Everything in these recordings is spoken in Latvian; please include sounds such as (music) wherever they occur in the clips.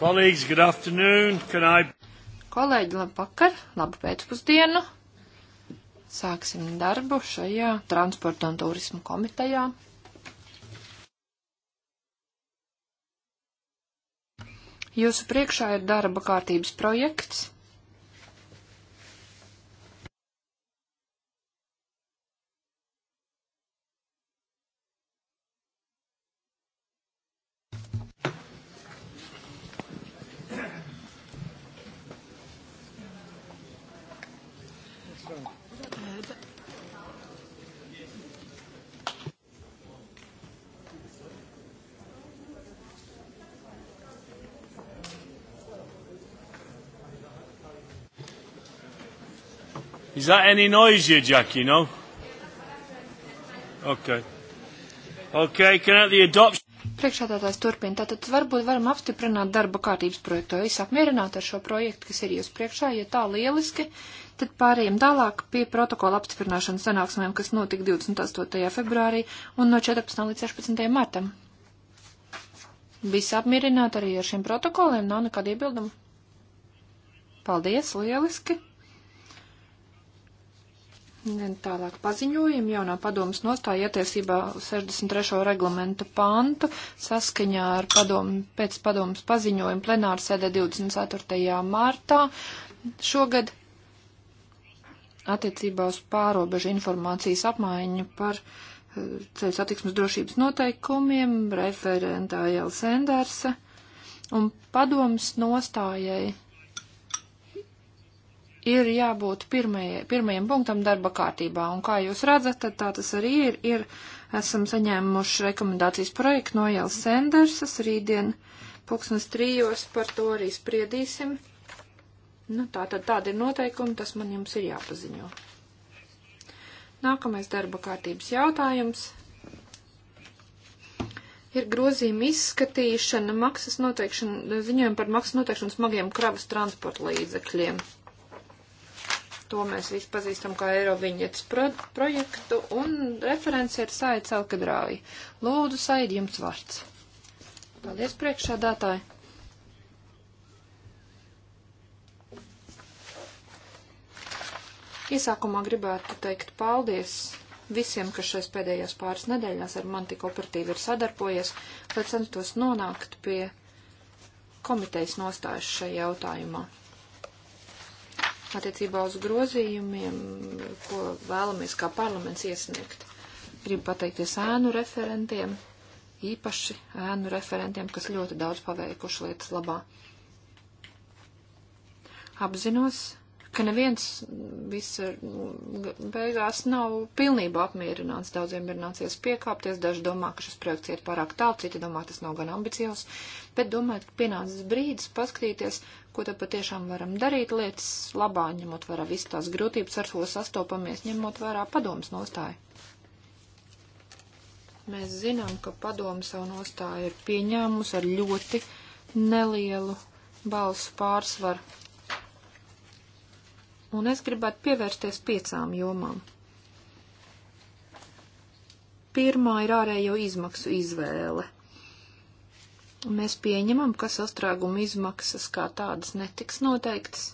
Kolēģis, good afternoon, can I... Kolēģi, labvakar, labu pēcpusdienu. Sāksim darbu šajā transporta un turismu komitejā. Jūsu priekšā ir darba kārtības projekts. Is that any noisier, Jackie? No? Okay. Okay, can I have the adoption? Priekšādātājs turpina. Tātad varbūt varam apstiprināt darba kārtības projektu. Es apmierinātu ar šo projektu, kas ir jūs priekšā, ja tā lieliski. Tad pārējiem tālāk pie protokola apstiprināšanas sanāksmēm, kas notika 28. februārī un no 14. līdz 16. martam. Visi apmierināti arī ar šiem protokoliem, nav nekāda iebilduma. Paldies, lieliski! Tālāk paziņojumi jaunā padomas nostāja attiecībā 63. reglamenta pāntu saskaņā ar padomu, pēc padomas paziņojumu plenāru sēdē 24. martā šogad attiecībā uz pārobežu informācijas apmaiņu par eh, ceļu satiksmes drošības noteikumiem referentā Jēl Sendersa un padomas nostājai ir jābūt pirmajai, pirmajam punktam darba kārtībā, un kā jūs redzat, tad tā tas arī ir. ir esam saņēmuši rekomendācijas projektu no Jēlas Sendersas, rītdien pulksnes trijos par to arī spriedīsim. Nu, tā tad tāda ir noteikuma, tas man jums ir jāpaziņo. Nākamais darba kārtības jautājums ir grozījuma izskatīšana maksas noteikšana, ziņojumi par maksas noteikšanu smagiem kravas transporta līdzekļiem. To mēs visi pazīstam kā Eiroviņietas pro projektu, un referents ir Said Salkadrāvi. Lūdzu, Said, jums vārds. Paldies, priekšādātāji. Iesākumā gribētu teikt paldies visiem, kas šais pēdējās pāris nedēļās ar mani tik operatīvi ir sadarbojies, lai censtos nonākt pie komitejas nostājas šajā jautājumā attiecībā uz grozījumiem, ko vēlamies kā parlaments iesniegt. Gribu pateikties ēnu referentiem, īpaši ēnu referentiem, kas ļoti daudz paveikuši lietas labā. Apzinos, ka neviens visur beigās nav pilnībā apmierināts. Daudziem ir nācies piekāpties, daži domā, ka šis projekts iet pārāk tālu, citi domā, tas nav gan ambiciozs, bet domājot, ka pienācis brīdis paskatīties, ko tad patiešām varam darīt lietas labā, ņemot vērā visas tās grūtības, ar ko sastopamies, ņemot vērā padomas nostāju. Mēs zinām, ka padomu savu nostāju ir pieņēmusi ar ļoti nelielu balsu pārsvaru un es gribētu pievērsties piecām jomām. Pirmā ir ārējo izmaksu izvēle. Mēs pieņemam, ka sastrēguma izmaksas kā tādas netiks noteiktas.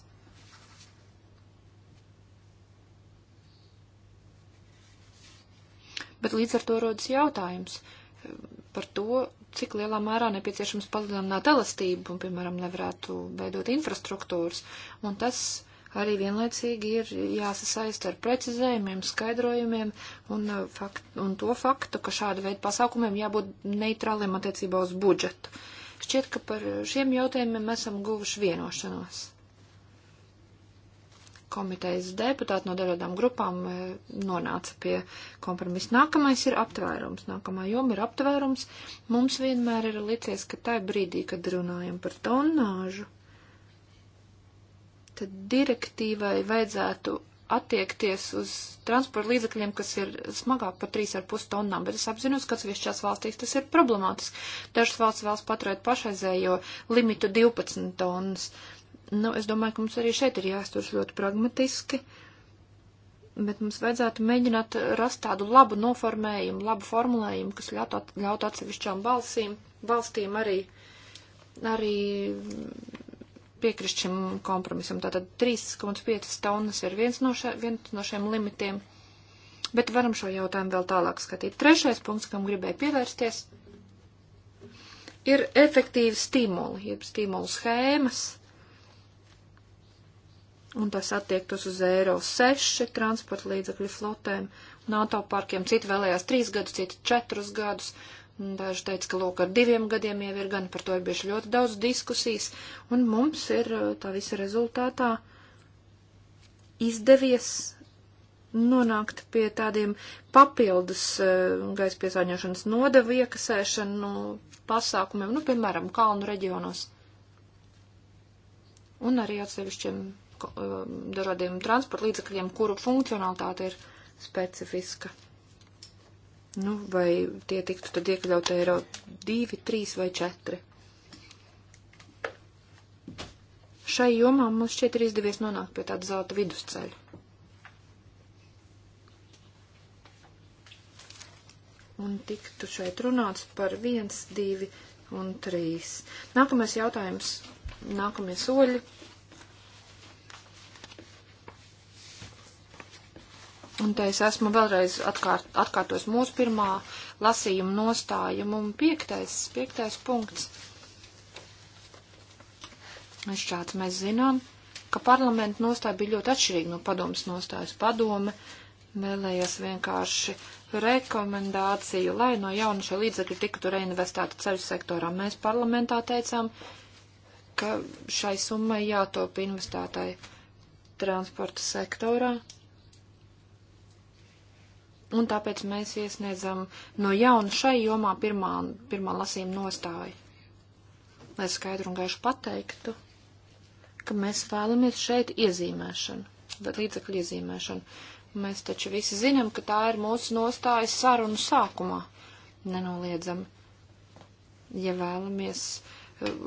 Bet līdz ar to rodas jautājums par to, cik lielā mērā nepieciešams palielināt elastību un, piemēram, nevarētu veidot infrastruktūras. Un tas arī vienlaicīgi ir jāsasaist ar precizējumiem, skaidrojumiem un, uh, fakt, un to faktu, ka šāda veida pasākumiem jābūt neitrāliem attiecībā uz budžetu. Šķiet, ka par šiem jautājumiem esam guvuši vienošanos. Komitejas deputāti no dažādām grupām uh, nonāca pie kompromisa. Nākamais ir aptvērums. Nākamā joma ir aptvērums. Mums vienmēr ir licies, ka tajā brīdī, kad runājam par tonāžu, tad direktīvai vajadzētu attiekties uz transporta līdzekļiem, kas ir smagāk par 3,5 tonnām, bet es apzinos, ka atsevišķās valstīs tas ir problemātiski. Dažas valsts vēlas paturēt pašreizējo limitu 12 tonnas. Nu, es domāju, ka mums arī šeit ir jāsturs ļoti pragmatiski, bet mums vajadzētu mēģināt rast tādu labu noformējumu, labu formulējumu, kas ļautu ļaut atsevišķām balsīm, valstīm arī, arī piekrist šim kompromisam. Tātad 3,5 tonnas ir viens no, še, viens no šiem limitiem, bet varam šo jautājumu vēl tālāk skatīt. Trešais punkts, kam gribēju pievērsties, ir efektīvi stimuli, jeb stimulu schēmas un tas attiektos uz Eiro 6 transporta līdzakļu flotēm un autoparkiem. Citi vēlējās 3 gadus, citi 4 gadus, Daži teica, ka lūk, ar diviem gadiem jau ir gan par to ir bijuši ļoti daudz diskusijas, un mums ir uh, tā visa rezultātā izdevies nonākt pie tādiem papildus uh, gaisa piesārņošanas nodevu iekasēšanu pasākumiem, nu, piemēram, kalnu reģionos. Un arī atsevišķiem uh, dažādiem transporta līdzakļiem, kuru funkcionalitāte ir specifiska. Nu, vai tie tiktu tad iekļaut eiro 2, 3 vai 4? Šai jomā mums šķiet ir izdevies nonākt pie tāda zelta vidusceļa. Un tiktu šeit runāts par 1, 2 un 3. Nākamais jautājums, nākamie soļi Un te es esmu vēlreiz atkārt, atkārtos mūsu pirmā lasījuma nostājuma un piektais, piektais punkts. Es šāds mēs zinām, ka parlamenta nostāja bija ļoti atšķirīga no padomas nostājas padome, vēlējies vienkārši rekomendāciju, lai no jauna šie līdzekļi tiktu reinvestēti ceļu sektorā. Mēs parlamentā teicām, ka šai summai jātop investētai transporta sektorā, Un tāpēc mēs iesniedzam no jauna šai jomā pirmā, pirmā lasījuma nostāju. Lai skaidru un gaišu pateiktu, ka mēs vēlamies šeit iezīmēšanu, bet līdzekļu iezīmēšanu. Mēs taču visi zinām, ka tā ir mūsu nostājas sarunu sākumā. Nenoliedzami. Ja vēlamies,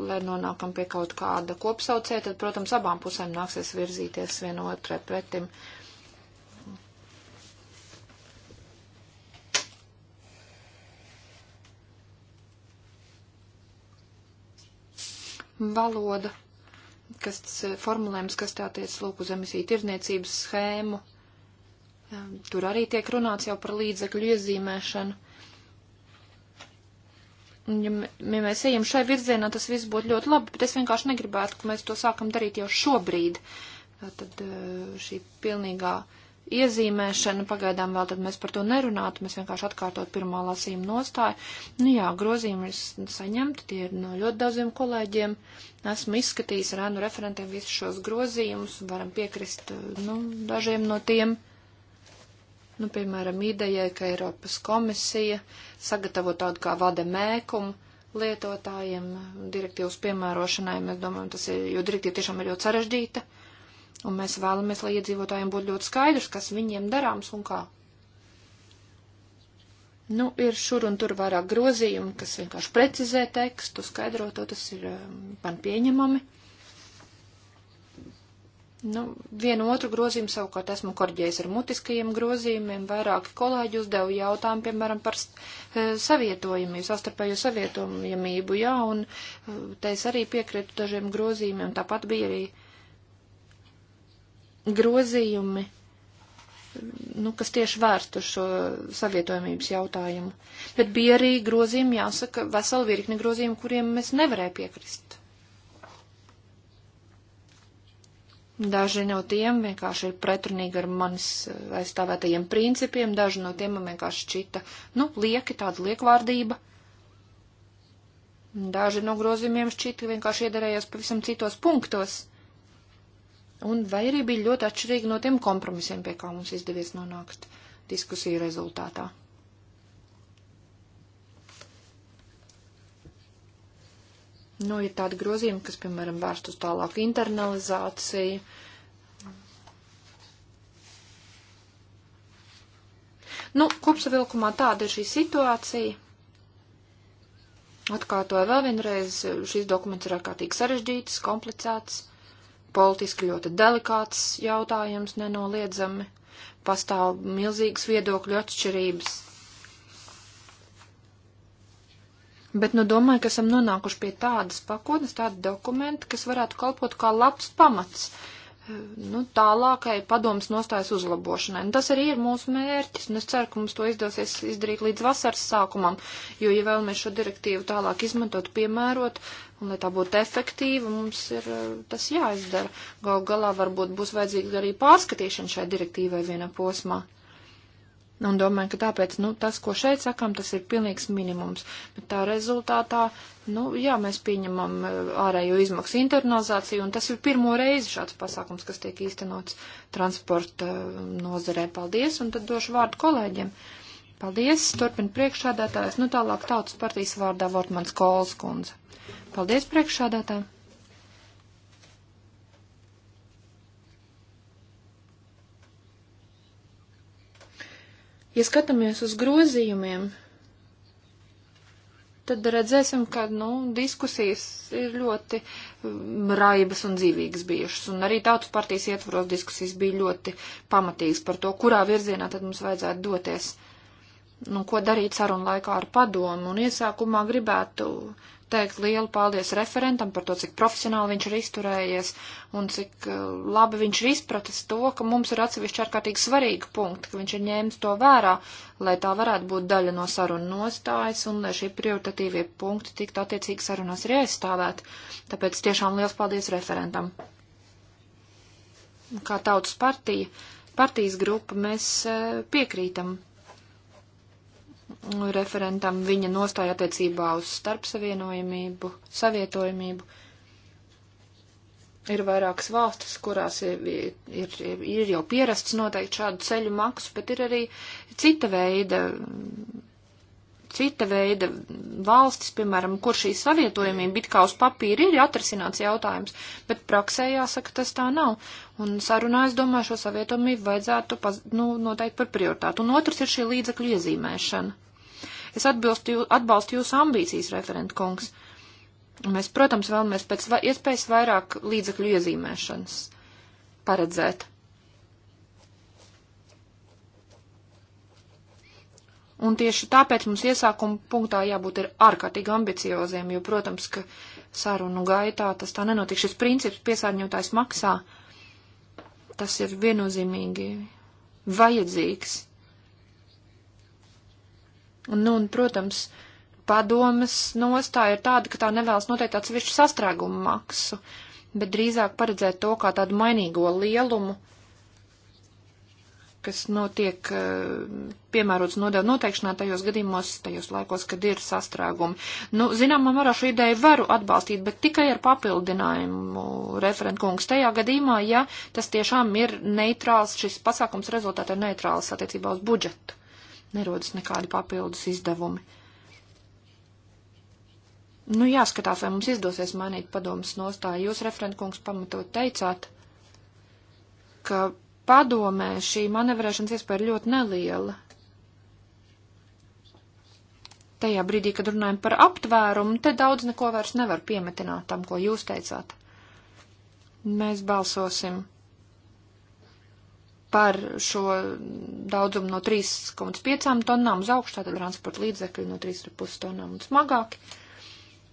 lai nonākam pie kaut kāda kopsaucē, tad, protams, abām pusēm nāksies virzīties vienotrai pretim. Uh, valoda, kas eh, formulējums, kas tā tiec lūk uz emisiju tirdzniecības schēmu. Tur arī tiek runāts jau par līdzekļu iezīmēšanu. Ja, ja mēs ejam šai virzienā, tas viss būtu ļoti labi, bet es vienkārši negribētu, ka mēs to sākam darīt jau šobrīd. Tad eh, šī pilnīgā uh, iezīmēšanu, pagaidām vēl tad mēs par to nerunātu, mēs vienkārši atkārtot pirmā lasījuma nostāju. Nu jā, grozījumi ir saņemti, tie ir no ļoti daudziem kolēģiem. Esmu izskatījis ar ēnu referentiem visus šos grozījumus, varam piekrist, eh, nu, dažiem no tiem. Nu, piemēram, idejai, ka Eiropas komisija sagatavo tādu kā vada mēkumu lietotājiem direktīvas piemērošanai, mēs domājam, tas ir, jo direktīva tiešām ir ļoti sarežģīta. Uh, Un mēs vēlamies, lai iedzīvotājiem būtu ļoti skaidrs, kas viņiem darāms un kā. Nu, ir šur un tur vairāk grozījumi, kas vienkārši precizē tekstu, skaidro to, tas ir um, man pieņemami. Nu, vienu otru grozījumu savukārt esmu korģējis ar mutiskajiem grozījumiem, vairāki kolēģi uzdeva jautājumu, piemēram, par eh, savietojamību, sastarpējo savietojamību, jā, un eh, te es arī piekrītu dažiem grozījumiem, tāpat bija arī grozījumi, nu, kas tieši vērst uz šo savietojamības jautājumu. Bet bija arī grozījumi, jāsaka, vesela virkne grozījumi, kuriem mēs nevarēja piekrist. Daži no tiem vienkārši ir pretrunīgi ar manis aizstāvētajiem principiem, daži no tiem man vienkārši šķita, nu, lieki, tāda liekvārdība. Daži no grozījumiem šķita vienkārši iederējās pavisam citos punktos. Un vai arī bija ļoti atšķirīgi no tiem kompromisiem, pie kā mums izdevies nonākt diskusiju rezultātā. Nu, ir tādi grozījumi, kas, piemēram, vērst uz tālāku internalizāciju. Nu, kopsavilkumā tāda ir šī situācija. Atkārtoju vēl vienreiz, šis dokuments ir ārkārtīgi sarežģīts, komplicēts politiski ļoti delikāts jautājums, nenoliedzami. Pastāv milzīgas viedokļu atšķirības. Bet, nu, domāju, ka esam nonākuši pie tādas pakotnes, tāda dokumenta, kas varētu kalpot kā labs pamats eh, nu, tālākai padomas nostājas uzlabošanai. Un tas arī ir mūsu mērķis, un es ceru, ka mums to izdosies izdarīt līdz vasaras sākumam, jo, ja vēlamies šo direktīvu tālāk izmantot, piemērot, Un, lai tā būtu efektīva, mums ir eh, tas jāizdara. Gal galā varbūt būs vajadzīga arī pārskatīšana šai direktīvai vienā posmā. Un domāju, ka tāpēc, nu, tas, ko šeit sakām, tas ir pilnīgs minimums. Bet tā rezultātā, nu, jā, mēs pieņemam eh, ārējo izmaksu internalizāciju, un tas ir pirmo reizi šāds pasākums, kas tiek īstenots transporta eh, nozarē. Paldies, un tad došu vārdu kolēģiem. Paldies, turpin priekšādātājs, nu tālāk tautas partijas vārdā Vortmans Kols kundze. Paldies, priekšādātā. Ja skatāmies uz grozījumiem, tad redzēsim, ka nu, diskusijas ir ļoti mm, raibas un dzīvīgas bijušas. Un arī tautas partijas ietvaros diskusijas bija ļoti pamatīgas par to, kurā virzienā tad mums vajadzētu doties. Nu, ko darīt sarunu laikā ar padomu. Un iesākumā gribētu teikt lielu paldies referentam par to, cik profesionāli viņš ir izturējies un cik uh, labi viņš ir izpratis to, ka mums ir atsevišķi ārkārtīgi svarīgi punkti, ka viņš ir ņēmis to vērā, lai tā varētu būt daļa no sarunu nostājas un lai šie prioritatīvie punkti tiktu attiecīgi sarunās arī aizstāvēt. Tāpēc tiešām liels paldies referentam. Kā tautas partija, partijas grupa, mēs uh, piekrītam referentam viņa nostāja attiecībā uz starpsavienojamību, savietojamību. Ir vairākas valstis, kurās ir, ir, ir, ir jau pierasts noteikti šādu ceļu maksu, bet ir arī cita veida, cita veida valstis, piemēram, kur šī savietojamība it kā uz papīra ir atrasināts jautājums, bet praksē jāsaka, tas tā nav. Un sarunā, es domāju, šo savietojamību vajadzētu, paz, nu, noteikti par prioritātu. Un otrs ir šī līdzekļu iezīmēšana Es atbilstu, jū, atbalstu jūsu ambīcijas, referent kungs. Mēs, protams, vēlamies pēc va iespējas vairāk līdzekļu iezīmēšanas paredzēt. Un tieši tāpēc mums iesākuma punktā jābūt ir ārkārtīgi ambicioziem, jo, protams, ka sarunu gaitā tas tā nenotiek. Šis princips piesārņotājs maksā, tas ir viennozīmīgi vajadzīgs Un, nu, un, protams, padomas nostāja ir tāda, ka tā nevēlas noteikt atsevišķu sastrēgumu maksu, bet drīzāk paredzēt to kā tādu mainīgo lielumu, kas notiek eh, piemērots nodevu noteikšanā tajos gadījumos, tajos laikos, kad ir sastrēgumi. Nu, zināmā mērā šo ideju varu atbalstīt, bet tikai ar papildinājumu referentkungs tajā gadījumā, ja tas tiešām ir neitrāls, šis pasākums rezultātā ir neitrāls attiecībā uz budžetu nerodas nekādi papildus izdevumi. Nu, jāskatās, vai mums izdosies mainīt padomas nostāju. Jūs, referentkungs, pamatot teicāt, ka padomē šī manevrēšanas iespēja ir ļoti neliela. Tajā brīdī, kad runājam par aptvērumu, te daudz neko vairs nevar piemetināt tam, ko jūs teicāt. Mēs balsosim par šo daudzumu no 3,5 tonnām uz augšu, tātad transporta līdzekļi no 3,5 tonnām un smagāki.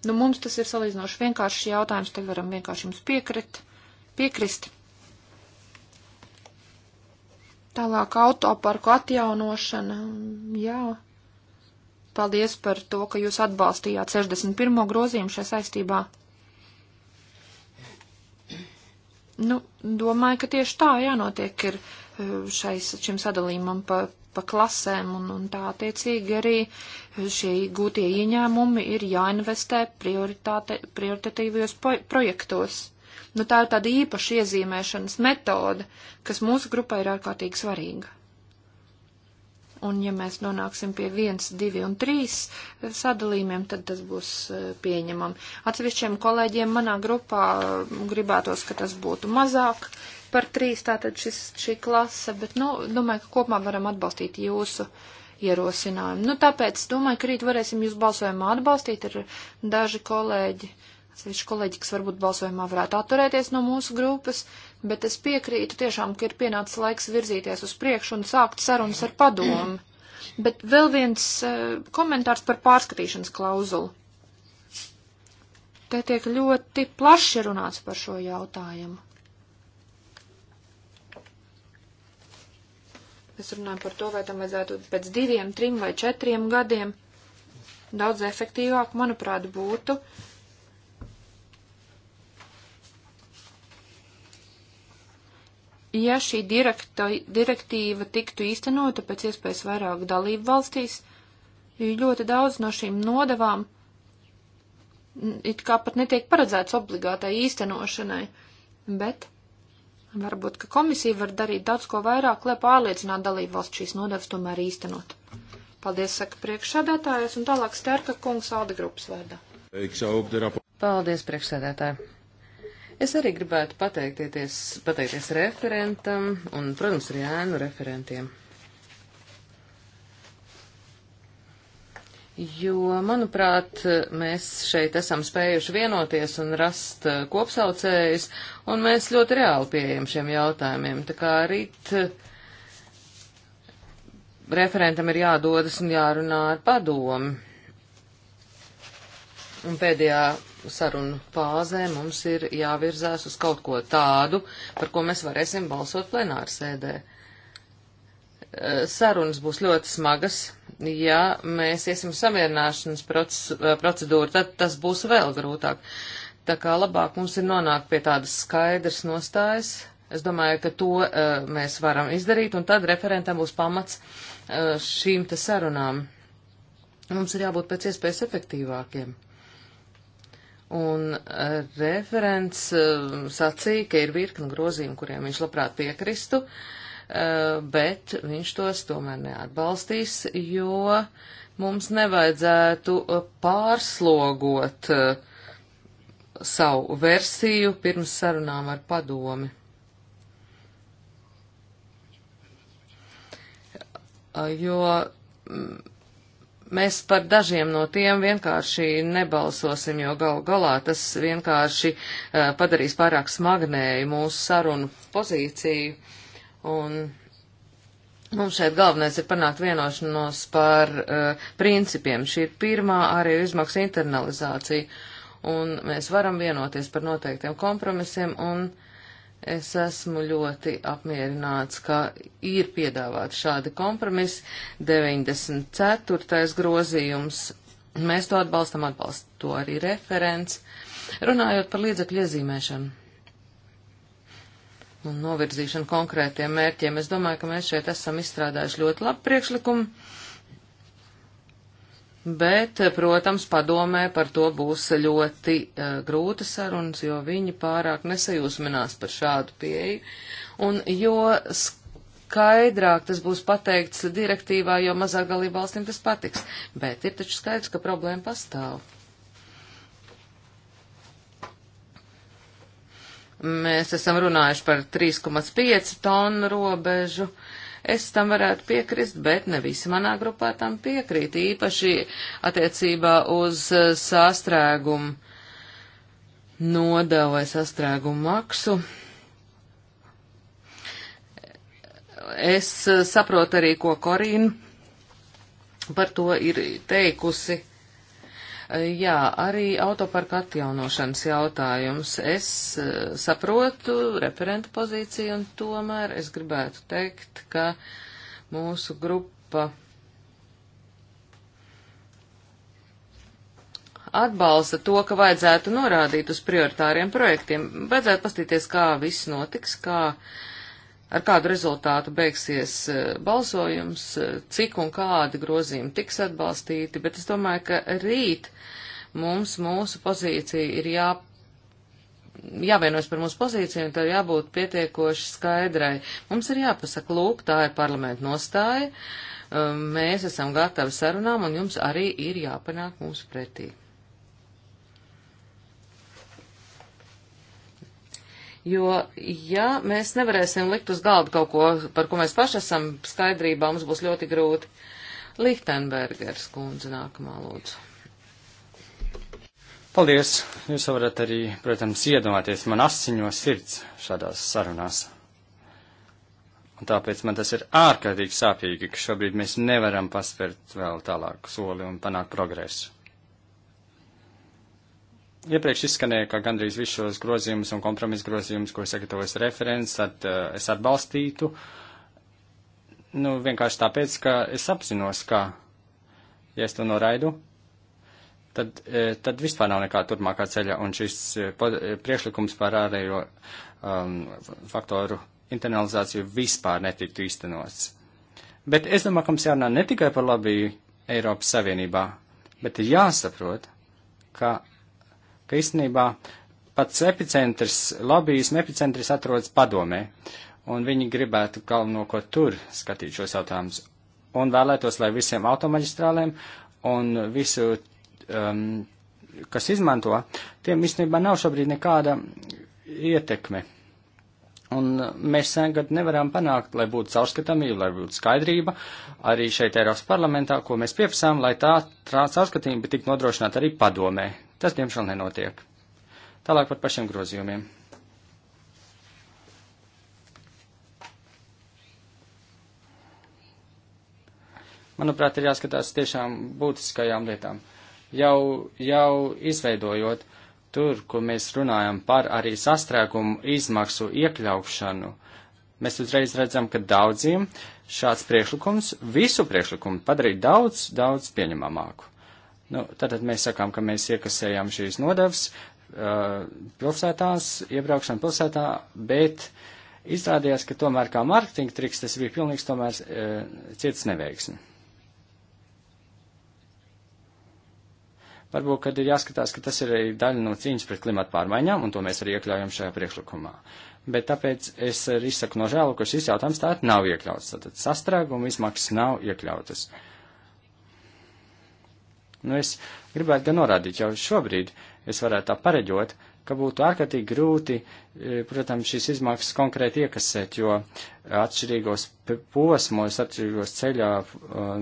Nu, mums tas ir salīdzinoši vienkāršs jautājums, te varam vienkārši jums piekrit, piekrist. Tālāk autoparku atjaunošana, jā. Paldies par to, ka jūs atbalstījāt 61. grozījumu šai saistībā. Nu, domāju, ka tieši tā jānotiek ir šai, šim sadalījumam pa, pa klasēm, un, un tā attiecīgi arī šie gūtie ieņēmumi ir jāinvestē prioritatīvajos projektos. Nu, tā ir tāda īpaša iezīmēšanas metode, kas mūsu grupai ir ārkārtīgi svarīga. Un ja mēs nonāksim pie 1, 2 un 3 sadalījumiem, tad tas būs eh, pieņemam. Atsevišķiem kolēģiem manā grupā gribētos, ka tas būtu mazāk, par trīs tātad šis, šī klase, bet, nu, domāju, ka kopumā varam atbalstīt jūsu ierosinājumu. Nu, tāpēc, domāju, ka rīt varēsim jūs balsojumā atbalstīt, ir daži kolēģi, sevišķi kolēģi, kas varbūt balsojumā varētu atturēties no mūsu grupas, bet es piekrītu tiešām, ka ir pienācis laiks virzīties uz priekšu un sākt sarunas ar padomu. (clears throat) Bet vēl viens uh, komentārs par pārskatīšanas klauzulu. Te tiek ļoti plaši runāts par šo jautājumu. Mēs runājam par to, vai tam vajadzētu pēc diviem, trim vai četriem gadiem. Daudz efektīvāk, manuprāt, būtu. Ja šī direkta, direktīva tiktu īstenota pēc iespējas vairāk dalību valstīs, jo ļoti daudz no šīm nodevām it kā pat netiek paredzēts obligātai īstenošanai, bet Varbūt, ka komisija var darīt daudz ko vairāk, lai pārliecinātu dalību valsts šīs nodevas tomēr īstenot. Paldies, saka priekšsēdētājas, un tālāk Stērka kungs Alde grupas vārdā. Paldies, priekšsēdētāji. Es arī gribētu pateikties, pateikties referentam un, protams, arī ēnu referentiem. jo, manuprāt, mēs šeit esam spējuši vienoties un rast eh, kopsaucējus, un mēs ļoti reāli pieejam šiem jautājumiem. Tā kā rīt eh, referentam ir jādodas un jārunā ar padomu. Un pēdējā sarunu fāzē mums ir jāvirzās uz kaut ko tādu, par ko mēs varēsim balsot plenārsēdē. sēdē. Eh, sarunas būs ļoti smagas. Ja mēs iesim samierināšanas eh, procedūru, tad tas būs vēl grūtāk. Tā kā labāk mums ir nonākt pie tādas skaidras nostājas. Es domāju, ka to uh, mēs varam izdarīt, un tad referentam būs pamats uh, šīm te sarunām. Mums ir jābūt pēc iespējas efektīvākiem. Un uh, referents uh, sacīja, ka ir virkni grozījumi, kuriem viņš labprāt piekristu. Uh, Eh, bet viņš tos tomēr neatbalstīs, jo mums nevajadzētu eh, pārslogot eh, savu versiju pirms sarunām ar padomi. Jo mm, mēs par dažiem no tiem vienkārši nebalsosim, jo gal galā tas vienkārši padarīs pārāk smagnēju mūsu sarunu pozīciju. Un mums šeit galvenais ir panākt vienošanos par uh, principiem. Šī ir pirmā arī izmaksu internalizācija. Un mēs varam vienoties par noteiktiem kompromisiem un es esmu ļoti apmierināts, ka ir piedāvāti šādi kompromisi. 94. grozījums. Mēs to atbalstam, atbalst to arī referents. Runājot par līdzekļu iezīmēšanu un novirzīšanu konkrētiem mērķiem. Es domāju, ka mēs šeit esam izstrādājuši ļoti labu priekšlikumu, bet, protams, padomē par to būs ļoti uh, eh, grūta sarunas, jo viņi pārāk nesajūsminās par šādu pieeju. Un jo skaidrāk tas būs pateikts direktīvā, jo mazāk dalībvalstīm tas patiks. Bet ir taču skaidrs, ka problēma pastāv. Mēs esam runājuši par 3,5 tonu robežu. Es tam varētu piekrist, bet ne visi manā grupā tam piekrīt, īpaši attiecībā uz eh, sastrēgumu nodevu vai sastrēgumu maksu. Es eh, saprotu arī, ko Korīna par to ir teikusi Jā, arī autoparka atjaunošanas jautājums. Es eh, saprotu referenta pozīciju un tomēr es gribētu teikt, ka mūsu grupa atbalsta to, ka vajadzētu norādīt uz prioritāriem projektiem. Vajadzētu pastīties, kā viss notiks, kā uh, ar kādu rezultātu beigsies eh, balsojums, eh, cik un kādi grozījumi tiks atbalstīti, bet es domāju, ka rīt mums mūsu pozīcija ir jā, jāvienojas par mūsu pozīciju un tā jābūt pietiekoši skaidrai. Mums ir jāpasaka, lūk, tā ir parlamenta nostāja, um, mēs esam gatavi sarunām un jums arī ir jāpanāk mūsu pretī. Jo, ja mēs nevarēsim likt uz galda kaut ko, par ko mēs paši esam skaidrībā, mums būs ļoti grūti. Lichtenbergers kundze nākamā lūdzu. Paldies! Jūs varat arī, protams, iedomāties man asiņo sirds šādās sarunās. Un tāpēc man tas ir ārkārtīgi sāpīgi, ka šobrīd mēs nevaram paspērt vēl tālāku soli un panākt progresu. Iepriekš izskanēja, ka gandrīz visus šos grozījumus un kompromisu grozījumus, ko sagatavojas referents, at, eh, es atbalstītu. Nu, vienkārši tāpēc, ka es apzinos, ka, ja es to noraidu, tad, eh, tad vispār nav nekā turpmākā ceļa, un šis eh, priekšlikums par ārējo um, faktoru internalizāciju vispār netiktu īstenots. Bet es domāju, ka mums jārunā ne tikai par labi Eiropas Savienībā, bet jāsaprot, ka ka īstenībā pats epicentrs, lobbyismu epicentrs atrodas padomē, un viņi gribētu galvenokot tur skatīt šos jautājumus, un vēlētos, lai visiem automaģistrālēm un visu, um, kas izmanto, tiem īstenībā nav šobrīd nekāda ietekme. Un mēs tagad nevaram panākt, lai būtu caurskatāmība, lai būtu skaidrība arī šeit Eiropas parlamentā, ko mēs pieprasām, lai tā, tā caurskatāmība tik nodrošināta arī padomē. Tas, diemžēl, nenotiek. Tālāk par pašiem grozījumiem. Manuprāt, ir jāskatās tiešām būtiskajām lietām. Jau, jau izveidojot tur, kur mēs runājam par arī sastrēgumu izmaksu iekļaukšanu, mēs uzreiz redzam, ka daudziem šāds priekšlikums, visu priekšlikumu padarīja daudz, daudz pieņemamāku. Nu, tātad mēs sakām, ka mēs iekasējām šīs nodevas uh, pilsētās, iebraukšana pilsētā, bet izrādījās, ka tomēr kā marketinga triks tas bija pilnīgs tomēr uh, cits neveiksmi. Varbūt, kad ir jāskatās, ka tas ir arī daļa no cīņas pret klimatu pārmaiņām, un to mēs arī iekļaujam šajā priekšlikumā. Bet tāpēc es arī saku nožēlu, ka šis jautājums tā nav iekļauts. Tātad sastrēguma izmaksas nav iekļautas. Uh, Nu, es gribētu gan norādīt, jau šobrīd es varētu tā pareģot, ka būtu ārkārtīgi grūti, e, protams, šīs izmaksas konkrēti iekasēt, jo atšķirīgos posmos, atšķirīgos ceļā e,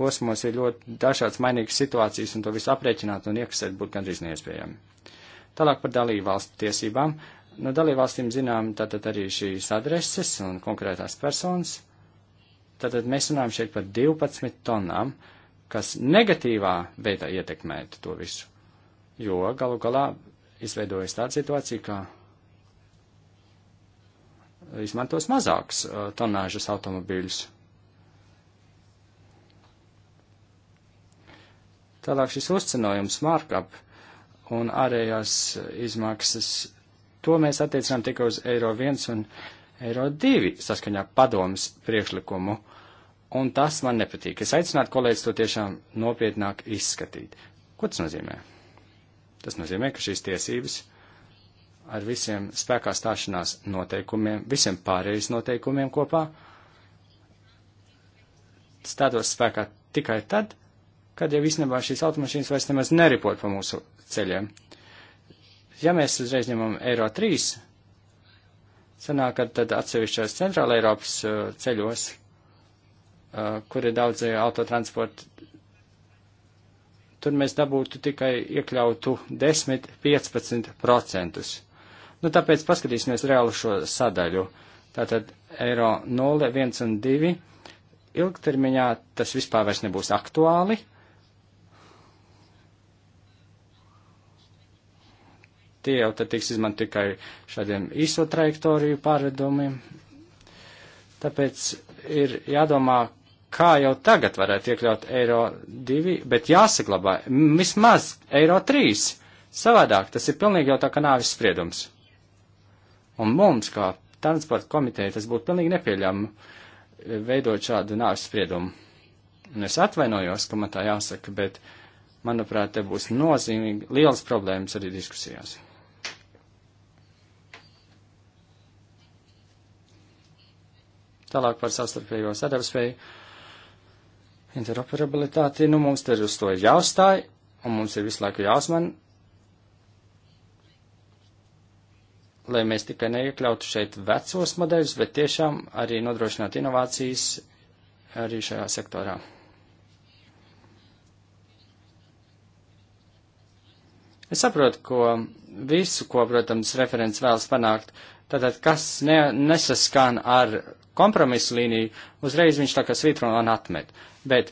posmos ir ļoti dažādas mainīgas situācijas, un to visu aprēķināt un iekasēt būtu gandrīz neiespējami. Tālāk par dalību valstu tiesībām. No nu, dalību valstīm zinām tātad arī šīs adreses un konkrētās personas. Tātad mēs runājam šeit par 12 tonām. Uh, kas negatīvā veidā ietekmētu to visu. Jo galu galā izveidojas tāda situācija, ka izmantos mazāks uh, tonāžas automobīļus. Tālāk šis uzcenojums, markup un ārējās izmaksas, to mēs attiecinām tikai uz eiro 1 un eiro 2 saskaņā padomas priekšlikumu. Uh, Un tas man nepatīk. Es aicinātu kolēģis to tiešām nopietnāk izskatīt. Ko tas nozīmē? Tas nozīmē, ka šīs tiesības ar visiem spēkā stāšanās noteikumiem, visiem pārējais noteikumiem kopā, stātos spēkā tikai tad, kad jau īstenībā šīs automašīnas vairs nemaz neripot pa mūsu ceļiem. Ja mēs uzreiz ņemam Eiro 3, sanāk, ka tad atsevišķos centrāla Eiropas uh, ceļos Uh, kur ir daudz eh, autotransporta. Tur mēs dabūtu tikai iekļautu 10-15%. Nu, tāpēc paskatīsimies reāli šo sadaļu. Tātad eiro 0, 1 un 2. Ilgtermiņā tas vispār vairs nebūs aktuāli. Tie jau tad tiks izmantot tikai šādiem īso trajektoriju pārvedumiem. Tāpēc ir jādomā, kā jau tagad varētu iekļaut eiro 2, bet jāsaglabā vismaz eiro 3. Savādāk tas ir pilnīgi jau tā kā nāvis spriedums. Un mums, kā transporta komiteja, tas būtu pilnīgi nepieļami eh, veidot šādu nāvis spriedumu. Un es atvainojos, ka man tā jāsaka, bet, manuprāt, te būs nozīmīgi liels problēmas arī diskusijās. Tālāk par savstarpējo sadarbspēju interoperabilitāti, nu mums te uz to ir jāuzstāj, un mums ir visu laiku jāuzman, lai mēs tikai neiekļautu šeit vecos modeļus, bet tiešām arī nodrošinātu inovācijas arī šajā sektorā. Es saprotu, ko visu, ko, protams, referents vēlas panākt, tātad kas ne, nesaskan ar kompromisu līniju, uzreiz viņš tā kā svitro un atmet. Bet,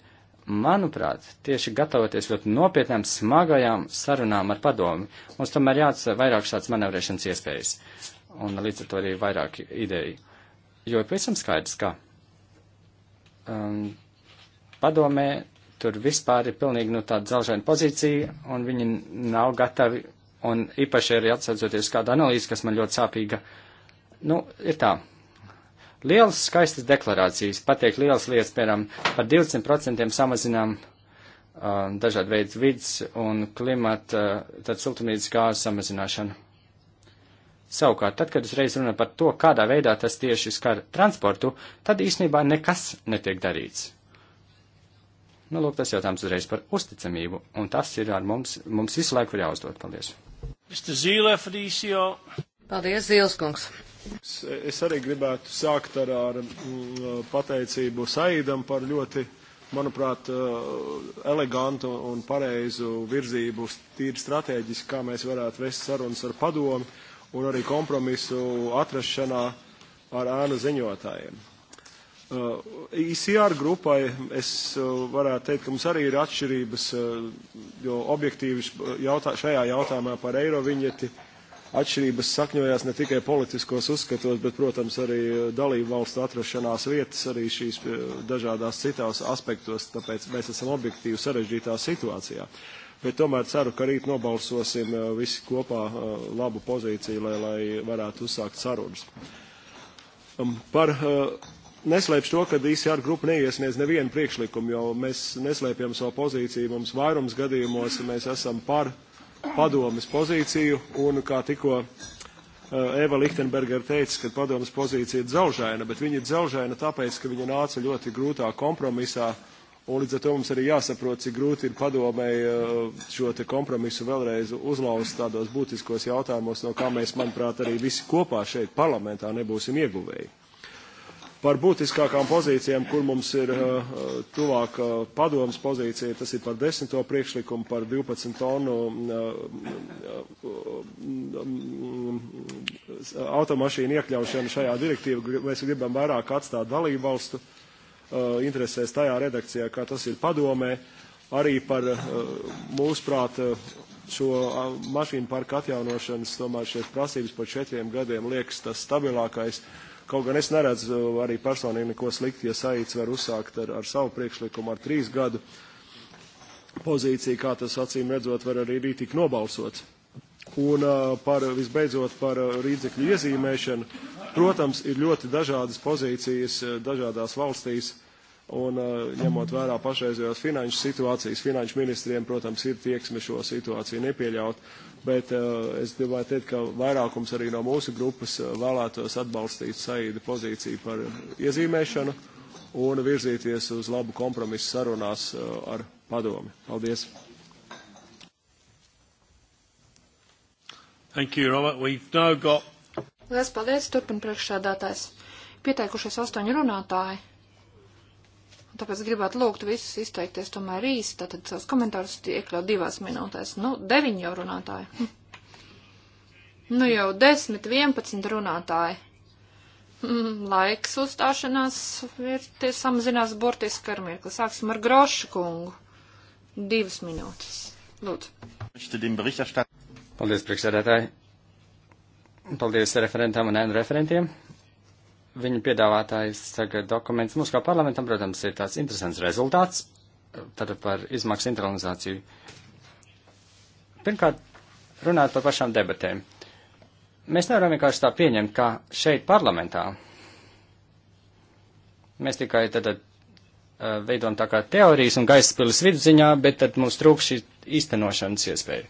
manuprāt, tieši gatavoties ļoti nopietnām, smagajām sarunām ar padomi, mums tomēr jāatstāj vairāk šāds manevrēšanas iespējas. Un līdz ar to arī vairāk ideju. Jo ir pavisam skaidrs, ka um, padomē tur vispār ir pilnīgi nu, tāda zelžaina pozīcija, un viņi nav gatavi, un īpaši arī atsaucoties kādu analīzi, kas man ļoti sāpīga. Nu, ir tā. Lielas skaistas deklarācijas, pateikt lielas lietas, piemēram, par 20% samazinām um, dažādu veidu vidas un klimata, uh, tad siltumnīcas gāzu samazināšanu. Savukārt, tad, kad uzreiz runa par to, kādā veidā tas tieši skar transportu, tad īstenībā nekas netiek darīts Nu, lūk, tas jautājums uzreiz par uzticamību, un tas ir ar mums, mums visu laiku ir jāuzdod. Paldies. Zīle, Paldies, Zīleskungs. Es, es arī gribētu sākt ar, ar pateicību Saidam par ļoti, manuprāt, eh, elegantu un pareizu virzību tīri strateģiski, kā mēs varētu vest sarunas ar padomu un arī kompromisu atrašanā ar ēnu ziņotājiem. ICR uh, e grupai es uh, varētu teikt, ka mums arī ir atšķirības, uh, jo objektīvi jautā, šajā jautājumā par eiro viņeti atšķirības sakņojās ne tikai politiskos uzskatos, bet, protams, arī dalību valstu atrašanās vietas, arī šīs dažādās citās aspektos, tāpēc mēs esam objektīvi sarežģītā situācijā. Bet tomēr ceru, ka rīt nobalsosim visi kopā labu pozīciju, lai, lai varētu uzsākt sarunas. Um, par uh, neslēpšu to, ka DCR grupa neiesniedz nevienu priekšlikumu, jo mēs neslēpjam savu pozīciju. Mums vairums gadījumos mēs esam par padomas pozīciju, un kā tikko eh, Eva Lichtenberger teica, ka padomas pozīcija ir dzelžaina, bet viņa ir dzelžaina tāpēc, ka viņa nāca ļoti grūtā kompromisā, un līdz ar to mums arī jāsaprot, cik grūti ir padomēji eh, šo te kompromisu vēlreiz uzlaust tādos būtiskos jautājumos, no kā mēs, manuprāt, arī visi kopā šeit parlamentā nebūsim ieguvēji. Par būtiskākām pozīcijām, kur mums ir uh, tuvāk uh, padomas pozīcija, tas ir par desmito priekšlikumu, par 12 tonu uh, automašīnu iekļaušanu šajā direktīvā. Mēs gribam vairāk atstāt dalību valstu interesēs tajā redakcijā, kā tas ir padomē, arī par mūsuprāt šo mašīnu parka atjaunošanas, tomēr šīs prasības par četriem gadiem liekas tas stabilākais Kaut gan es neredzu eh, arī personīgi neko slikti, ja saīts var uzsākt ar, ar savu priekšlikumu ar trīs gadu pozīciju, kā tas acīm redzot var arī rīt tik nobalsots. Un eh, par, visbeidzot par eh, rīdzekļu iezīmēšanu, protams, ir ļoti dažādas pozīcijas dažādās valstīs un uh, ņemot vērā pašreizējos finanšu situācijas, finanšu ministriem, protams, ir tieksme šo situāciju nepieļaut, bet uh, es gribētu teikt, ka vairākums arī no mūsu grupas uh, vēlētos atbalstīt Saīda pozīciju par iezīmēšanu un virzīties uz labu kompromisu sarunās ar padomi. Paldies! Thank you, Robert. We've now got... Lielas paldies, turpin priekšsādātājs. Pieteikušies astoņi runātāji. Tāpēc gribētu lūgt visus izteikties tomēr īsi, tātad savus komentārus iekļaut divās minūtēs. Nu, deviņi jau runātāji. Hm. Nu, jau desmit, vienpadsmit runātāji. Mm, laiks uzstāšanās ir tie samazinās burtiski ar mirkli. Sāksim ar Grošu kungu. Divas minūtes. Lūdzu. Paldies, priekšsēdētāji. Paldies referentam un referentiem viņu piedāvātājs tagad dokuments mums kā parlamentam, protams, ir tāds interesants rezultāts, tad par izmaksu internalizāciju. Pirmkārt, runāt par pašām debatēm. Mēs nevaram vienkārši tā pieņemt, ka šeit parlamentā mēs tikai tad veidojam tā kā teorijas un gaisa pilis viduziņā, bet tad mums trūkst šī īstenošanas iespēja.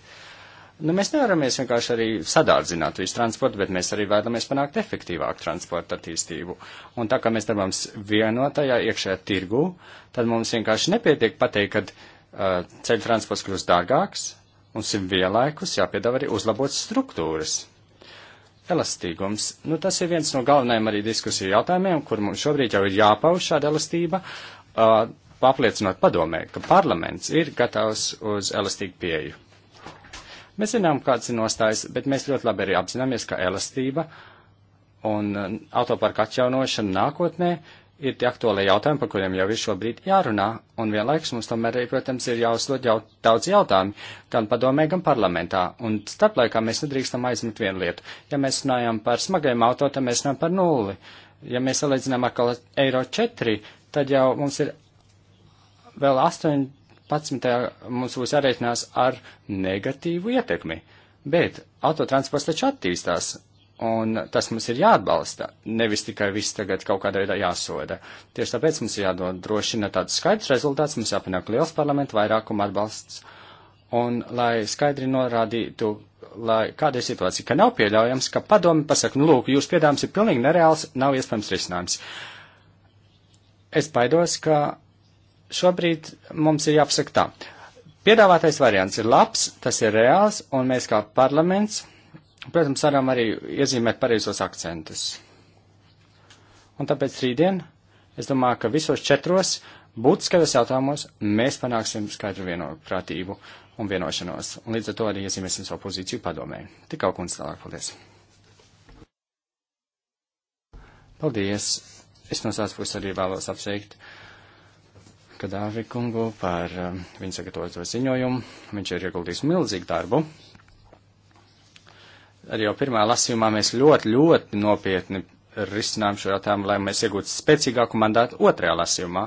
Nu, mēs nevamies vienkārši arī sadārdzināt visu transportu, bet mēs arī vēlamies panākt efektīvāku transportu attīstību. Un tā kā mēs darbām vienotajā iekšējā tirgu, tad mums vienkārši nepietiek pateikt, ka uh, ceļu transports kļūst dārgāks, mums ir vienlaikus jāpiedāvā arī uzlabot struktūras. Elastīgums. Nu, tas ir viens no galvenajiem arī diskusiju jautājumiem, kur mums šobrīd jau ir jāpauž šāda elastība, uh, apliecinot padomē, ka parlaments ir gatavs uz elastīgu pieeju. Mēs zinām, kāds ir nostājs, bet mēs ļoti labi arī apzināmies, ka elastība un uh, autoparka atjaunošana nākotnē ir tie aktuālie jautājumi, par kuriem jau ir šobrīd jārunā, un vienlaikus mums tomēr, arī, protams, ir jāuzdod jau daudz jautājumu, gan padomē, gan parlamentā, un starplaikā mēs nedrīkstam aizmirst vienu lietu. Ja mēs runājam par smagajiem auto, tad mēs runājam par nulli. Ja mēs salīdzinām ar eiro 4, tad jau mums ir vēl 8 11. mums būs jārēķinās ar negatīvu ietekmi. Bet autotransports taču attīstās, un tas mums ir jāatbalsta, nevis tikai viss tagad kaut kādā veidā jāsoda. Tieši tāpēc mums ir jādod drošina tāds skaidrs rezultāts, mums jāpanāk liels parlamentu vairākuma atbalsts, un lai skaidri norādītu, lai kāda ir situācija, ka nav pieļaujams, ka padomi pasaka, nu lūk, jūs piedāvājums ir pilnīgi nereāls, nav iespējams risinājums. Es baidos, ka šobrīd mums ir jāpasaka tā. Piedāvātais variants ir labs, tas ir reāls, un mēs kā parlaments, protams, varam arī iezīmēt pareizos akcentus. Un tāpēc rītdien, es domāju, ka visos četros būtiskajos jautājumos mēs panāksim skaidru vienoprātību un vienošanos, un līdz ar to arī iezīmēsim savu pozīciju padomē. Tik kaut kundz tālāk, paldies. Paldies! Es no savas puses arī vēlos apsveikt Kadāvi kungu par um, viņa sagatavoto ziņojumu. Viņš ir ieguldījis milzīgu darbu. Arī jau pirmā lasījumā mēs ļoti, ļoti nopietni risinām šo jautājumu, lai mēs iegūtu spēcīgāku mandātu otrajā lasījumā.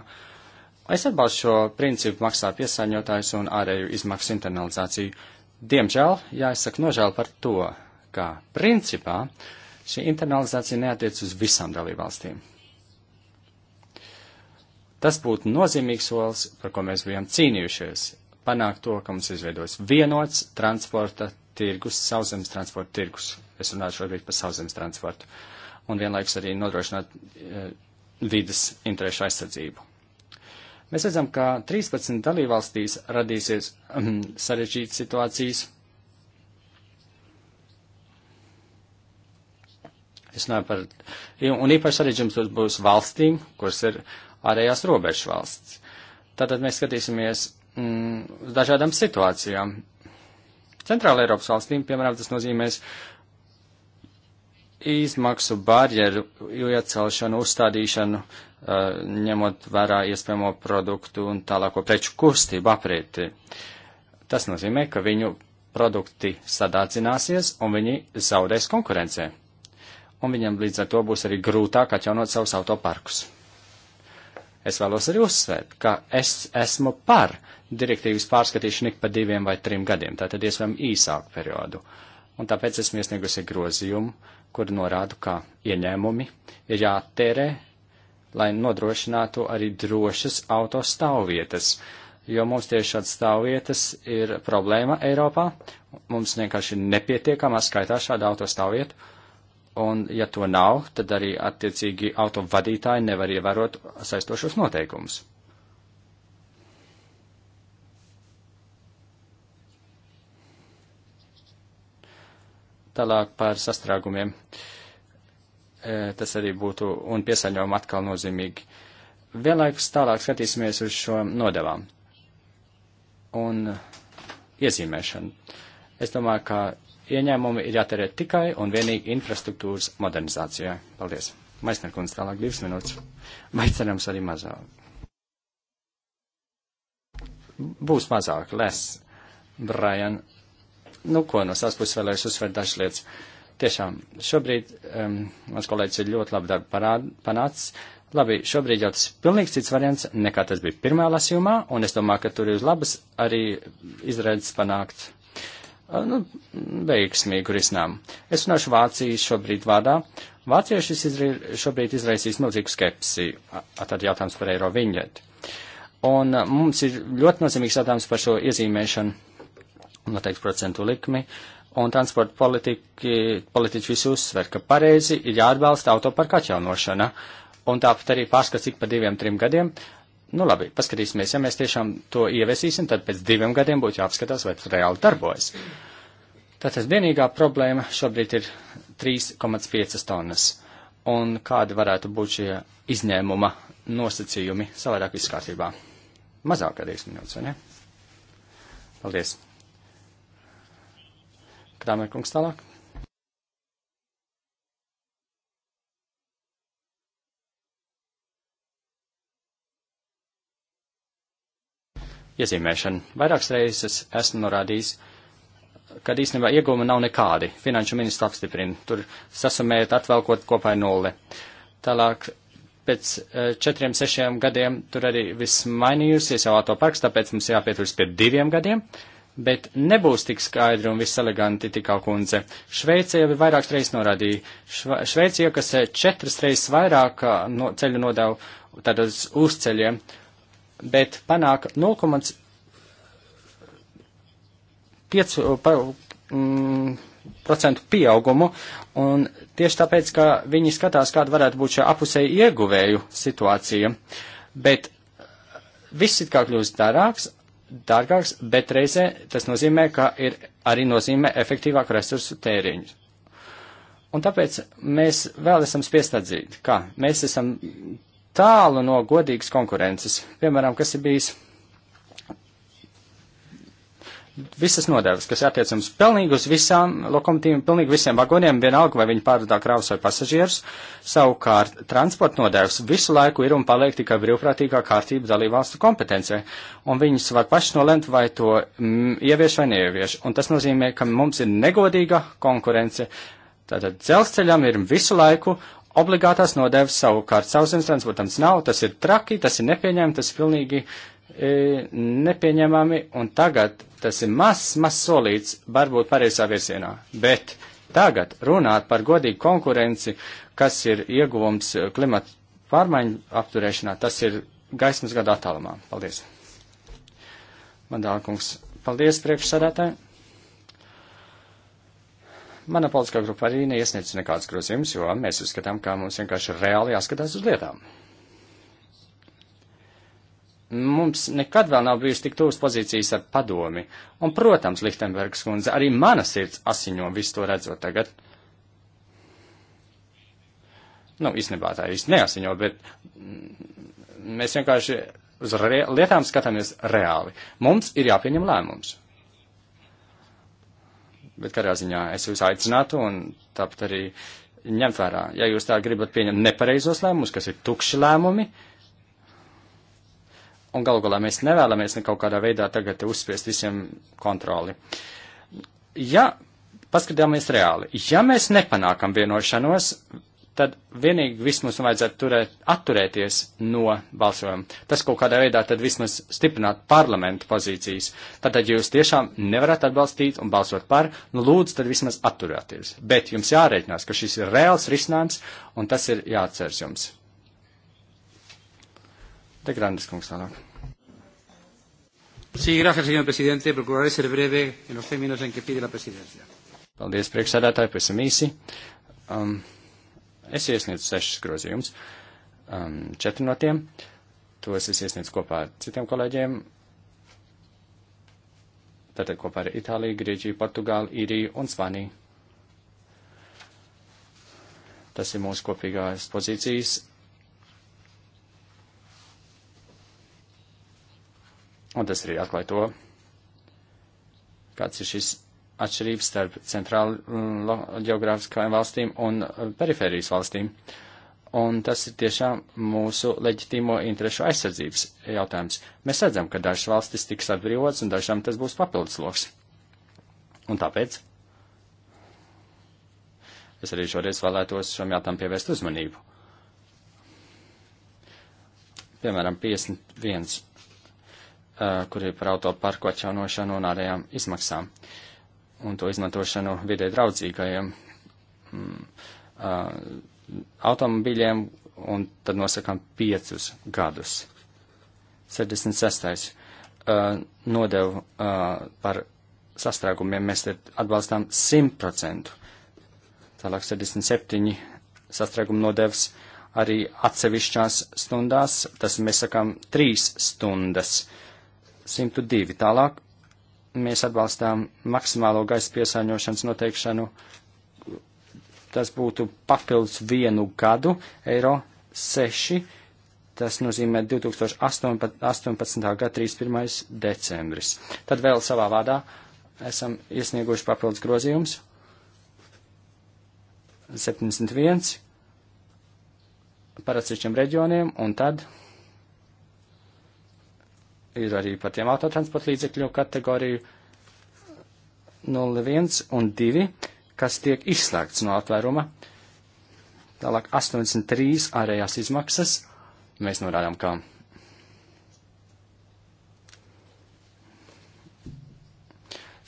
Es atbalstu šo principu maksā piesāņotājs un ārēju izmaksu internalizāciju. Diemžēl, jāizsaka nožēl par to, ka principā šī internalizācija neatiec uz visām dalībvalstīm. Tas būtu nozīmīgs solis, par ko mēs bijām cīnījušies, panākt to, ka mums izveidos vienots transporta tirgus, sauszemes transporta tirgus. Es runāju šobrīd par sauszemes transportu. Un vienlaikus arī nodrošināt e, vidas interešu aizsardzību. Mēs redzam, ka 13 dalībvalstīs radīsies um, sarežģītas situācijas. Es runāju par, un īpaši sarežģījums būs valstīm, kuras ir uh, ārējās robežu valsts. Tātad mēs skatīsimies mm, uz dažādām situācijām. Centrāla Eiropas valstīm, piemēram, tas nozīmēs izmaksu barjeru iecelšanu, uzstādīšanu, uh, ņemot vērā iespējamo produktu un tālāko preču kustību aprieti. Tas nozīmē, ka viņu produkti sadācināsies un viņi zaudēs konkurencē. Un viņam līdz ar to būs arī grūtāk atjaunot savus autoparkus. Es vēlos arī uzsvērt, ka es esmu par direktīvas pārskatīšanu ik pa diviem vai trim gadiem, tātad iespējam īsāku periodu. Un tāpēc esmu iesniegusi grozījumu, kur norādu, ka ieņēmumi ir jātērē, lai nodrošinātu arī drošas auto stāvvietas, jo mums tieši šādas stāvvietas ir problēma Eiropā. Mums vienkārši nepietiekamā skaitā šāda auto stāvvieta un ja to nav, tad arī attiecīgi autovadītāji nevar ievērot saistošos noteikumus. Tālāk par sastrēgumiem. E, tas arī būtu un piesaņojumu atkal nozīmīgi. Vienlaikus tālāk skatīsimies uz šo nodevām un iezīmēšanu. Es domāju, ka ieņēmumi ir jātērē tikai un vienīgi infrastruktūras modernizācijai. Paldies! Maisnerkundze tālāk divas minūtes. Vai cerams arī mazāk? Būs mazāk, les, Brian. Nu, ko no savas puses vēlēšu uzsvērt dažas lietas. Tiešām, šobrīd um, mans kolēģis ir ļoti labi darbu parād, panācis. Labi, šobrīd jau tas ir pilnīgi cits variants, nekā tas bija pirmā lasījumā, un es domāju, ka tur ir uz labas arī izredzes panākt nu, veiksmīgu risinājumu. Es runāšu Vācijas šobrīd vārdā. Vāciešis izra šobrīd izraisīs milzīgu skepsi, tad jautājums par eiro viņeti. Un mums ir ļoti nozīmīgs jautājums par šo iezīmēšanu, noteikti procentu likmi, un transporta politiki, politiķi visi uzsver, ka pareizi ir jāatbalsta autoparka atjaunošana, un tāpat arī pārskats ik pa diviem, trim gadiem, uh, nu labi, paskatīsimies, ja mēs tiešām to ieviesīsim, tad pēc diviem gadiem būtu jāapskatās, vai tas reāli darbojas. Tātad vienīgā problēma šobrīd ir 3,5 tonnas. Un kādi varētu būt šie izņēmuma nosacījumi savādāk izkārtībā? Mazāk kā 10 minūtes, vai ne? Paldies. Krāmer kungs tālāk. iezīmēšana. Vairākas reizes esmu norādījis, kad īstenībā iegūma nav nekādi. Finanšu ministra apstiprina, tur sasumējot atvelkot kopā nulli. Tālāk pēc eh, četriem, sešiem gadiem tur arī viss mainījusies jau to parks, tāpēc mums jāpieturas pie diviem gadiem. Bet nebūs tik skaidri un viss eleganti tikā kundze. Šveice jau vairākas reizes norādīja. Šva, Šveice iekasē eh, četras reizes vairāk eh, no, ceļu nodevu tātad uz ceļiem, bet panāk 0,5% mm, pieaugumu, un tieši tāpēc, ka viņi skatās, kāda varētu būt šī apusēja ieguvēju situācija. Bet viss it kā kļūst dārāks, dārgāks, bet reizē tas nozīmē, ka ir arī nozīmē efektīvāk resursu tēriņus. Un tāpēc mēs vēl esam spiest atzīt, ka mēs esam tālu no godīgas konkurences. Piemēram, kas ir bijis visas nodevas, kas attiecams pilnīgi uz visām lokomotīviem, pilnīgi visiem vagoniem, vienalga vai viņi pārvadā kravas vai pasažierus. Savukārt, transporta nodevas visu laiku ir un paliek tikai brīvprātīgā kārtība dalībvalstu kompetencē, un viņas var paši nolemt, vai to mm, ievieš vai neievieš. Un tas nozīmē, ka mums ir negodīga konkurence. Tātad dzelzceļam ir visu laiku, Obligātās nodevas savukārt sauszemes transportams nav, tas ir traki, tas ir nepieņēmami, tas ir pilnīgi e, nepieņemami, un tagad tas ir mazs, mazs solīts, varbūt pareizā virsienā. Bet tagad runāt par godīgu konkurenci, kas ir ieguvums e, klimata pārmaiņu apturēšanā, tas ir gaismas gada attālumā. Paldies. Mandālkungs, paldies priekšsādātāji. Mana politiskā grupa arī neiesniedz nekādus grozījumus, jo mēs uzskatām, ka mums vienkārši reāli jāskatās uz lietām. Mums nekad vēl nav bijusi tik tuvas pozīcijas ar padomi, un, protams, Lichtenbergs kundze, arī mana sirds asiņo visu to redzot tagad. Nu, īstenībā tā īsti neasiņo, bet mēs vienkārši uz lietām skatāmies reāli. Mums ir jāpieņem lēmums. Bet katrā ziņā es jūs aicinātu un tāpat arī ņemt vērā. Ja jūs tā gribat pieņemt nepareizos lēmumus, kas ir tukši lēmumi, un galu galā mēs nevēlamies ne kaut kādā veidā tagad uzspiest visiem kontroli. Ja paskatāmies reāli, ja mēs nepanākam vienošanos, tad vienīgi vismaz vajadzētu turēt, atturēties no balsojuma. Tas kaut kādā veidā tad vismaz stiprināt parlamentu pozīcijas. Tātad, ja jūs tiešām nevarat atbalstīt un balsot par, nu lūdzu, tad vismaz atturēties. Bet jums jārēķinās, ka šis ir reāls risinājums un tas ir jāatceras jums. De Grandes kungs tālāk. Sí, gracias, señor presidente. Procuraré ser breve en los términos en que pide la presidencia. Paldies, priekšsēdētāji, pēc īsi. Um, Es iesniedzu sešas grozījumus, um, četri no tiem. Tos es iesniedzu kopā ar citiem kolēģiem. Tātad kopā ar Itāliju, Grieķiju, Portugāli, Īriju un Svaniju. Tas ir mūsu kopīgās pozīcijas. Un tas arī atklāja to, kāds ir šis atšķirības starp centrālu mm, geogrāfiskajām valstīm un uh, perifērijas valstīm. Un tas ir tiešām mūsu leģitīmo interešu aizsardzības jautājums. Mēs redzam, ka dažas valstis tiks atbrīvotas un dažām tas būs papildus loks. Un tāpēc es arī šoreiz vēlētos šam jautājumam pievērst uzmanību. Piemēram, 51, uh, kur ir par auto parku atjaunošanu un ārējām izmaksām. Uh, un to izmantošanu vidē draudzīgajiem mm, automobiļiem, un tad nosakām piecus gadus. 76. Uh, nodevu uh, par sastrēgumiem mēs atbalstām 100%. Tālāk 77 sastrēguma nodevs arī atsevišķās stundās, tas mēs sakām 3 stundas, 102 tālāk mēs atbalstām maksimālo gaisa piesārņošanas noteikšanu. Tas būtu papildus vienu gadu, eiro 6. Tas nozīmē 2018. 18. gada 31. decembris. Tad vēl savā vārdā esam iesnieguši papildus grozījums. 71 par atsevišķiem reģioniem un tad ir arī par tiem autotransporta līdzekļu kategoriju 01 un 2, kas tiek izslēgts no atvēruma. Tālāk 83 ārējās izmaksas. Mēs norādām, ka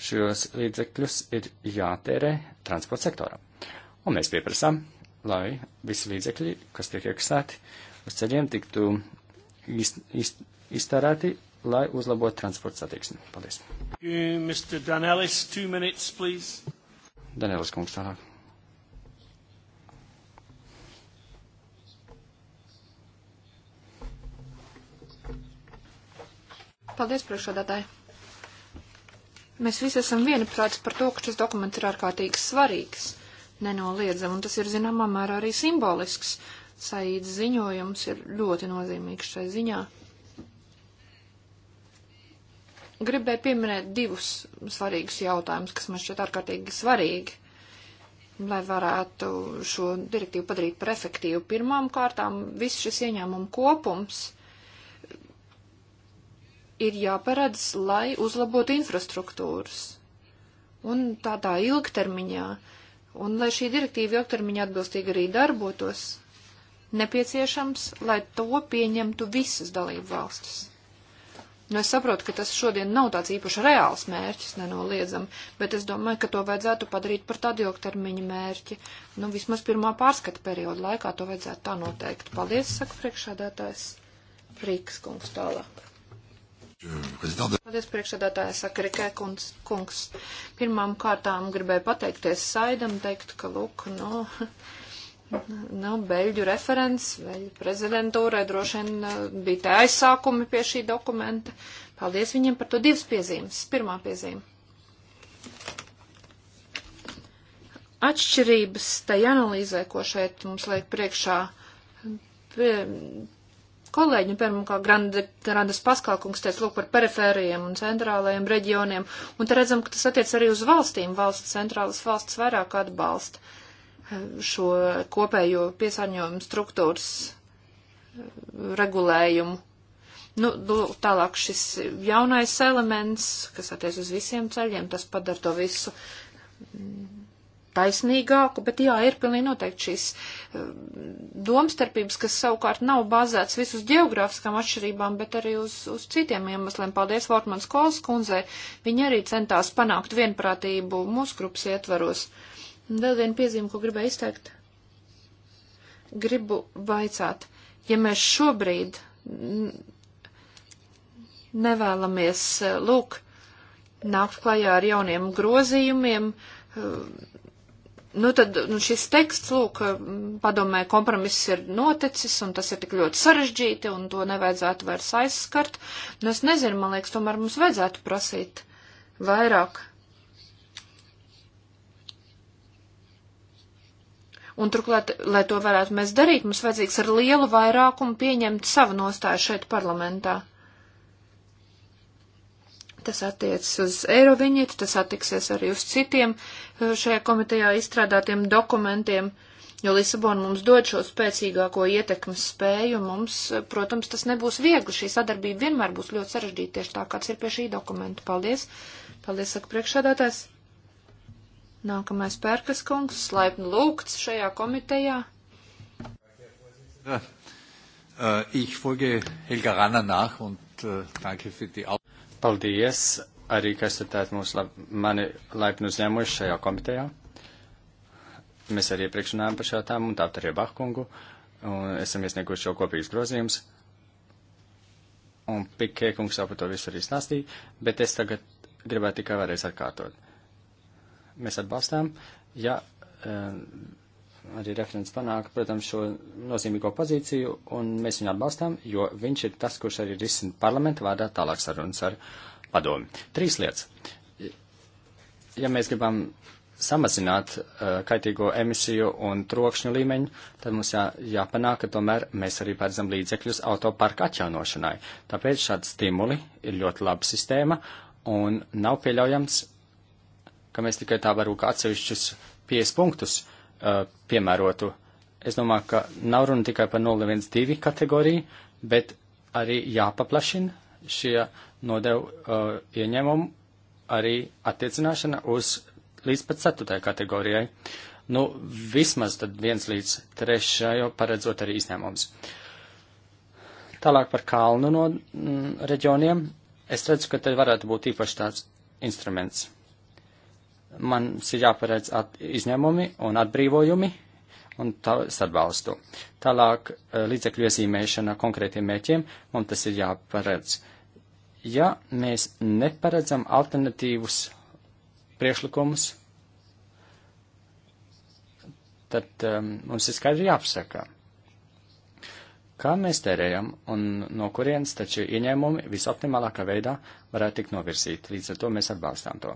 šos līdzekļus ir jātērē transporta sektoram. Un mēs pieprasām, lai visi līdzekļi, kas tiek iekasēti uz ceļiem, tiktu iztērēti lai uzlabotu transporta satiksmi. Paldies. You, Mr. Danelis, two minutes, please. Danelis kungs tālāk. Paldies, priekšādātāji. Mēs visi esam vienprāts par to, ka šis dokuments ir ārkārtīgi svarīgs, nenoliedzam, un tas ir zināmā mērā arī simbolisks. Saīds ziņojums ir ļoti nozīmīgs šai ziņā gribēju pieminēt divus svarīgus jautājumus, kas man šķiet ārkārtīgi svarīgi, lai varētu šo direktīvu padarīt par efektīvu. Pirmām kārtām viss šis ieņēmumu kopums ir jāparedz, lai uzlabotu infrastruktūras un tādā ilgtermiņā, un lai šī direktīva ilgtermiņā atbilstīgi arī darbotos, nepieciešams, lai to pieņemtu visas dalību valstis Nu, es saprotu, ka tas šodien nav tāds īpaši reāls mērķis, nenoliedzam, bet es domāju, ka to vajadzētu padarīt par tādu ilgtermiņa mērķi. Nu, vismaz pirmā pārskata perioda laikā to vajadzētu tā noteikt. Paldies, saka priekšādātājs Rīgas kungs tālāk. Paldies, priekšādātājs saka Rikē kungs, kungs. Pirmām kārtām gribēju pateikties Saidam, teikt, ka, lūk, nu. No, Nu, beļģu referents, beļģu prezidentūrai droši vien uh, bija tā aizsākumi pie šī dokumenta. Paldies viņiem par to divas piezīmes. Pirmā piezīme. Atšķirības tai analīzē, ko šeit mums liek priekšā pie, kolēģi, piemēram, kā Grande, Grandes Paskalkungs teica, lūk, par perifērijiem un centrālajiem reģioniem, un te redzam, ka tas attiec arī uz valstīm, valsts centrālas valsts vairāk atbalsta. Uh, šo kopējo piesārņojumu struktūras eh, regulējumu. Nu, nu, tālāk šis jaunais elements, kas attiec uz visiem ceļiem, tas padara to visu mm, taisnīgāku, bet jā, ir pilnīgi noteikti šīs eh, domstarpības, kas savukārt nav bazēts visus geogrāfiskām atšķirībām, bet arī uz, uz citiem iemesliem. Paldies Vortmans Kols kundzei, viņa arī centās panākt vienprātību mūsu grupas ietvaros. Uh, Un vēl viena piezīme, ko gribēju izteikt. Gribu vaicāt, ja mēs šobrīd nevēlamies, eh, lūk, nākt klajā ar jauniem grozījumiem, eh, nu tad nu šis teksts, lūk, eh, padomē, kompromiss ir noticis, un tas ir tik ļoti sarežģīti, un to nevajadzētu vairs aizskart. Nu es nezinu, man liekas, tomēr mums vajadzētu prasīt vairāk Un turklāt, lai to varētu mēs darīt, mums vajadzīgs ar lielu vairākumu pieņemt savu nostāju šeit parlamentā. Tas attiecas uz Eiroviņietu, tas attiksies arī uz citiem uh, šajā komitejā izstrādātiem dokumentiem, jo Lisabona mums dod šo spēcīgāko ietekmes spēju, un mums, uh, protams, tas nebūs viegli, šī sadarbība vienmēr būs ļoti sarežģīta, tieši tā kāds ir pie šī dokumenta. Paldies! Paldies, saka priekšādātājs! Nākamais Pērkas kungs, laipni lūgts šajā komitejā. Äh, äh, Paldies arī, ka esat mūsu lab, mani laipni uzņēmuši šajā komitejā. Mēs arī iepriekš runājām par šo tēmu un tāpat arī Bahkungu. Un esam iesnieguši jau kopīgus grozījumus. Un Pikē kungs jau par to visu arī stāstīja, bet es tagad gribētu tikai vēlreiz atkārtot mēs atbalstām, ja eh, arī referents panāk, protams, šo nozīmīgo pozīciju, un mēs viņu atbalstām, jo viņš ir tas, kurš arī risina parlamentu vārdā tālāk sarunas ar padomi. Trīs lietas. Ja mēs gribam samazināt uh, kaitīgo emisiju un trokšņu līmeņu, tad mums jā, jāpanāk, ka tomēr mēs arī paredzam līdzekļus autoparka atjaunošanai. Tāpēc šādi stimuli ir ļoti laba sistēma un nav pieļaujams ka mēs tikai tā varu kā atsevišķus pies punktus uh, piemērotu. Es domāju, ka nav runa tikai par 012 kategoriju, bet arī jāpaplašina šie nodevu uh, ieņēmumu arī attiecināšana uz līdz pat ceturtajai kategorijai. Nu, vismaz tad viens līdz trešajo paredzot arī izņēmums. Tālāk par kalnu no mm, reģioniem. Es redzu, ka te varētu būt īpaši tāds instruments. Mums ir jāparedz at, izņēmumi un atbrīvojumi un tās atbalstu. Tālāk eh, līdzekļu iezīmēšana konkrētiem mēķiem, mums tas ir jāparedz. Ja mēs neparedzam alternatīvus priekšlikumus, tad um, mums ir skaidri jāapsaka, kā mēs tērējam un no kurienes taču ieņēmumi visoptimālākā veidā varētu tikt novirzīt. Līdz ar to mēs atbalstām to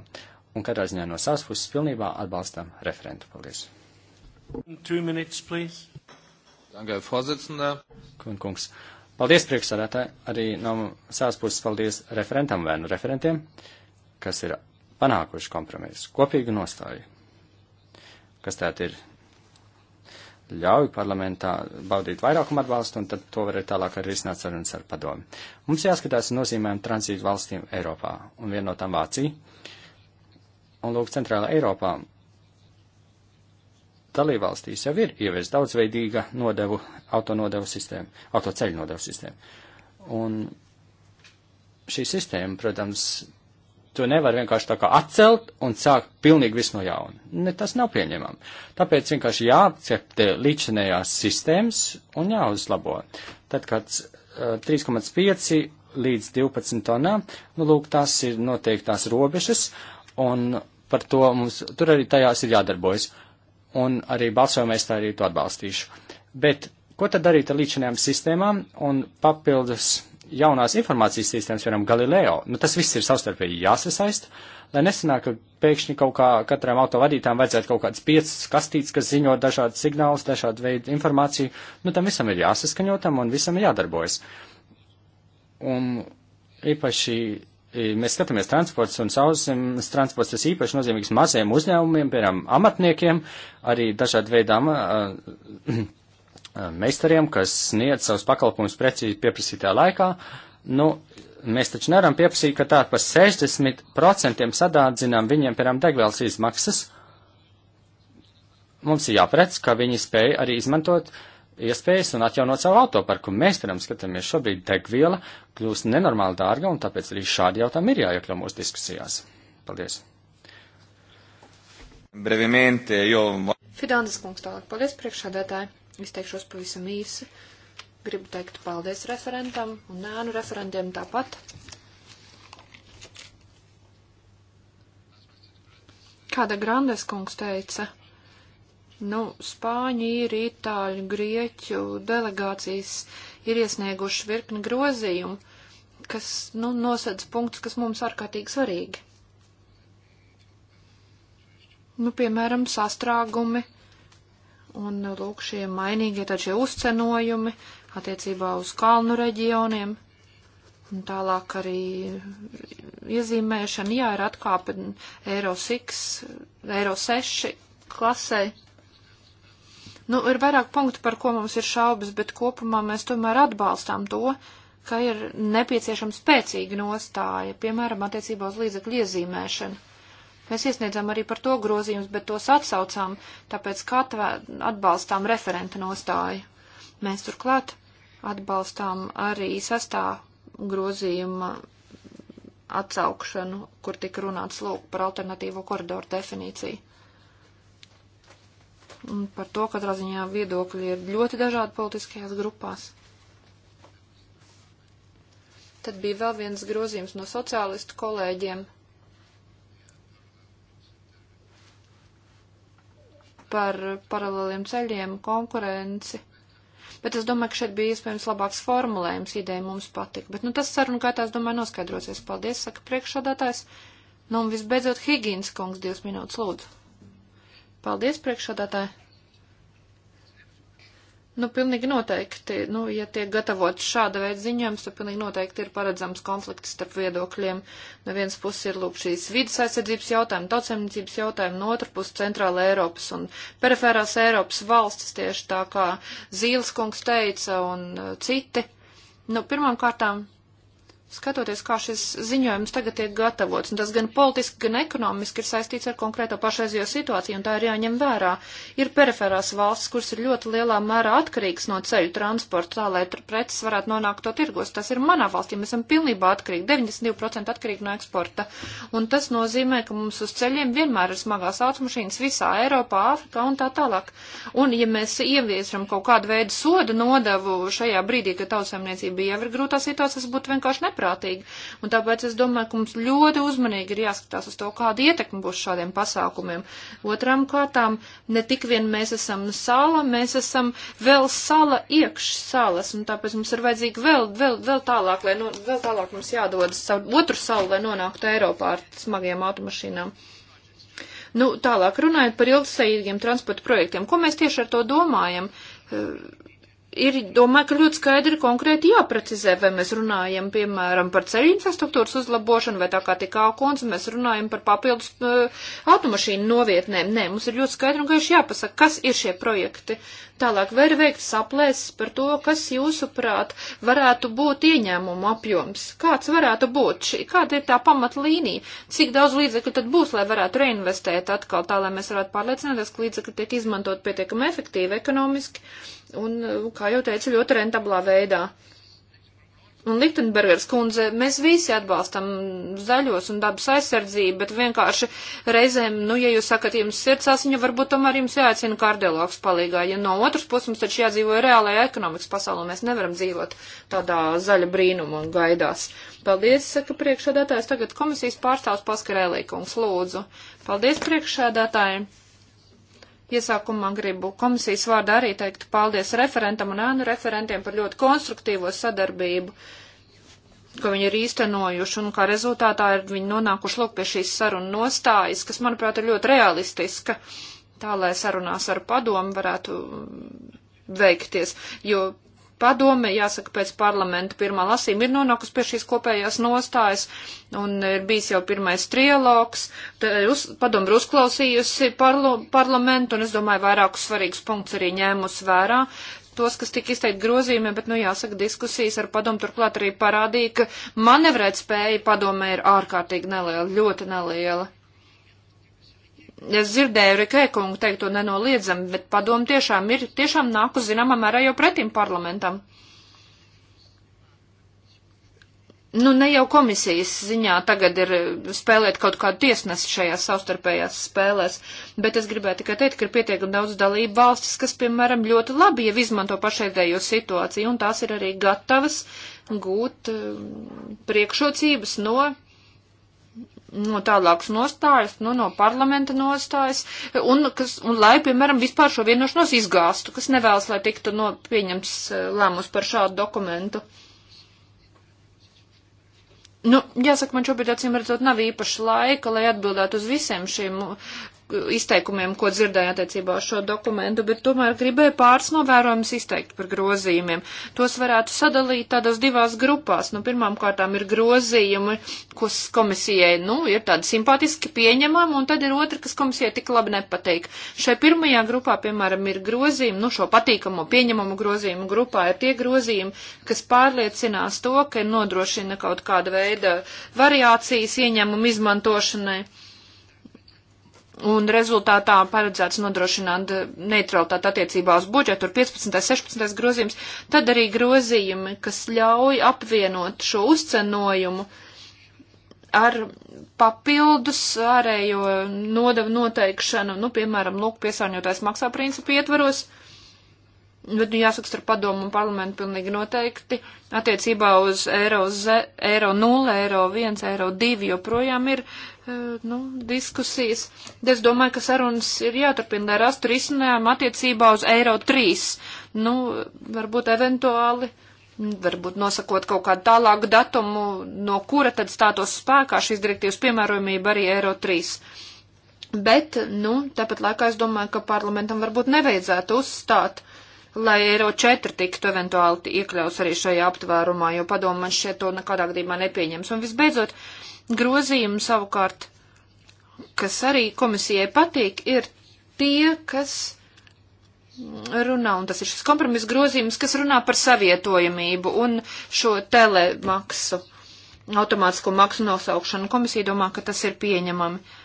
un katrā ziņā no savas puses pilnībā atbalstam referentu. Paldies! Two minutes, please. Danke, Herr Vorsitzender. Kungs. Paldies, priekšsādātāji. Arī no savas puses paldies referentam vai nu referentiem, kas ir panākuši kompromisu, kopīgu nostāju, kas tātad ir ļauj parlamentā baudīt vairākumu atbalstu, un tad to varēja tālāk arī risināt sarunas ar padomu. Mums jāskatās nozīmēm tranzītu valstīm Eiropā, un viena no tām Vācija. Un lūk, centrāla Eiropā dalībvalstīs jau ir ievies daudzveidīga nodevu, autonodevu sistēma, autoceļu nodevu sistēma. Un šī sistēma, protams, to nevar vienkārši tā kā atcelt un sākt pilnīgi visu no jauna. Ne, tas nav pieņemami. Tāpēc vienkārši jāakceptē līdzinējās sistēmas un jāuzlabo. Tad, kad uh, eh, 3,5 līdz 12 tonām, nu lūk, tās ir noteiktās robežas, Un par to mums tur arī tajās ir jādarbojas. Un arī balsojumā es tā arī to atbalstīšu. Bet ko tad darīt ar līdzinājām sistēmām un papildus jaunās informācijas sistēmas, piemēram, Galileo? Nu, tas viss ir savstarpēji jāsasaist, lai nesanāk, ka pēkšņi kaut kā katram autovadītājam vajadzētu kaut kādas piecas kastītes, kas ziņo dažādas signālus, dažādu veidu informāciju. Nu, tam visam ir jāsaskaņotam un visam ir jādarbojas. Un īpaši E, mēs skatāmies transports un sauszemes transports, tas īpaši nozīmīgs maziem uzņēmumiem, piemēram, amatniekiem, arī dažādi veidām (clears throat) meistariem, kas sniedz savus pakalpojumus precīzi pieprasītā laikā. Nu, mēs taču nevaram pieprasīt, ka tā pa 60% sadādzinām viņiem, piemēram, degvielas izmaksas. Mums ir jāprec, ka viņi spēja arī izmantot uh, iespējas un atjaunot savu autoparku. Mēs, protams, skatāmies šobrīd degviela kļūst nenormāli dārga, un tāpēc arī šādi jautājumi ir jāiekļau mūsu diskusijās. Paldies! Brevimente, jo... Fidandas kungs tālāk. Paldies priekšādētāji. Izteikšos pavisam īsi. Gribu teikt paldies referentam un nēnu referentiem tāpat. Kāda Grandes kungs teica, Nu, Spāņu, īri, itāļu, grieķu delegācijas ir iesnieguši virkni grozījumu, kas, nu, nosedz punktus, kas mums ārkārtīgi svarīgi. Nu, piemēram, sastrāgumi un, lūk, šie mainīgie tačie uzcenojumi attiecībā uz kalnu reģioniem. Un tālāk arī iezīmēšana, jā, ir atkāpe Eiro 6, Eiro 6 klasē. Nu, ir vairāk punktu, par ko mums ir šaubas, bet kopumā mēs tomēr atbalstām to, ka ir nepieciešama spēcīga nostāja, piemēram, attiecībā uz līdzekļu iezīmēšanu. Mēs iesniedzām arī par to grozījumus, bet tos atsaucām, tāpēc kā atbalstām referenta nostāju. Mēs turklāt atbalstām arī sastā grozījuma atsaukšanu, kur tika runāts lūk par alternatīvo koridoru definīciju. Un par to katrā ziņā viedokļi ir ļoti dažādi politiskajās grupās. Tad bija vēl viens grozījums no sociālistu kolēģiem par paralēliem ceļiem, konkurenci. Bet es domāju, ka šeit bija iespējams labāks formulējums, ideja mums patika. Bet nu, tas sarunu gaitā, es domāju, noskaidrosies. Paldies, saka priekšsādātājs. Nu un visbeidzot, Higīns kungs, divas minūtes lūdzu. Paldies, priekšādātāji! Nu, pilnīgi noteikti, nu, ja tiek gatavots šāda veida ziņojums, tad pilnīgi noteikti ir paredzams konflikts starp viedokļiem. No vienas puses ir lūk šīs vidas aizsardzības jautājumi, tautsemniecības jautājumi, no otras puses centrāla Eiropas un periferās Eiropas valstis, tieši tā kā Zīles kungs teica un uh, citi. Nu, pirmām kārtām skatoties, kā šis ziņojums tagad tiek gatavots, un tas gan politiski, gan ekonomiski ir saistīts ar konkrēto pašreizējo situāciju, un tā ir jāņem vērā. Ir periferās valsts, kuras ir ļoti lielā mērā atkarīgas no ceļu transporta, tā lai preces varētu nonākt to tirgos. Tas ir manā valstī, mēs esam pilnībā atkarīgi, 92% atkarīgi no eksporta, un tas nozīmē, ka mums uz ceļiem vienmēr ir smagās automašīnas visā Eiropā, Āfrikā un tā tālāk. Un ja mēs ieviesam kaut kādu veidu sodu nodevu šajā brīdī, kad tautsēmniecība jau ir grūtā situācija, tas būtu vienkārši neprātīgi saprātīgi. Un tāpēc es domāju, ka mums ļoti uzmanīgi ir jāskatās uz to, kāda ietekme būs šādiem pasākumiem. Otram kārtām, ne tik vien mēs esam sala, mēs esam vēl sala iekš salas, un tāpēc mums ir vajadzīgi vēl, vēl, vēl tālāk, lai no, vēl tālāk mums jādodas savu otru salu, lai nonāktu Eiropā ar smagiem automašīnām. Nu, tālāk runājot par ilgsējīgiem transporta projektiem, ko mēs tieši ar to domājam? Uh, ir, domāju, ka ļoti skaidri konkrēti jāprecizē, vai mēs runājam, piemēram, par ceļu infrastruktūras uzlabošanu, vai tā kā tikā kons, mēs runājam par papildus uh, automašīnu novietnēm. Nē, mums ir ļoti skaidri un gaiši jāpasaka, kas ir šie projekti. Tālāk var veikt saplēses par to, kas jūsuprāt varētu būt ieņēmumu apjoms, kāds varētu būt, šī, kāda ir tā pamatlīnija, cik daudz līdzekļu tad būs, lai varētu reinvestēt atkal tā, lai mēs varētu pārliecināties, ka līdzekļi tiek izmantot pietiekami efektīvi ekonomiski un, uh, kā jau teicu, ļoti rentablā veidā. Un Liktenbergers kundze, mēs visi atbalstam zaļos un dabas aizsardzību, bet vienkārši reizēm, nu, ja jūs sakat, jums sirds asiņa, varbūt tomēr jums jāaicina kardiologs palīgā. Ja no otras puses mums taču jādzīvo reālajā ekonomikas pasaulē, mēs nevaram dzīvot tādā zaļa brīnuma un gaidās. Paldies, saka priekšādātājs. Tagad komisijas pārstāvs Paskarēlīkums, lūdzu. Paldies priekšādātājiem. Iesākumā gribu komisijas vārdā arī teikt paldies referentam un ēnu referentiem par ļoti konstruktīvo sadarbību, ko viņi ir īstenojuši, un kā rezultātā ir viņi nonākuši lūk pie šīs sarunu nostājas, kas, manuprāt, ir ļoti realistiska, tā lai sarunās ar padomu varētu veikties, jo Padome, jāsaka, pēc parlamenta pirmā lasījuma ir nonākusi pie šīs kopējās nostājas, un ir bijis jau pirmais trialogs, uz, padome ir uzklausījusi parlo, parlamentu, un es domāju, vairākus svarīgus punktus arī ņēmus vērā, tos, kas tika izteikti grozījumiem, bet, nu, jāsaka, diskusijas ar padomu turklāt arī parādīja, ka manevrēt spēja padomē ir ārkārtīgi neliela, ļoti neliela. Es dzirdēju Rikēkungu teikt to nenoliedzami, bet padomu tiešām ir, tiešām nāku zināmā mērā jau pretim parlamentam. Nu, ne jau komisijas ziņā tagad ir spēlēt kaut kādu tiesnesi šajās savstarpējās spēlēs, bet es gribēju tikai teikt, ka ir pietiekami daudz dalību valstis, kas, piemēram, ļoti labi jau izmanto pašreizējo situāciju, un tās ir arī gatavas gūt um, priekšrocības no no tālākas nostājas, no, nu, no parlamenta nostājas, un, kas, un lai, piemēram, vispār šo vienošanos izgāstu, kas nevēlas, lai tiktu no, pieņems eh, lēmums par šādu dokumentu. Nu, jāsaka, man šobrīd acīm redzot nav īpaši laika, lai atbildētu uz visiem šiem izteikumiem, ko dzirdēju attiecībā uz šo dokumentu, bet tomēr gribēju pāris novērojumus izteikt par grozījumiem. Tos varētu sadalīt tādās divās grupās. Nu, pirmām kārtām ir grozījumi, kas komisijai, nu, ir tādi simpātiski pieņemami, un tad ir otra, kas komisijai tik labi nepateik. Šai pirmajā grupā, piemēram, ir grozījumi, nu, šo patīkamo pieņemamu grozījumu grupā ir tie grozījumi, kas pārliecinās to, ka ir nodrošina kaut kāda veida variācijas ieņēmumu izmantošanai un rezultātā paredzēts nodrošināt neutralitāti attiecībā uz budžetu, tur 15. 16. grozījums, tad arī grozījumi, kas ļauj apvienot šo uzcenojumu ar papildus ārējo nodevu noteikšanu, nu, piemēram, lūk, piesārņotājs maksā principu ietvaros, bet, nu, jāsaka, starp padomu un parlamentu pilnīgi noteikti, attiecībā uz eiro, ze, eiro 0, eiro 1, eiro 2 joprojām ir uh, Eh, nu, diskusijas. Es domāju, ka sarunas ir jāturpina, lai rastu risinājumu attiecībā uz eiro 3. Nu, varbūt eventuāli varbūt nosakot kaut kādu tālāku datumu, no kura tad stātos spēkā šīs direktīvas piemērojumība arī Eiro 3. Bet, nu, tāpat laikā es domāju, ka parlamentam varbūt nevajadzētu uzstāt, lai Eiro 4 tiktu eventuāli iekļaus arī šajā aptvērumā, jo padomu man šeit to nekādā gadījumā nepieņems. Un visbeidzot, uh, grozījumi savukārt, kas arī komisijai patīk, ir tie, kas runā, un tas ir šis kompromiss grozījums, kas runā par savietojamību un šo telemaksu, automātisko maksu nosaukšanu. Komisija domā, ka tas ir pieņemami.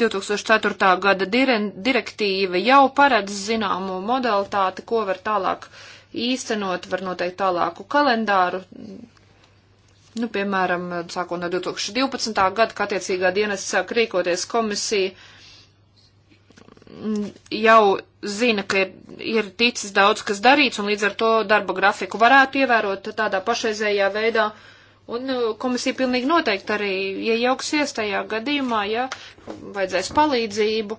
2004. gada direktīva jau paredz zināmu modalitāti, ko var tālāk īstenot, var noteikt tālāku kalendāru, Nu, piemēram, sākot no 2012. gada, kad attiecīgā dienas sāk rīkoties komisija, mm, jau zina, ka ir, ir ticis daudz kas darīts, un līdz ar to darba grafiku varētu ievērot tādā pašreizējā veidā. Un nu, komisija pilnīgi noteikti arī iejauksies tajā gadījumā, ja vajadzēs palīdzību.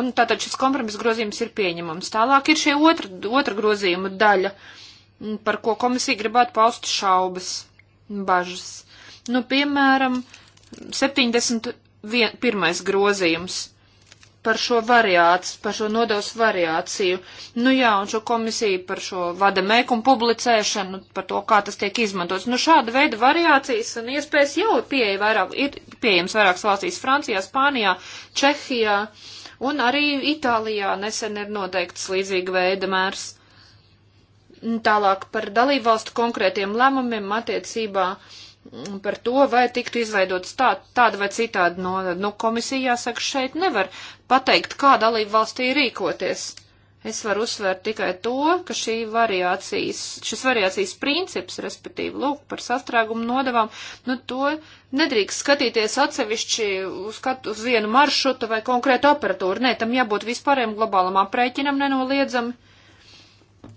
Un tātad šis kompromiss grozījums ir pieņemams. Tālāk ir šie otra, otra grozījuma daļa, par ko komisija gribētu paust šaubas bažas. Nu, piemēram, 71. grozījums par šo variāciju, par šo nodevs variāciju. Nu jā, un šo komisiju par šo vada mēkumu publicēšanu, par to, kā tas tiek izmantots. Nu šāda veida variācijas un iespējas jau ir, pieeja vairāk, ir pieejams vairākas valstīs - Francijā, Spānijā, Čehijā un arī Itālijā nesen ir noteikts līdzīga veida mērs. Tālāk par dalībvalstu konkrētiem lēmumiem attiecībā mm, par to, vai tiktu izveidots tā, tāda vai citāda no, no nu, komisijā, saka, šeit nevar pateikt, kā dalībvalstī rīkoties. Es varu uzsvērt tikai to, ka šī variācijas, šis variācijas princips, respektīvi, lūk, par sastrēgumu nodavām, nu to nedrīkst skatīties atsevišķi uz, katru, uz vienu maršrutu vai konkrētu operatoru. Nē, tam jābūt vispārējiem globālam aprēķinam nenoliedzami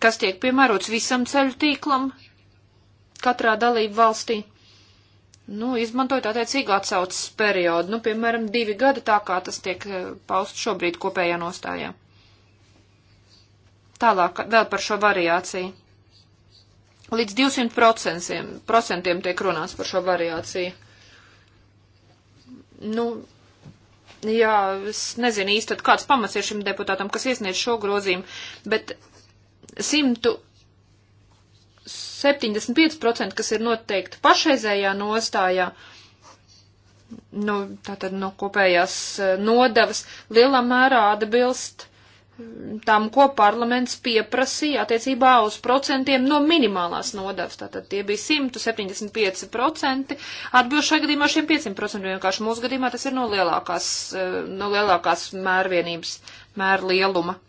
kas tiek piemērots visam ceļu tīklam katrā dalību valstī. Nu, izmantojot attiecīgu atsaucas periodu, nu, piemēram, divi gadi tā, kā tas tiek eh, paust šobrīd kopējā nostājā. Tālāk vēl par šo variāciju. Līdz 200% tiek runāts par šo variāciju. Nu, jā, es nezinu īsti, kāds pamats ir šim deputātam, kas iesniedz šo grozījumu, bet 100 75%, kas ir noteikti pašreizējā nostājā, nu, tātad no nu, kopējās eh, nodevas, lielā mērā atbilst mm, tam, ko parlaments pieprasīja attiecībā uz procentiem no minimālās nodevas. Tātad tie bija 175% atbilst šajā gadījumā šiem 500%, vienkārši mūsu gadījumā tas ir no lielākās, eh, no lielākās mērvienības, mērlieluma.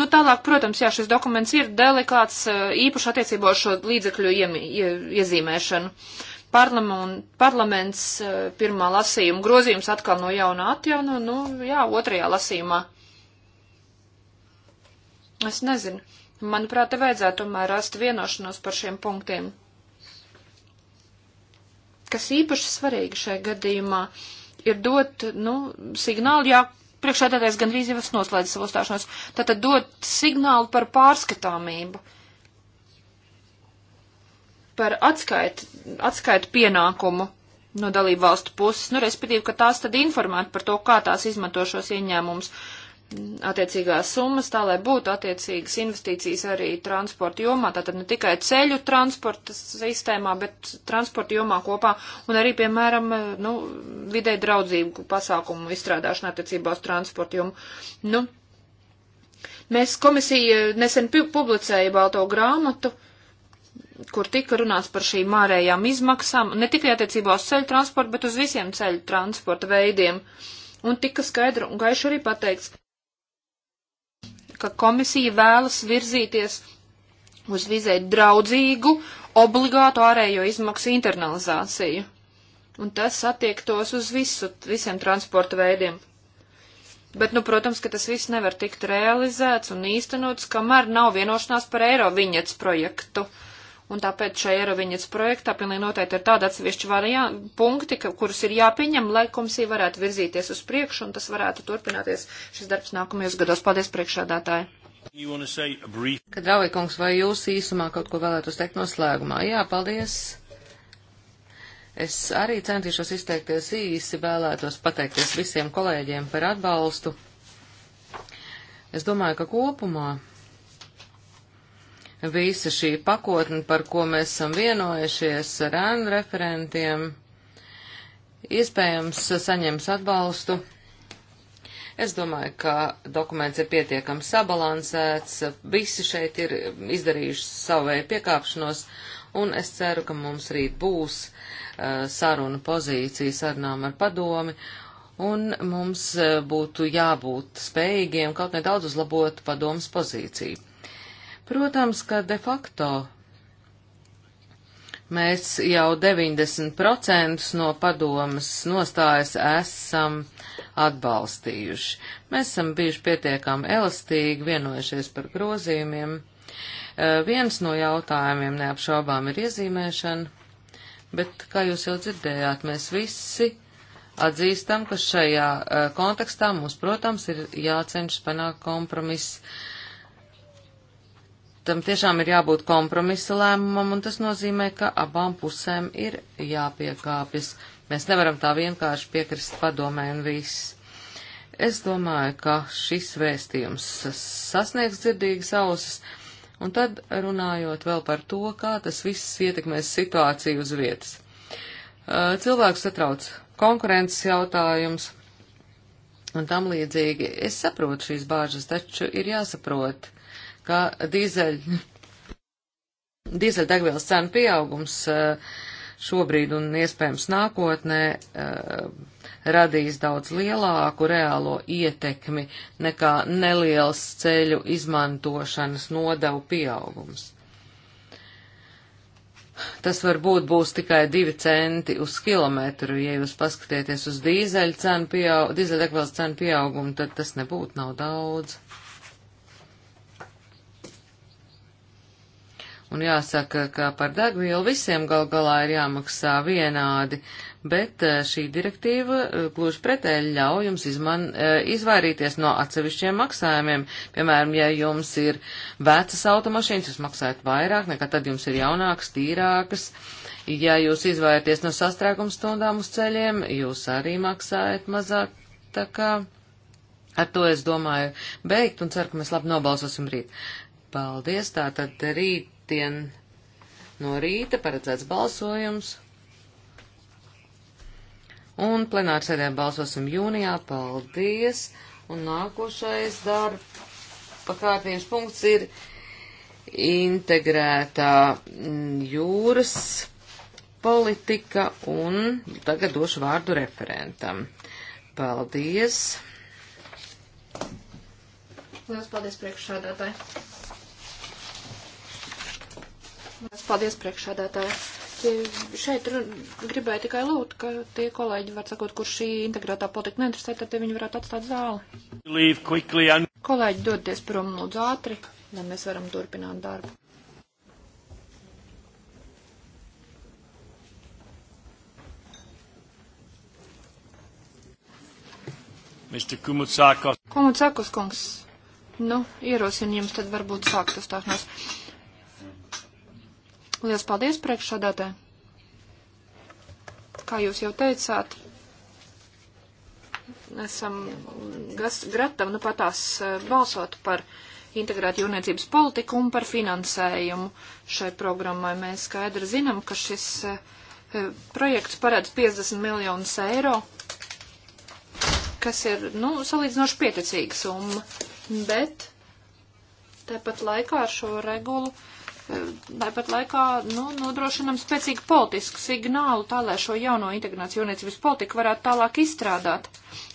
Nu, tālāk, protams, jā, šis dokuments ir delikāts īpaši attiecībā ar šo līdzekļu iemī, ie, iezīmēšanu. Parlament, parlaments pirmā lasījuma grozījums atkal no jauna atjauno, nu, jā, otrajā lasījumā. Es nezinu. Manuprāt, te vajadzētu tomēr rast vienošanos par šiem punktiem. Kas īpaši svarīgi šajā gadījumā ir dot, nu, signālu, jā, priekšādātais gandrīz jau es noslēdzu savu stāšanos, tātad dot signālu par pārskatāmību, par atskaitu, atskaitu pienākumu no dalību valstu puses, nu, respektīvi, ka tās tad informētu par to, kā tās izmanto šos ieņēmumus. Uh, attiecīgās summas, tā lai būtu attiecīgas investīcijas arī transporta jomā, tātad ne tikai ceļu transporta sistēmā, bet transporta jomā kopā un arī, piemēram, nu, vidē draudzību pasākumu izstrādāšana attiecībā uz transporta jomu. Nu, mēs komisija nesen publicēja balto grāmatu, kur tika runāts par šīm ārējām izmaksām, ne tikai attiecībā uz ceļu transportu, bet uz visiem ceļu transporta veidiem. Un tika skaidri un gaiši arī pateikts, ka komisija vēlas virzīties uz vizē draudzīgu, obligātu ārējo izmaksu internalizāciju. Un tas attiektos uz visu, visiem transporta veidiem. Bet, nu, protams, ka tas viss nevar tikt realizēts un īstenots, kamēr nav vienošanās par eiro viņets projektu. Uh, Un tāpēc šajā Eiroviņas projektā pilnīgi noteikti ir tādi atsevišķi varianti, punkti, ka, kurus ir jāpieņem, lai komisija varētu virzīties uz priekšu un tas varētu turpināties šis darbs nākamajos gados. Paldies priekšādātāji! Brief... Kad Raujikungs, vai jūs īsumā kaut ko vēlētos teikt noslēgumā? Jā, paldies! Es arī centīšos izteikties īsi, vēlētos pateikties visiem kolēģiem par atbalstu. Es domāju, ka kopumā visa šī pakotne, par ko mēs esam vienojušies ar ēnu referentiem, iespējams saņems atbalstu. Es domāju, ka dokuments ir pietiekami sabalansēts, visi šeit ir izdarījuši savu veidu piekāpšanos, un es ceru, ka mums rīt būs uh, saruna pozīcija sarunām ar padomi, un mums uh, būtu jābūt spējīgiem kaut nedaudz uzlabot padomas pozīciju. Protams, ka de facto mēs jau 90% no padomas nostājas esam atbalstījuši. Mēs esam bijuši pietiekami elastīgi, vienojušies par grozījumiem. Eh, viens no jautājumiem neapšaubām ir iezīmēšana, bet, kā jūs jau dzirdējāt, mēs visi atzīstam, ka šajā eh, kontekstā mums, protams, ir jācenšas panākt kompromiss tam tiešām ir jābūt kompromisa lēmumam, un tas nozīmē, ka abām pusēm ir jāpiekāpjas. Mēs nevaram tā vienkārši piekrist padomē un viss. Es domāju, ka šis vēstījums sasniegs dzirdīgas ausis, un tad runājot vēl par to, kā tas viss ietekmēs situāciju uz vietas. Cilvēks satrauc konkurences jautājums un tam līdzīgi. Es saprotu šīs bāžas, taču ir jāsaprot, ka dīzeļ, dīzeļdegvielas cenu pieaugums eh, šobrīd un iespējams nākotnē eh, radīs daudz lielāku reālo ietekmi nekā neliels ceļu izmantošanas nodevu pieaugums. Tas varbūt būs tikai divi centi uz kilometru, ja jūs paskatieties uz dīzeļu cenu pieaug, dīzeļdegvielas cenu pieaugumu, tad tas nebūtu nav daudz. Un jāsaka, ka par degvielu visiem gal galā ir jāmaksā vienādi, bet eh, šī direktīva eh, gluži pretēji ļauj jums izman, eh, izvairīties no atsevišķiem maksājumiem. Piemēram, ja jums ir vecas automašīnas, jūs maksājat vairāk nekā tad jums ir jaunākas, tīrākas. Ja jūs izvairieties no sastrēguma stundām uz ceļiem, jūs arī maksājat mazāk. Tā kā ar to es domāju beigt un ceru, ka mēs labi nobalsosim rīt. Paldies, tātad rīt ceturtdien no rīta paredzēts balsojums. Un plenārsēdē balsosim jūnijā. Paldies! Un nākošais darba kārtības punkts ir integrētā jūras politika un tagad došu vārdu referentam. Paldies! Lielas paldies priekšsādātāji! Mēs paldies priekšādātāji. Šeit gribēju tikai lūgt, ka tie kolēģi, var sakot, kur šī integrētā politika neinteresē, tad viņi varētu atstāt zāli. And... Kolēģi, doties prom lūdzu ātri, lai mēs varam turpināt darbu. Kumutsākos kungs, nu, ierosinu jums tad varbūt sākt uzstāšanos. Lielas paldies priekšsādātē. Kā jūs jau teicāt, esam gatavi nu patās eh, balsot par integrētu jūrniecības politiku un par finansējumu šai programmai. Mēs skaidri zinām, ka šis eh, projekts paredz 50 miljonus eiro, kas ir, nu, salīdzinoši pieticīga summa, bet tāpat laikā ar šo regulu tāpat laikā nu, nodrošinam spēcīgu politisku signālu, tā lai šo jauno integrāciju jūrniecības politiku varētu tālāk izstrādāt.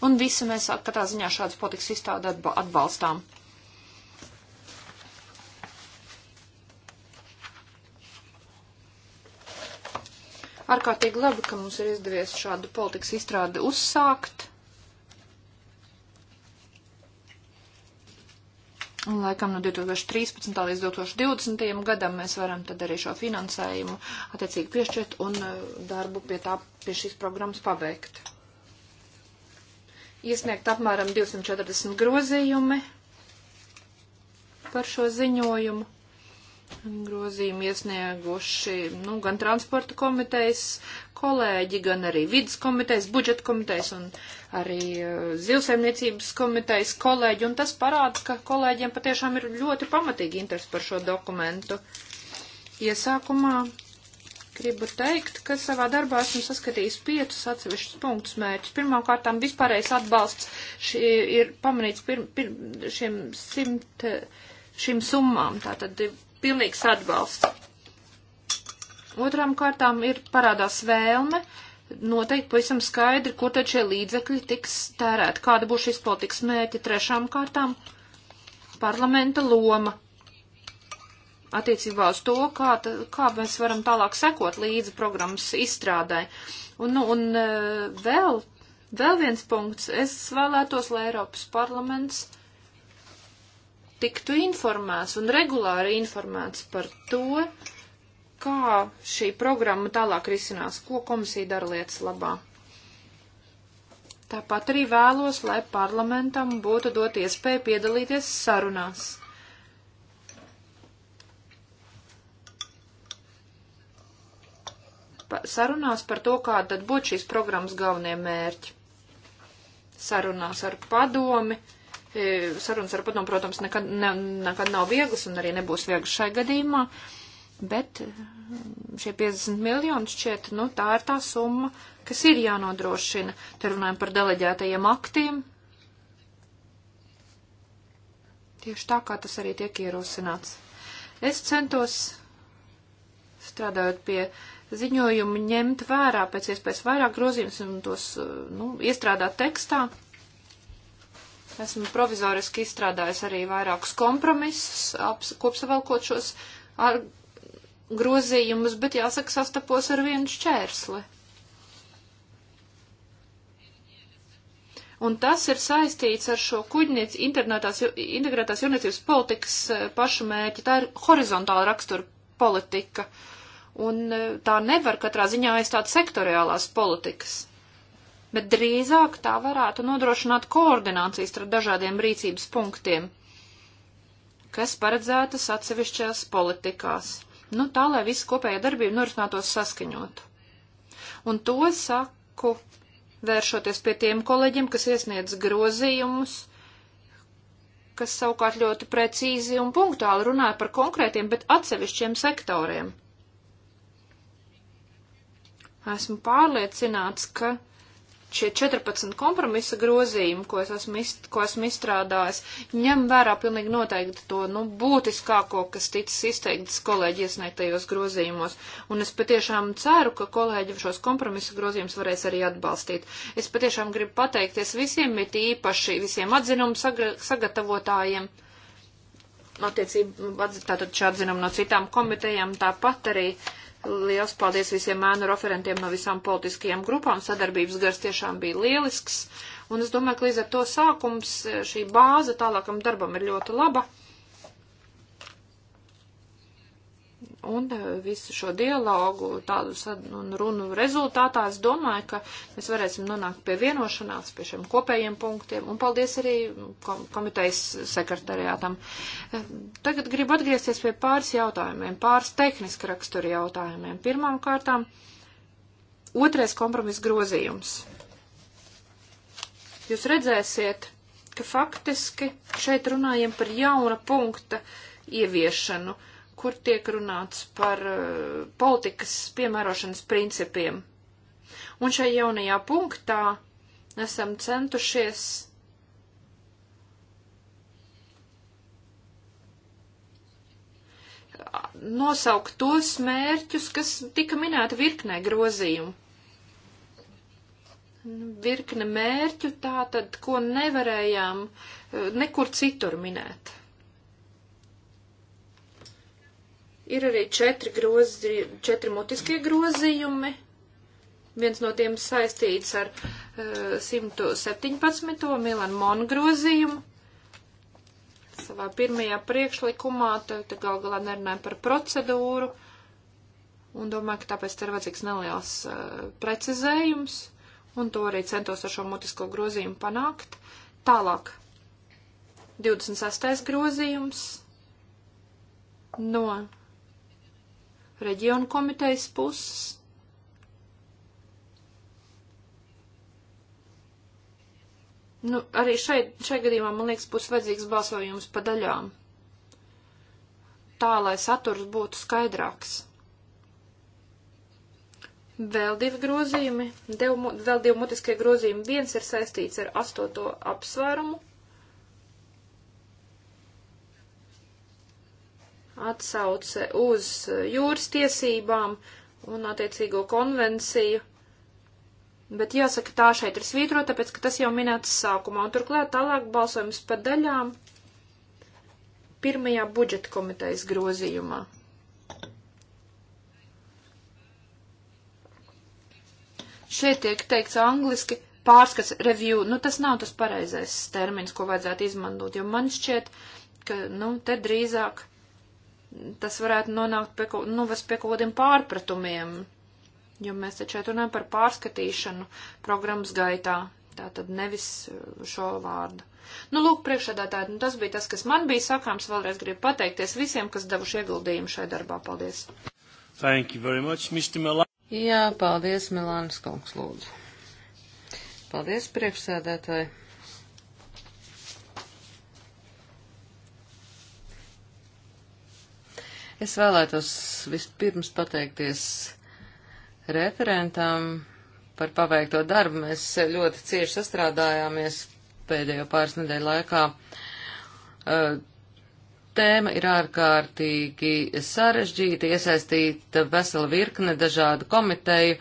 Un visi mēs katrā ziņā šādas politikas izstādi atbalstām. Ārkārtīgi labi, ka mums ir izdevies šādu politikas izstrādi uzsākt. Un laikam no 2013. līdz 2020. gadam mēs varam tad arī šo finansējumu attiecīgi piešķirt un e, darbu pie tā, pie šīs programmas pabeigt. Iesniegt apmēram 240 grozījumi par šo ziņojumu. Grozījumi iesnieguši, nu, gan transporta komitejas kolēģi, gan arī vidas komitejas, budžeta komitejas un arī e, zivsaimniecības komitejas kolēģi, un tas parāda, ka kolēģiem patiešām ir ļoti pamatīgi interesi par šo dokumentu. Iesākumā gribu teikt, ka savā darbā esmu saskatījis piecus atsevišķus punktus mērķus. Pirmkārt, vispārējais atbalsts šī ir pamanīts pir, pir, šiem simt, e, šīm summām, tātad ir e, pilnīgs atbalsts. Otrām kārtām ir parādās vēlme uh, noteikti pavisam skaidri, kur tad šie līdzekļi tiks tērēt, kāda būs šīs politikas mērķi trešām kārtām, parlamenta loma attiecībā uz to, kā, tā, kā mēs varam tālāk sekot līdzi programmas izstrādai. Un, nu, un e, vēl, vēl viens punkts. Es vēlētos, lai Eiropas parlaments tiktu informēts un regulāri informēts par to, uh, kā šī programma tālāk risinās, ko komisija dara lietas labā. Tāpat arī vēlos, lai parlamentam būtu dot iespēju piedalīties sarunās. Pa, sarunās par to, kāda tad būtu šīs programmas galvenie mērķi. Sarunās ar padomi. E, sarunas ar padomu, protams, nekad, ne, nekad nav vieglas un arī nebūs vieglas šai gadījumā. Uh, Bet eh, šie 50 miljoni šķiet, nu, tā ir tā summa, kas ir jānodrošina. Te runājam par deleģētajiem aktiem. Tieši tā, kā tas arī tiek ierosināts. Es centos, strādājot pie ziņojumu, ņemt vērā pēc iespējas vairāk grozījumus un tos, eh, nu, iestrādāt tekstā. Esmu provizoriski izstrādājis arī vairākus kompromisus, kopsavalkot šos ar grozījumus, bet jāsaka, sastapos ar vienu šķērsli. Un tas ir saistīts ar šo kuģniec integrētās jūrniecības politikas eh, pašu mērķi. Tā ir horizontāla rakstura politika. Un eh, tā nevar katrā ziņā aizstāt sektoriālās politikas. Bet drīzāk tā varētu nodrošināt koordinācijas starp dažādiem rīcības punktiem, kas paredzētas atsevišķās politikās. Nu, tā, lai visa kopējā darbība norisinātos saskaņot. Un to saku, vēršoties pie tiem kolēģiem, kas iesniedz grozījumus, kas savukārt ļoti precīzi un punktuāli runāja par konkrētiem, bet atsevišķiem sektoriem. Esmu pārliecināts, ka šie 14 kompromisa grozījumi, ko es esmu, iz, ko esmu izstrādājis, ņem vērā pilnīgi noteikti to, nu, būtiskāko, kas ticis izteikts kolēģi iesniegtajos grozījumos. Un es patiešām ceru, ka kolēģi šos kompromisa grozījumus varēs arī atbalstīt. Es patiešām gribu pateikties visiem, it īpaši visiem atzinumu sagra, sagatavotājiem attiecību, tātad šādu zinumu no citām komitejām, tāpat arī uh, Liels paldies visiem mēnu referentiem no visām politiskajām grupām. Sadarbības gars tiešām bija lielisks. Un es domāju, ka līdz ar to sākums, eh, šī bāze tālākam darbam ir ļoti laba. Un e, visu šo dialogu tādu un runu rezultātā es domāju, ka mēs varēsim nonākt pie vienošanās, pie šiem kopējiem punktiem. Un paldies arī komitejas sekretariātam. E, tagad gribu atgriezties pie pāris jautājumiem, pāris tehniska rakstura jautājumiem. Pirmām kārtām, otrais kompromis grozījums. Jūs redzēsiet, ka faktiski šeit runājam par jauna punkta ieviešanu. Uh, kur tiek runāts par uh, politikas piemērošanas principiem. Un šai jaunajā punktā esam centušies nosaukt tos mērķus, kas tika minēti virknē grozījumu. Virkne mērķu tā tad, ko nevarējām uh, nekur citur minēt. Ir arī četri, grozi, četri mutiskie grozījumi. Viens no tiem saistīts ar uh, eh, 117. Milan Mon grozījumu. Savā pirmajā priekšlikumā tad gal galā nerunājam par procedūru. Un domāju, ka tāpēc te ir vajadzīgs neliels uh, precizējums. Un to arī centos ar šo mutisko grozījumu panākt. Tālāk. 26. grozījums no reģionu komitejas puses. Nu, arī šeit, šajā gadījumā, man liekas, būs vajadzīgs balsojums pa daļām. Tā, lai saturs būtu skaidrāks. Vēl divi grozījumi, dev, vēl divi mutiskie grozījumi. Viens ir saistīts ar astoto apsvērumu atsauce uz jūras tiesībām un attiecīgo konvenciju. Bet jāsaka, tā šeit ir svītrota, tāpēc, ka tas jau minēts sākumā. Un turklāt tālāk balsojums pa daļām pirmajā budžeta komitejas grozījumā. Šeit tiek teikts angliski pārskats review. Nu, tas nav tas pareizais termins, ko vajadzētu izmantot, jo man šķiet, ka, nu, te drīzāk tas varētu nonākt pie, novest pie kaut kādiem pārpratumiem, jo mēs taču šeit runājam par pārskatīšanu programmas gaitā, tā tad nevis uh, šo vārdu. Nu, lūk, priekšādātāji, nu, tas bija tas, kas man bija sakāms. Vēlreiz gribu pateikties visiem, kas devuši ieguldījumu šai darbā. Paldies! Thank you very much, Mr. Melan. Jā, paldies, Melānas kungs, lūdzu. Paldies, priekšsēdētāji. Es vēlētos vispirms pateikties referentam par paveikto darbu. Mēs ļoti cieši sastrādājāmies pēdējo pāris nedēļu laikā. Uh, tēma ir ārkārtīgi sarežģīta, iesaistīta vesela virkne dažādu komiteju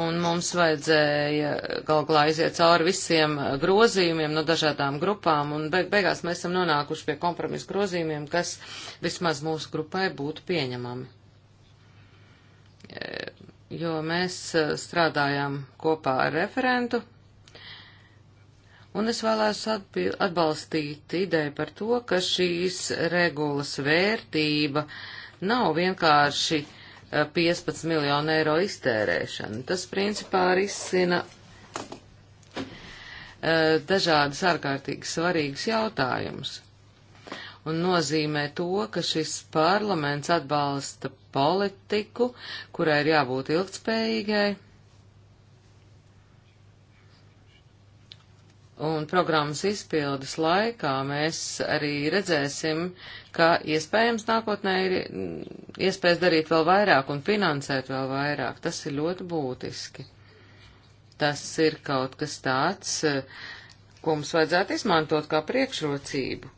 un mums vajadzēja galu galā iziet cauri visiem grozījumiem no dažādām grupām, un beig beigās mēs esam nonākuši pie kompromisu grozījumiem, kas vismaz mūsu grupai būtu pieņemami. E, jo mēs e, strādājām kopā ar referentu, un es vēlēs atbalstīt ideju par to, ka šīs regulas vērtība nav vienkārši uh, 15 miljonu eiro iztērēšanu. Tas principā risina e, dažādas ārkārtīgi svarīgas jautājumus un nozīmē to, ka šis parlaments atbalsta politiku, kurai ir jābūt ilgtspējīgai Un programmas izpildes laikā mēs arī redzēsim, ka iespējams nākotnē ir iespējas darīt vēl vairāk un finansēt vēl vairāk. Tas ir ļoti būtiski. Tas ir kaut kas tāds, ko mums vajadzētu izmantot kā priekšrocību,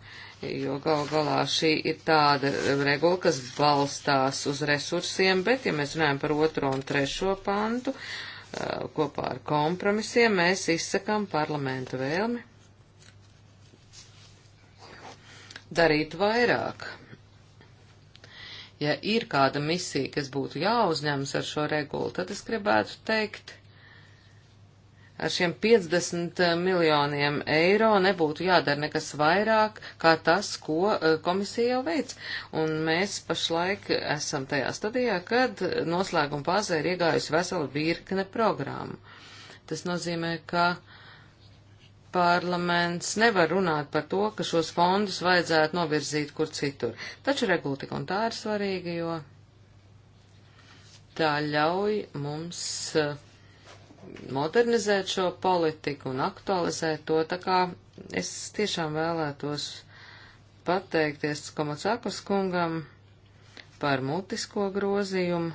jo gal galā šī ir tāda regula, kas balstās uz resursiem, bet ja mēs runājam par otro un trešo pantu, uh, Eh, kopā ar kompromisiem mēs izsakām parlamentu vēlmi darīt vairāk. Ja ir kāda misija, kas būtu jāuzņemas ar šo regulu, tad es gribētu teikt, ar šiem 50 eh, miljoniem eiro nebūtu jādara nekas vairāk kā tas, ko eh, komisija jau veic. Un mēs pašlaik esam tajā stadijā, kad noslēguma fāzē ir iegājusi vesela virkne programmu. Tas nozīmē, ka parlaments nevar runāt par to, ka šos fondus vajadzētu novirzīt kur citur. Taču regultika un tā ir svarīga, jo tā ļauj mums uh, modernizēt šo politiku un aktualizēt to, tā kā es tiešām vēlētos pateikties Komacākos kungam par mutisko grozījumu,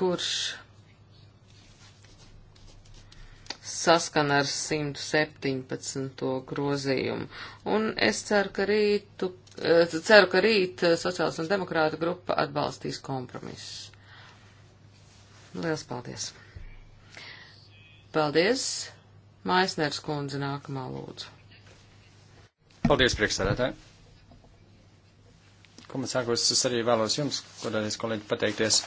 kurš saskana ar 117. grozījumu. Un es ceru, ka rītu, eh, ceru, ka rīt eh, sociāls un demokrāta grupa atbalstīs kompromisus. Liels paldies! Paldies! Maisners kundze nākamā lūdzu. Paldies, priekšsēdētāji! Komisārkos, es arī vēlos jums, kodēļ es kolēģi pateikties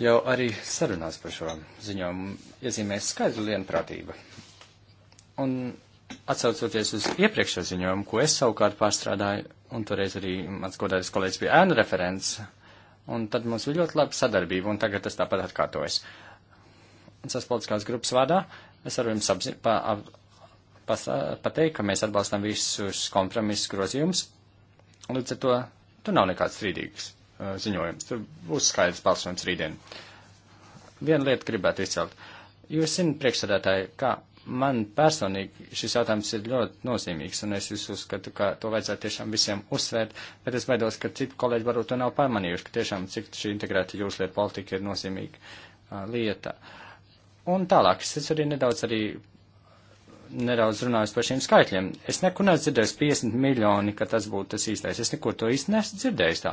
jau arī sarunās par šo ziņojumu iezīmēs skaidru vienprātību. Un atsaucoties uz iepriekšējo ziņojumu, ko es savukārt pārstrādāju, un toreiz arī mans godātais kolēģis bija ēnu referents, un tad mums bija ļoti laba sadarbība, un tagad tas tāpat atkārtojas. Un es politiskās grupas vārdā es varu jums apzi, pa, ap, pas, pateikt, ka mēs atbalstam visus kompromisu grozījumus, un līdz ar to tur nav nekāds strīdīgs. Uh, ziņojumu. Tur būs skaidrs balsojums rītdien. Vienu lietu gribētu izcelt. Jūs zināt, priekšsēdētāji, kā man personīgi šis jautājums ir ļoti nozīmīgs, un es uzskatu, ka to vajadzētu tiešām visiem uzsvērt, bet es baidos, ka citi kolēģi varbūt to nav pamanījuši, ka tiešām cik šī integrēta jūraslietu politika ir nozīmīga uh, lieta. Un tālāk, es arī nedaudz arī nedaudz runājis par šiem skaitļiem. Es neko nedzirdēju 50 miljoni, ka tas būtu tas īstais. Es neko to īsti nesadzirdēju tā.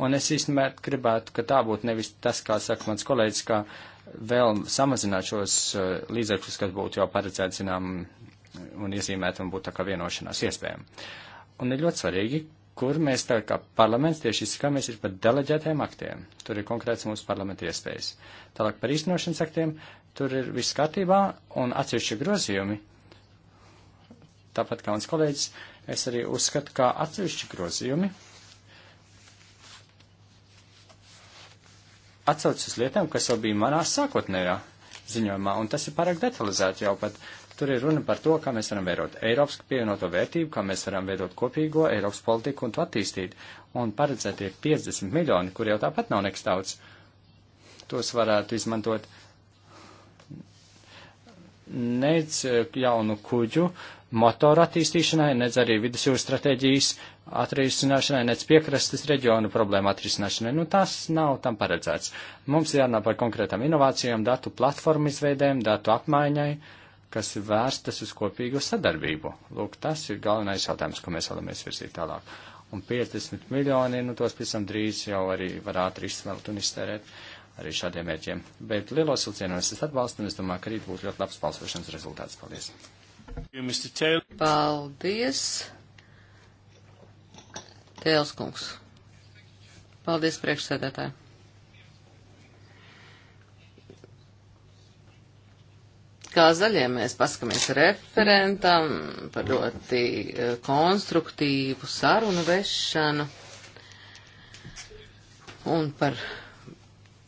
Un es īstenībā gribētu, ka tā būtu nevis tas, kā saka mans kolēģis, ka vēl samazināt šos uh, līdzekļus, kas būtu jau paredzēti, zinām, un iezīmēt un būt tā kā vienošanās iespējama. Un ir ļoti svarīgi, kur mēs tā kā parlaments tieši izskamies ir par deleģētiem aktiem. Tur ir konkrēts mūsu parlamenta iespējas. Tālāk par īstenošanas aktiem, tur ir viss kārtībā un atsevišķi grozījumi tāpat kā mans kolēģis, es arī uzskatu, kā atsevišķi grozījumi atsaucas uz lietām, kas jau bija manā sākotnējā ziņojumā, un tas ir pārāk detalizēti jau pat. Tur ir runa par to, kā mēs varam veidot Eiropas pievienoto vērtību, kā mēs varam veidot kopīgo Eiropas politiku un to attīstīt. Un paredzētie 50 miljoni, kur jau tāpat nav nekas daudz, tos varētu izmantot nec eh, jaunu kuģu uh, motoru attīstīšanai, nedz arī vidus jūras stratēģijas atrisināšanai, nedz piekrastes reģionu problēmu atrisināšanai. Nu, tas nav tam paredzēts. Mums jārunā par konkrētām inovācijām, datu platformu izveidēm, datu apmaiņai, kas ir vērstas uz kopīgu sadarbību. Lūk, tas ir galvenais jautājums, ko mēs vēlamies virzīt tālāk. Un 50 miljoni, nu, tos pēc tam drīz jau arī varētu izsmelt un iztērēt arī šādiem mērķiem. Bet lielos vilcienos es atbalstu un es domāju, ka arī būs ļoti labs balsošanas rezultāts. Paldies! Paldies, Tēls kungs. Paldies, priekšsēdētāji. Kā zaļie mēs paskamies referentam par ļoti e, konstruktīvu sarunu vešanu un par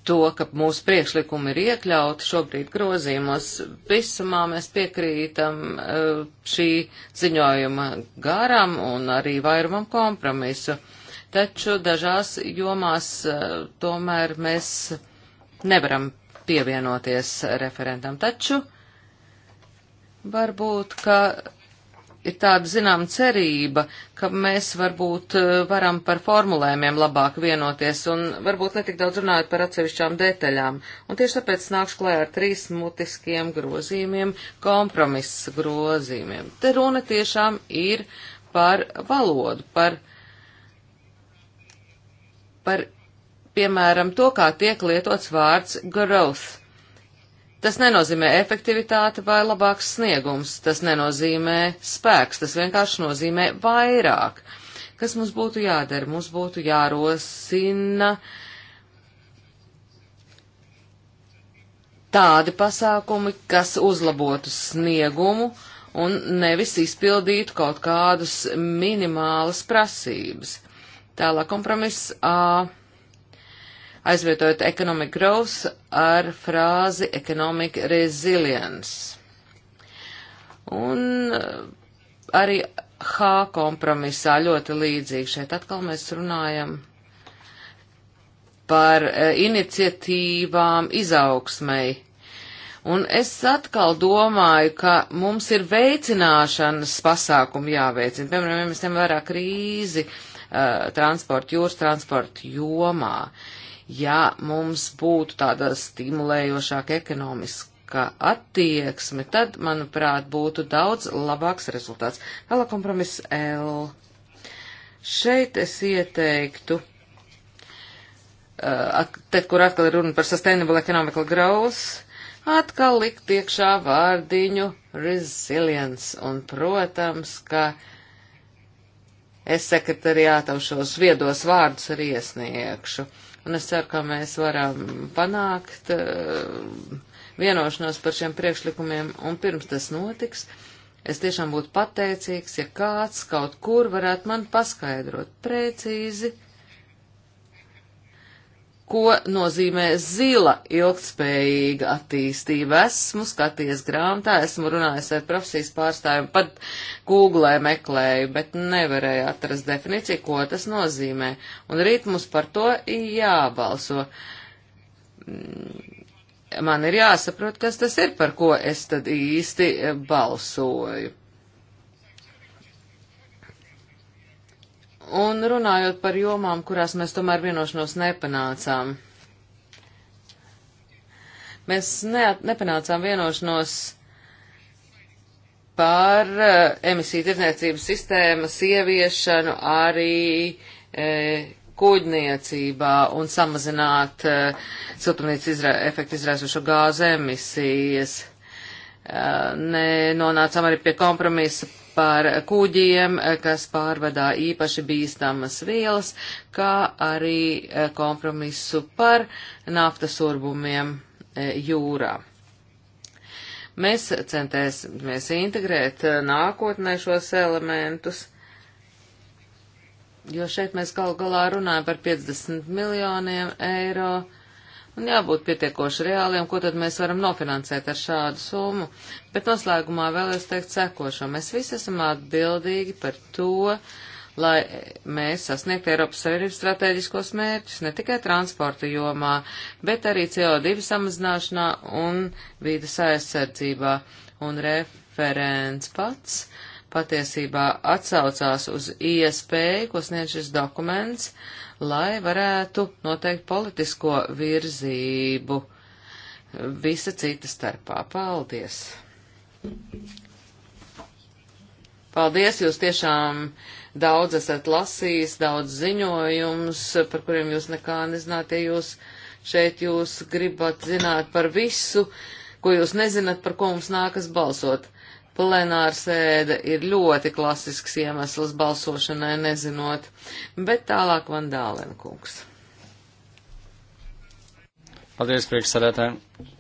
to, ka mūsu priekšlikumi ir iekļauti šobrīd grozījumos. Visumā mēs piekrītam eh, šī ziņojuma garam un arī vairumam kompromisu, taču dažās jomās eh, tomēr mēs nevaram pievienoties referentam. Taču varbūt, ka ir tāda zināma cerība, ka mēs varbūt eh, varam par formulējumiem labāk vienoties un varbūt netik daudz runājot par atsevišķām detaļām. Un tieši tāpēc nākšu klājā ar trīs mutiskiem grozīmiem, kompromiss grozīmiem. Te runa tiešām ir par valodu, par, par piemēram to, kā tiek lietots vārds growth Tas nenozīmē efektivitāte vai labāks sniegums, tas nenozīmē spēks, tas vienkārši nozīmē vairāk. Kas mums būtu jādara? Mums būtu jārosina tādi pasākumi, kas uzlabotu sniegumu un nevis izpildītu kaut kādus minimālas prasības. Tālāk kompromiss A. Uh, aizvietojot economic growth ar frāzi economic resilience. Un eh, arī H kompromisā ļoti līdzīgi. Šeit atkal mēs runājam par eh, iniciatīvām izaugsmei. Un es atkal domāju, ka mums ir veicināšanas pasākumi jāveicina. Piemēram, ja mēs ņemam vērā krīzi uh, transporta, jūras transporta jomā. Uh, ja mums būtu tāda stimulējošāka ekonomiska attieksme, tad, manuprāt, būtu daudz labāks rezultāts. Vēl kompromiss L. Šeit es ieteiktu, uh, te, kur atkal ir runa par sustainable economical growth, atkal likt iekšā vārdiņu resilience. Un, protams, ka es sekretariātam šos viedos vārdus arī iesniegšu. Uh, un es ceru, ka mēs varam panākt eh, vienošanos par šiem priekšlikumiem, un pirms tas notiks, es tiešām būtu pateicīgs, ja kāds kaut kur varētu man paskaidrot precīzi, ko nozīmē zila ilgtspējīga attīstība. Esmu skaties grāmatā, esmu runājis ar profesijas pārstāvjiem, pat Google e meklēju, bet nevarēju atrast definīciju, ko tas nozīmē. Un rīt mums par to jābalso. Mm, man ir jāsaprot, kas tas ir, par ko es tad īsti balsoju. Un runājot par jomām, kurās mēs tomēr vienošanos nepanācām. Mēs neat, nepanācām vienošanos par eh, emisiju tirdzniecības sistēmas ieviešanu arī e, kuģniecībā un samazināt e, siltumnīca izra efektu izraisošo gāzu emisijas. E, Nonācām arī pie kompromisa par kuģiem, kas pārvadā īpaši bīstamas vielas, kā arī eh, kompromisu par naftas urbumiem eh, jūrā. Mēs centēsimies integrēt eh, nākotnē šos elementus, jo šeit mēs gal galā runājam par 50 miljoniem eiro un jābūt pietiekoši reāliem, ko tad mēs varam nofinansēt ar šādu summu. Bet noslēgumā vēl es teiktu sekošo. Mēs visi esam atbildīgi par to, lai mēs sasniegtu Eiropas Savienības strateģiskos mērķus ne tikai transporta jomā, bet arī CO2 samazināšanā un vīdas aizsardzībā. Un referents pats patiesībā atsaucās uz iespēju, ko sniedz šis dokuments, uh, lai varētu noteikt politisko virzību visa cita starpā. Paldies! Paldies, jūs tiešām daudz esat lasījis, daudz ziņojums, par kuriem jūs nekā nezināt, ja jūs šeit jūs gribat zināt par visu, ko jūs nezināt, par ko mums nākas balsot plenārsēde ir ļoti klasisks iemesls balsošanai, nezinot, bet tālāk Vandālēna kungs. Paldies, priekšsarētājiem.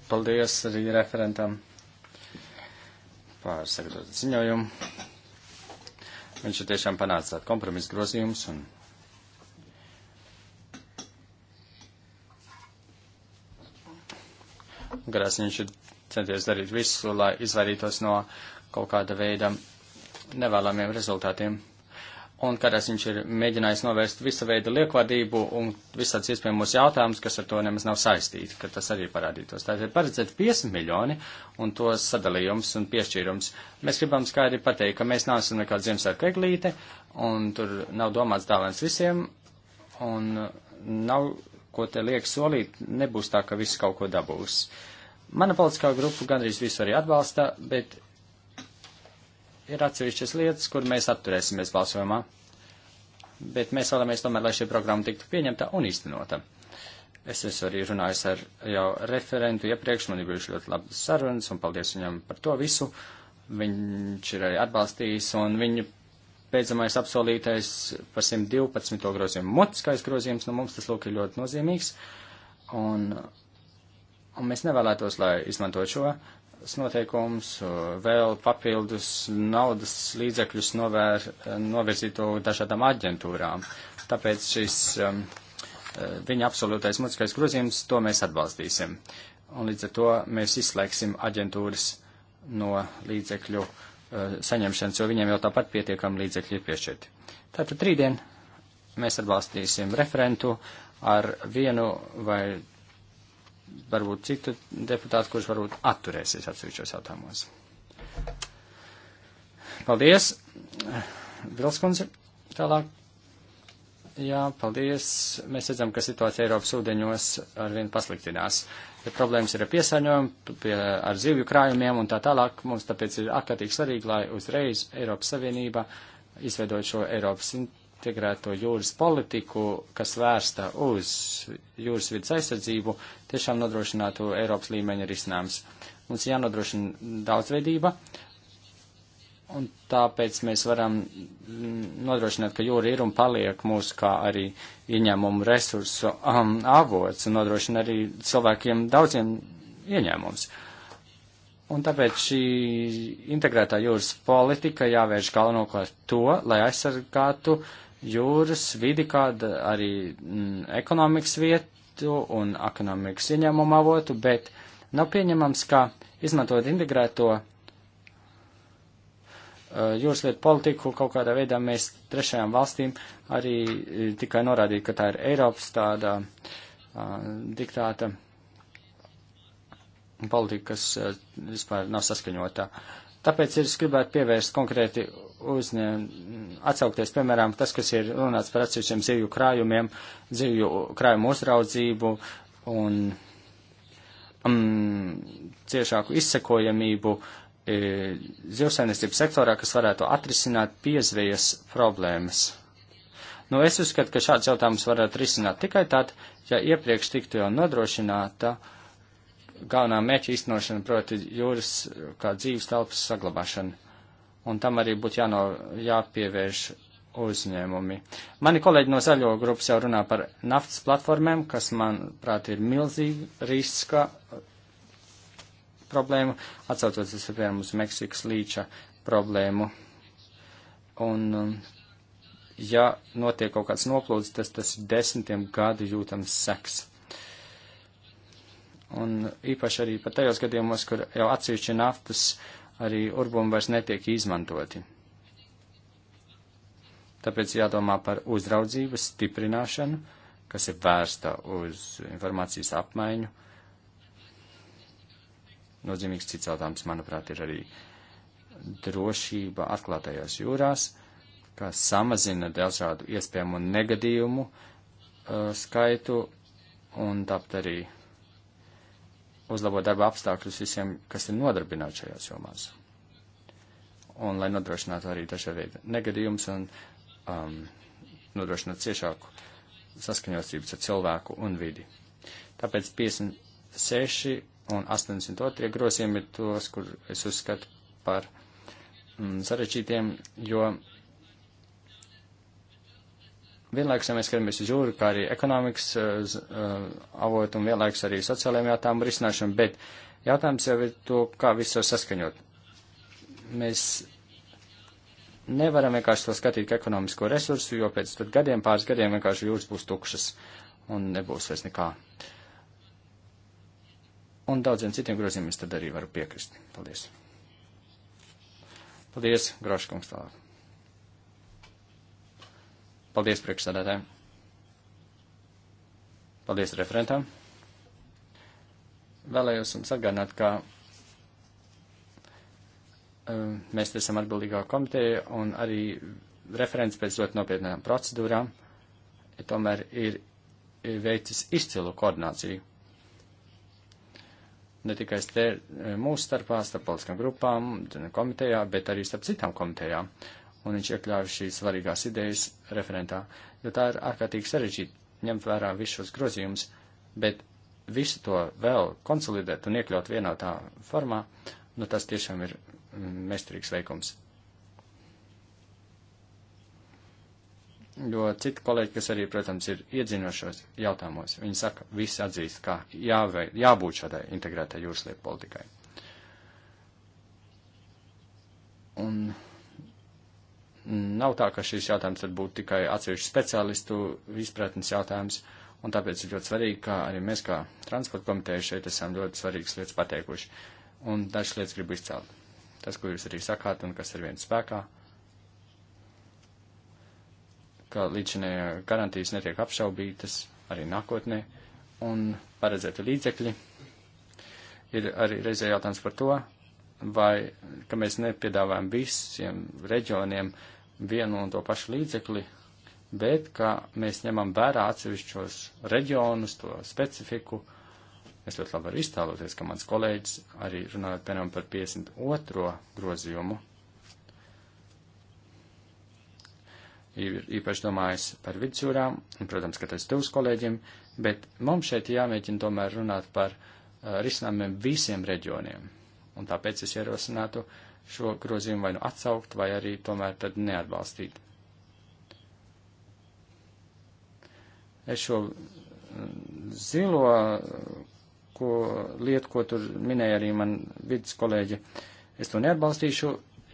Paldies arī referentam par sagatavotu ziņojumu. Viņš ir tiešām panācis tādu kompromisu grozījumus un garās viņš ir centies darīt visu, lai izvairītos no uh, kaut kāda veida nevēlamiem rezultātiem. Un kādās viņš ir mēģinājis novērst visu veidu liekvadību un visāds iespējamos jautājumus, kas ar to nemaz nav saistīti, ka tas arī parādītos. Tātad paredzēt 50 miljoni un tos sadalījums un piešķīrums. Mēs gribam skaidri pateikt, ka mēs neesam nekāds Ziemassvētku eglīte un tur nav domāts dāvāns visiem un nav, ko te liek solīt, nebūs tā, ka viss kaut ko dabūs. Mana politiskā grupa gandrīz visu arī atbalsta, bet ir atsevišķas lietas, kur mēs atturēsimies balsojumā, bet mēs vēlamies tomēr, lai šī programma tiktu pieņemta un īstenota. Es esmu arī runājis ar jau referentu iepriekš, man ir bijuši ļoti labi sarunas, un paldies viņam par to visu. Viņš ir arī atbalstījis, un viņu beidzamais apsolītais par 112. grozījumu mutiskais grozījums, nu mums tas lūk ir ļoti nozīmīgs, un, un mēs nevēlētos, lai izmantot šo, noteikums, vēl papildus naudas līdzekļus novēr, novirzīto dažādām aģentūrām. Tāpēc šis um, e, viņa absolūtais mutiskais grozījums, to mēs atbalstīsim. Un līdz ar to mēs izslēgsim aģentūras no līdzekļu uh, saņemšanas, jo viņiem jau tāpat pietiekami līdzekļi ir piešķirti. Tātad trīdien mēs atbalstīsim referentu ar vienu vai varbūt citu deputātu, kurš varbūt atturēsies atsevišķos jautājumos. Paldies, Vilskundze, tālāk. Jā, paldies. Mēs redzam, ka situācija Eiropas ūdeņos arvien pasliktinās. Ja problēmas ir ar piesārņojumu, pie, ar zivju krājumiem un tā tālāk. Mums tāpēc ir ārkārtīgi svarīgi, lai uzreiz Eiropas Savienība izveidot šo Eiropas integrēto jūras politiku, kas vērsta uz jūras vidas aizsardzību, tiešām nodrošinātu Eiropas līmeņa risinājums. Mums jānodrošina daudzveidība, un tāpēc mēs varam nodrošināt, ka jūra ir un paliek mūsu kā arī ieņēmumu resursu um, avots un nodrošina arī cilvēkiem daudziem ieņēmums. Un tāpēc šī integrētā jūras politika jāvērš galvenokārt to, lai aizsargātu jūras vidi, kāda arī m, mm, ekonomikas vietu un ekonomikas ieņēmumu avotu, bet nav pieņemams, ka izmantot integrēto uh, jūras lietu politiku kaut kādā veidā mēs trešajām valstīm arī uh, tikai norādīt, ka tā ir Eiropas tāda uh, diktāta politika, kas vispār nav saskaņota. Tāpēc ir, es gribētu pievērst konkrēti uzņēm, atsaukties, piemēram, tas, kas ir runāts par atsevišķiem zivju krājumiem, zivju krājumu uzraudzību un mm, ciešāku izsekojamību e, zivsainistības sektorā, kas varētu atrisināt piezvejas problēmas. Nu, es uzskatu, ka šāds jautājums varētu risināt tikai tad, ja iepriekš tiktu jau nodrošināta galvenā mērķa īstenošana, proti jūras kā dzīves telpas saglabāšana un tam arī būtu jāno, jāpievērš uzņēmumi. Mani kolēģi no zaļo grupas jau runā par naftas platformēm, kas, manuprāt, ir milzīga riska problēma, atsaucoties, piemēram, uz Meksikas līča problēmu. Un, um, ja notiek kaut kāds noplūds, tas tas desmitiem gadu jūtams seks. Un īpaši arī pat tajos gadījumos, kur jau atsevišķi naftas uh, arī urbumi vairs netiek izmantoti. Tāpēc jādomā par uzraudzības stiprināšanu, kas ir vērsta uz informācijas apmaiņu. Nozīmīgs cits jautājums, manuprāt, ir arī drošība atklātajās jūrās, kas samazina dažādu iespējamu negadījumu uh, skaitu un tāpat arī uzlabot darba apstākļus visiem, kas ir nodarbināti šajās jomās. Un lai nodrošinātu arī dažādi negadījums un um, nodrošinātu ciešāku saskaņotību ar cilvēku un vidi. Tāpēc 56 un 82 grozījumi ir tos, kur es uzskatu par mm, sarežģītiem, jo vienlaikus, ja mēs skatāmies uz jūru, kā arī ekonomikas uh, avotu un vienlaikus arī sociālajiem jautājumu risināšanu, bet jautājums jau ir to, kā visu saskaņot. Mēs nevaram vienkārši to skatīt kā ekonomisko resursu, jo pēc gadiem, pāris gadiem vienkārši jūras būs tukšas un nebūs vairs nekā. Un daudziem citiem grozījumiem es tad arī varu piekrist. Paldies. Paldies, Groškungs tālāk. Paldies priekšsādātājiem. Paldies referentam. Vēlējos jums atgādināt, ka um, mēs esam atbildīgā komiteja un arī referents pēc ļoti nopietnām procedūrām ja tomēr ir, ir veicis izcilu koordināciju. Ne tikai stēr, eh, mūsu starpā, starp politiskām grupām, komitejā, bet arī starp citām komitejām. Uh, un viņš iekļāva šīs svarīgās idejas referentā, jo tā ir ārkārtīgi sarežģīta ņemt vērā visus šos grozījumus, bet visu to vēl konsolidēt un iekļaut vienā tā formā, nu tas tiešām ir mm, mestrīgs veikums. Jo citi kolēģi, kas arī, protams, ir iedzinošos jautājumos, viņi saka, visi atzīst, kā jāvei, jābūt šādai integrētai jūraslietu politikai. Un Nav tā, ka šis jautājums var būt tikai atsevišķu speciālistu izpratnes jautājums, un tāpēc ir ļoti svarīgi, ka arī mēs kā transporta komiteja šeit esam ļoti svarīgas lietas pateikuši, un dažas lietas gribu izcelt. Tas, ko jūs arī sakāt, un kas ir viens spēkā, ka līdšanai garantijas netiek apšaubītas arī nākotnē, un paredzēti līdzekļi. Ir arī reizē jautājums par to, vai ka mēs nepiedāvājam visiem reģioniem vienu un to pašu līdzekli, bet ka mēs ņemam vērā atsevišķos reģionus, to specifiku. Es ļoti labi varu iztēloties, ka mans kolēģis arī runājot, piemēram, par 52. grozījumu ir īpaši domājis par vidusjūrām, un, protams, ka tas tuvs kolēģiem, bet mums šeit jāmēģina tomēr runāt par uh, risinājumiem visiem reģioniem. Un tāpēc es ierosinātu šo grozījumu vai nu atsaukt, vai arī tomēr tad neatbalstīt. Es šo mm, zilo ko, lietu, ko tur minēja arī man vidus kolēģi, es to neatbalstīšu,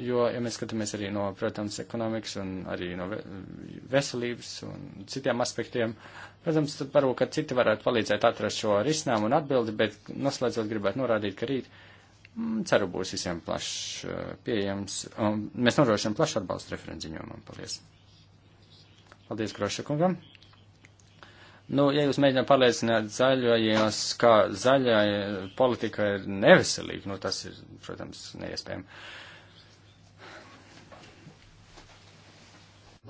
jo, ja mēs skatāmies arī no, protams, ekonomikas un arī no veselības un citiem aspektiem, protams, tad varbūt, ka citi varētu palīdzēt atrast šo risinājumu un atbildi, bet noslēdzot gribētu norādīt, ka rīt Mm, ceru, būs visiem plašs eh, pieejams. Un mēs nodrošinām plašu atbalstu referenziņojumam. Paldies. Paldies, Kroša kungam. Nu, ja jūs mēģināt pārliecināt zaļajos, ka zaļā politika ir neveselīga, nu tas ir, protams, neiespējami.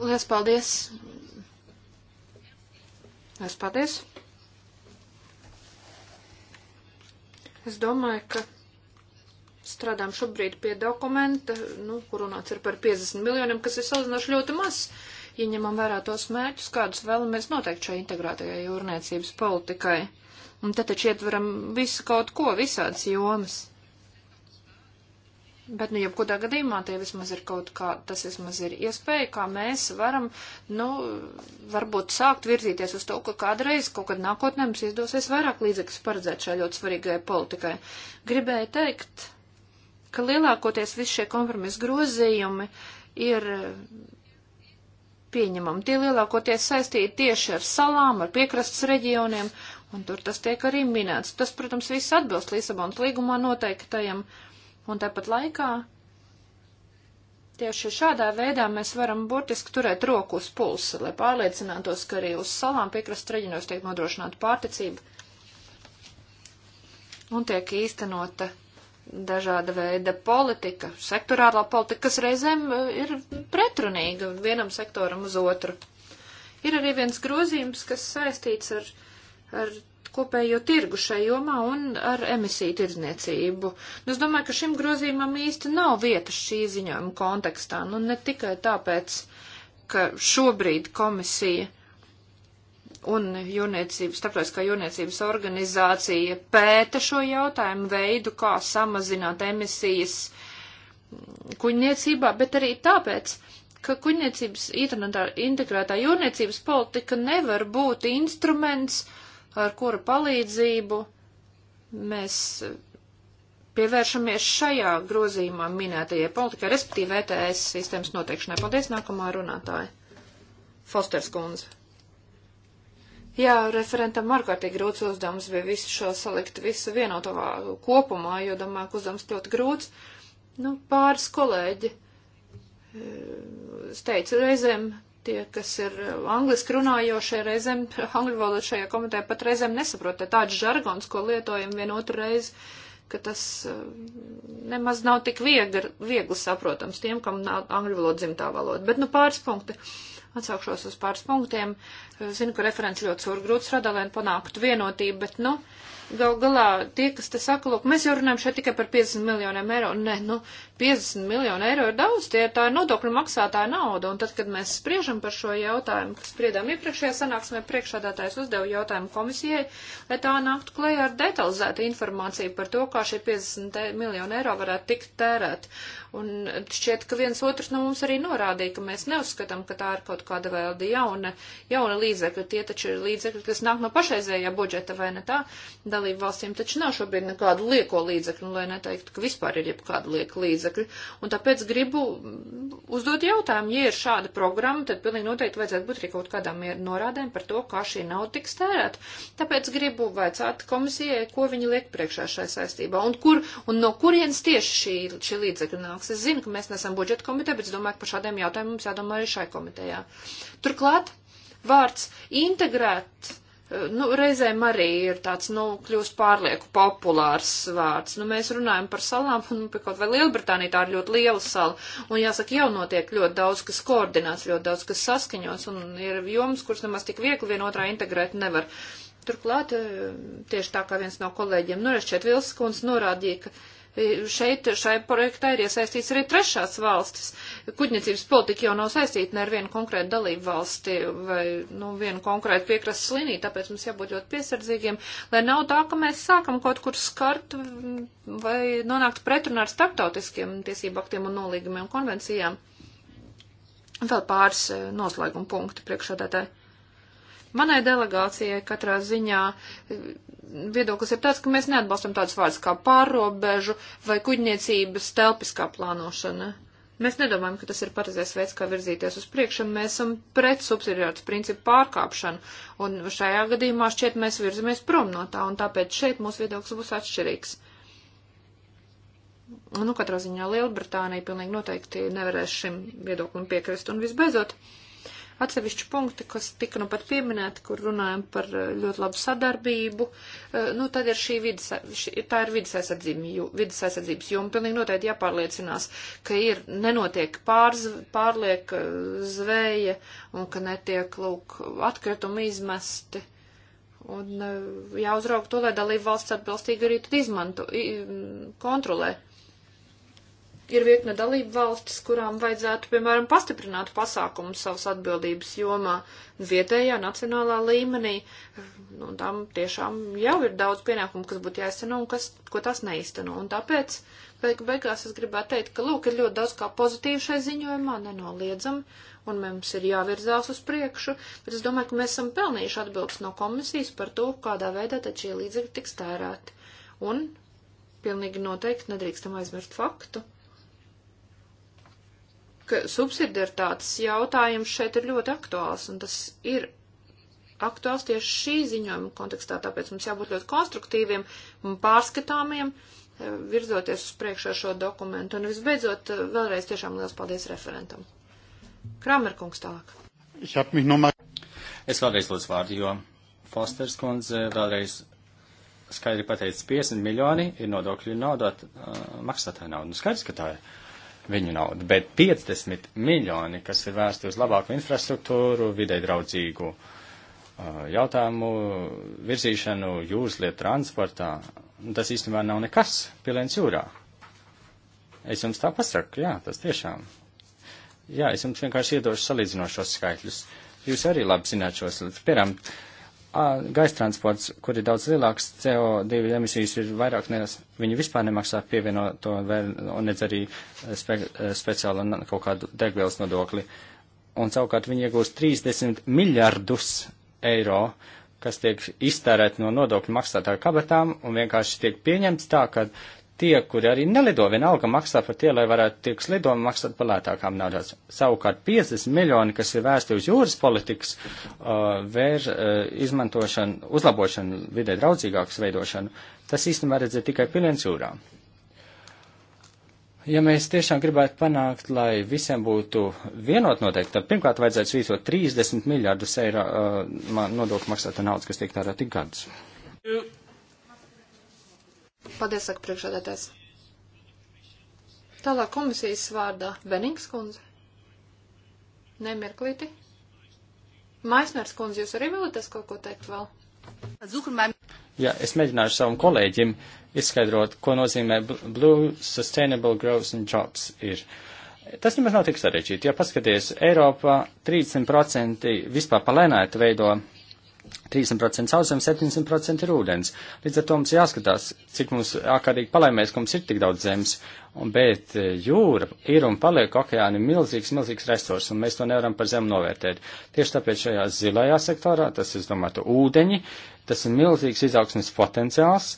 Lielas paldies. Lielas paldies. Es domāju, ka Strādājam šobrīd pie dokumenta, nu, kur runāts ir par 50 miljoniem, kas ir salīdzinoši ļoti maz, ja ņemam vērā tos mērķus, kādus vēlamies noteikt šai integrētajai jūrniecības politikai. Un te taču ietveram visu kaut ko, visādas jomas. Bet, nu, jebkurā gadījumā tie vismaz ir kaut kā, tas vismaz ir iespēja, kā mēs varam, nu, varbūt sākt virzīties uz to, ka kādreiz, kaut kad nākotnē mums izdosies vairāk līdzekļus paredzēt šai ļoti svarīgai politikai. Gribēju teikt, ka lielākoties visi šie kompromisa grozījumi ir eh, pieņemami. Tie lielākoties saistīti tieši ar salām, ar piekrastes reģioniem, un tur tas tiek arī minēts. Tas, protams, viss atbilst Lisabonas līgumā noteiktajam, un tāpat laikā Tieši šādā veidā mēs varam burtiski turēt roku uz pulsa, lai pārliecinātos, ka arī uz salām piekrastu reģionos tiek nodrošināta pārticība un tiek īstenota dažāda veida politika, sektorālā politika, kas reizēm e, ir pretrunīga vienam sektoram uz otru. Ir arī viens grozījums, kas saistīts ar, ar kopējo tirgu šai jomā un ar emisiju tirdzniecību. Nu, es domāju, ka šim grozījumam īsti nav vieta šī ziņojuma kontekstā, nu ne tikai tāpēc, ka šobrīd komisija un jūrniecības, starptautiskā jūrniecības organizācija pēta šo jautājumu veidu, kā samazināt emisijas kuģniecībā, bet arī tāpēc, ka kuģniecības integrētā jūrniecības politika nevar būt instruments, ar kura palīdzību mēs pievēršamies šajā grozījumā minētajai politikai, respektīvi ETS sistēmas noteikšanai. Paldies, nākamā runātāja. Fosters kundze. Jā, referentam ārkārtīgi grūts uzdevums bija visu šo salikt visu vienotavā kopumā, jo domāju, ka uzdevums ļoti grūts. Nu, pāris kolēģi, eh, es teicu, reizēm tie, kas ir eh, angliski runājošie, reizēm (laughs) angļu valodā šajā komitē pat reizēm nesaprot, tāds žargons, ko lietojam vienotru reizi, ka tas eh, nemaz nav tik viegli, viegli saprotams tiem, kam nav angļu valoda dzimtā valoda. Bet, nu, pāris punkti. Uh, Atsaukšos uz pāris punktiem. Eh, Zinu, ka referents ļoti surgrūts radā, lai nu panāktu vienotību, bet, nu, gal galā tie, kas te saka, lūk, mēs jau runājam šeit tikai par 50 miljoniem eiro. Nē, nu, 50 miljonu eiro ir daudz, tie tā ir nodokļu maksātāja nauda, un tad, kad mēs spriežam par šo jautājumu, kas spriedām iepriekšējā sanāksmē, priekšādātājs uzdeva jautājumu komisijai, lai tā nāktu klējā ar detalizētu informāciju par to, kā šie 50 miljoni eiro varētu tikt tērēt. Un šķiet, ka viens otrs no mums arī norādīja, ka mēs neuzskatām, ka tā ir kaut kāda vēl jauna, jauna līdzekļa. Tie taču ir līdzekļi, kas nāk no pašreizējā budžeta, vai ne tā? Dalību valstīm taču nav šobrīd nekādu lieko līdzekļu, un lai neteiktu, ka vispār ir jebkāda lieka līdzekļa līdzekļu. Un tāpēc gribu mm, uzdot jautājumu, ja ir šāda programma, tad pilnīgi noteikti vajadzētu būt arī kaut kādām norādēm par to, kā šī nauda tiks tērēta. Tāpēc gribu vaicāt komisijai, ko viņi liek priekšā šai saistībā un, kur, un no kurienes tieši šī, šī līdzekļa nāks. Es zinu, ka mēs nesam budžeta komiteja, bet es domāju, ka par šādiem jautājumiem mums jādomā arī šai komitejā. Turklāt vārds integrēt nu, reizēm arī ir tāds, nu, kļūst pārlieku populārs vārds. Nu, mēs runājam par salām, un nu, kaut vai Lielbritānija tā ir ļoti liela sala, un jāsaka, jau notiek ļoti daudz, kas koordinēts, ļoti daudz, kas saskaņos, un ir jomas, kuras nemaz tik viegli vienotrā integrēt nevar. Turklāt, eh, tieši tā kā viens no kolēģiem, nu, Rešķiet Vilskuns norādīja, ka šeit šai projektā ir iesaistīts arī trešās valstis. Kuģniecības politika jau nav saistīta ne ar vienu konkrētu dalību valsti vai nu, vienu konkrētu piekrastes līniju, tāpēc mums jābūt ļoti piesardzīgiem, lai nav tā, ka mēs sākam kaut kur skart vai nonākt pretrunā ar starptautiskiem tiesību aktiem un nolīgumiem un konvencijām. Vēl pāris noslēguma punkti priekšādātāji. Manai delegācijai katrā ziņā viedoklis ir tāds, ka mēs neatbalstam tādas vārdas kā pārobežu vai kuģniecības telpiskā plānošana. Mēs nedomājam, ka tas ir pareizais veids, kā virzīties uz priekšu, un mēs esam pret subsidiārtas principu pārkāpšanu, un šajā gadījumā šķiet mēs virzamies prom no tā, un tāpēc šeit mūsu viedoklis būs atšķirīgs. Nu, katrā ziņā Lielbritānija pilnīgi noteikti nevarēs šim viedoklim piekrist, un visbeidzot. Uh, atsevišķi punkti, kas tika nu pat pieminēti, kur runājam par eh, ļoti labu sadarbību. Eh, nu, tad ir šī vidas, tā ir vidas, aizsardzība, vidas aizsardzības joma. Pilnīgi noteikti jāpārliecinās, ka ir nenotiek pārz, pārliek eh, zvēja un ka netiek, lūk, atkritumi izmesti un jāuzrauga to, lai dalību valsts atbilstīgi arī tad izmanto, kontrolē ir virkne dalību valstis, kurām vajadzētu, piemēram, pastiprināt pasākumu savas atbildības jomā vietējā, nacionālā līmenī. Nu, tam tiešām jau ir daudz pienākumu, kas būtu jāizteno un kas, ko tas neizteno. Un tāpēc, beig beigās, es gribētu teikt, ka, lūk, ir ļoti daudz kā pozitīvu šai ziņojumā, nenoliedzam, un mums ir jāvirzās uz priekšu, bet es domāju, ka mēs esam pelnījuši atbildes no komisijas par to, kādā veidā tad šie līdzekļi tiks tērēti. Un pilnīgi noteikti nedrīkstam aizmirst faktu, ka subsidiaritātes jautājums šeit ir ļoti aktuāls, un tas ir aktuāls tieši šī ziņojuma kontekstā, tāpēc mums jābūt ļoti konstruktīviem un pārskatāmiem, eh, virzoties uz priekšu ar šo dokumentu. Un visbeidzot, eh, vēlreiz tiešām liels paldies referentam. Kramerkungs tālāk. Es vēlreiz lūdzu vārdu, jo Fosters kundze vēlreiz skaidri pateica, 50 miljoni ir nodokļu nauda, uh, maksātāja nauda. Nu, skaidrs, ka tā ir. Uh, viņu naudu, bet 50 miljoni, kas ir vērsti uz labāku infrastruktūru, vidē draudzīgu uh, jautājumu virzīšanu jūraslietu transportā, tas īstenībā nav nekas pilēns jūrā. Es jums tā pasaku, jā, tas tiešām. Jā, es jums vienkārši iedošu salīdzinošos skaitļus. Jūs arī labi zināt šos, piemēram, uh, gaisa transports, kur ir daudz lielāks, CO2 emisijas ir vairāk, nes viņi vispār nemaksā pievienoto vēl, un nedz arī eh, spe, eh, speciālu kaut kādu degvielas nodokli. Un savukārt viņi iegūst 30 miljardus eiro, kas tiek iztērēt no nodokļu maksātāju kabatām, un vienkārši tiek pieņemts tā, ka tie, kuri arī nelido, vienalga maksā par tie, lai varētu tirgus lidojumu maksāt par lētākām naudās. Savukārt 50 miljoni, kas ir vēsti uz jūras politikas uh, vēž, uh, izmantošanu, uzlabošanu, vidē draudzīgākas veidošanu, tas īstenībā redzēt tikai piliens jūrā. Ja mēs tiešām gribētu panākt, lai visiem būtu vienot noteikti, tad pirmkārt vajadzētu svītot 30 miljārdus eiro uh, nodokļu maksāta naudas, kas tiek tērēta tik gadus. Paldies, saka priekšādātājs. Tālāk komisijas vārdā Benings kundze. Nemirklīti. Maisners kundze, jūs arī vēlaties kaut ko teikt vēl? Jā, es mēģināšu savam kolēģim izskaidrot, ko nozīmē Blue Sustainable Growth and Jobs ir. Tas nemaz nav tik sarežģīti. Ja paskaties, Eiropā 30% vispār palēnētu veido 30% sauszemes, 70% ir ūdens. Līdz ar to mums jāskatās, cik mums ārkārtīgi palaimēs, ka mums ir tik daudz zemes, un, bet eh, jūra ir un paliek okeāni milzīgs, milzīgs resurs, un mēs to nevaram par zemu novērtēt. Tieši tāpēc šajā zilajā sektorā, tas, es domāju, ūdeņi, tas ir milzīgs izaugsmes potenciāls,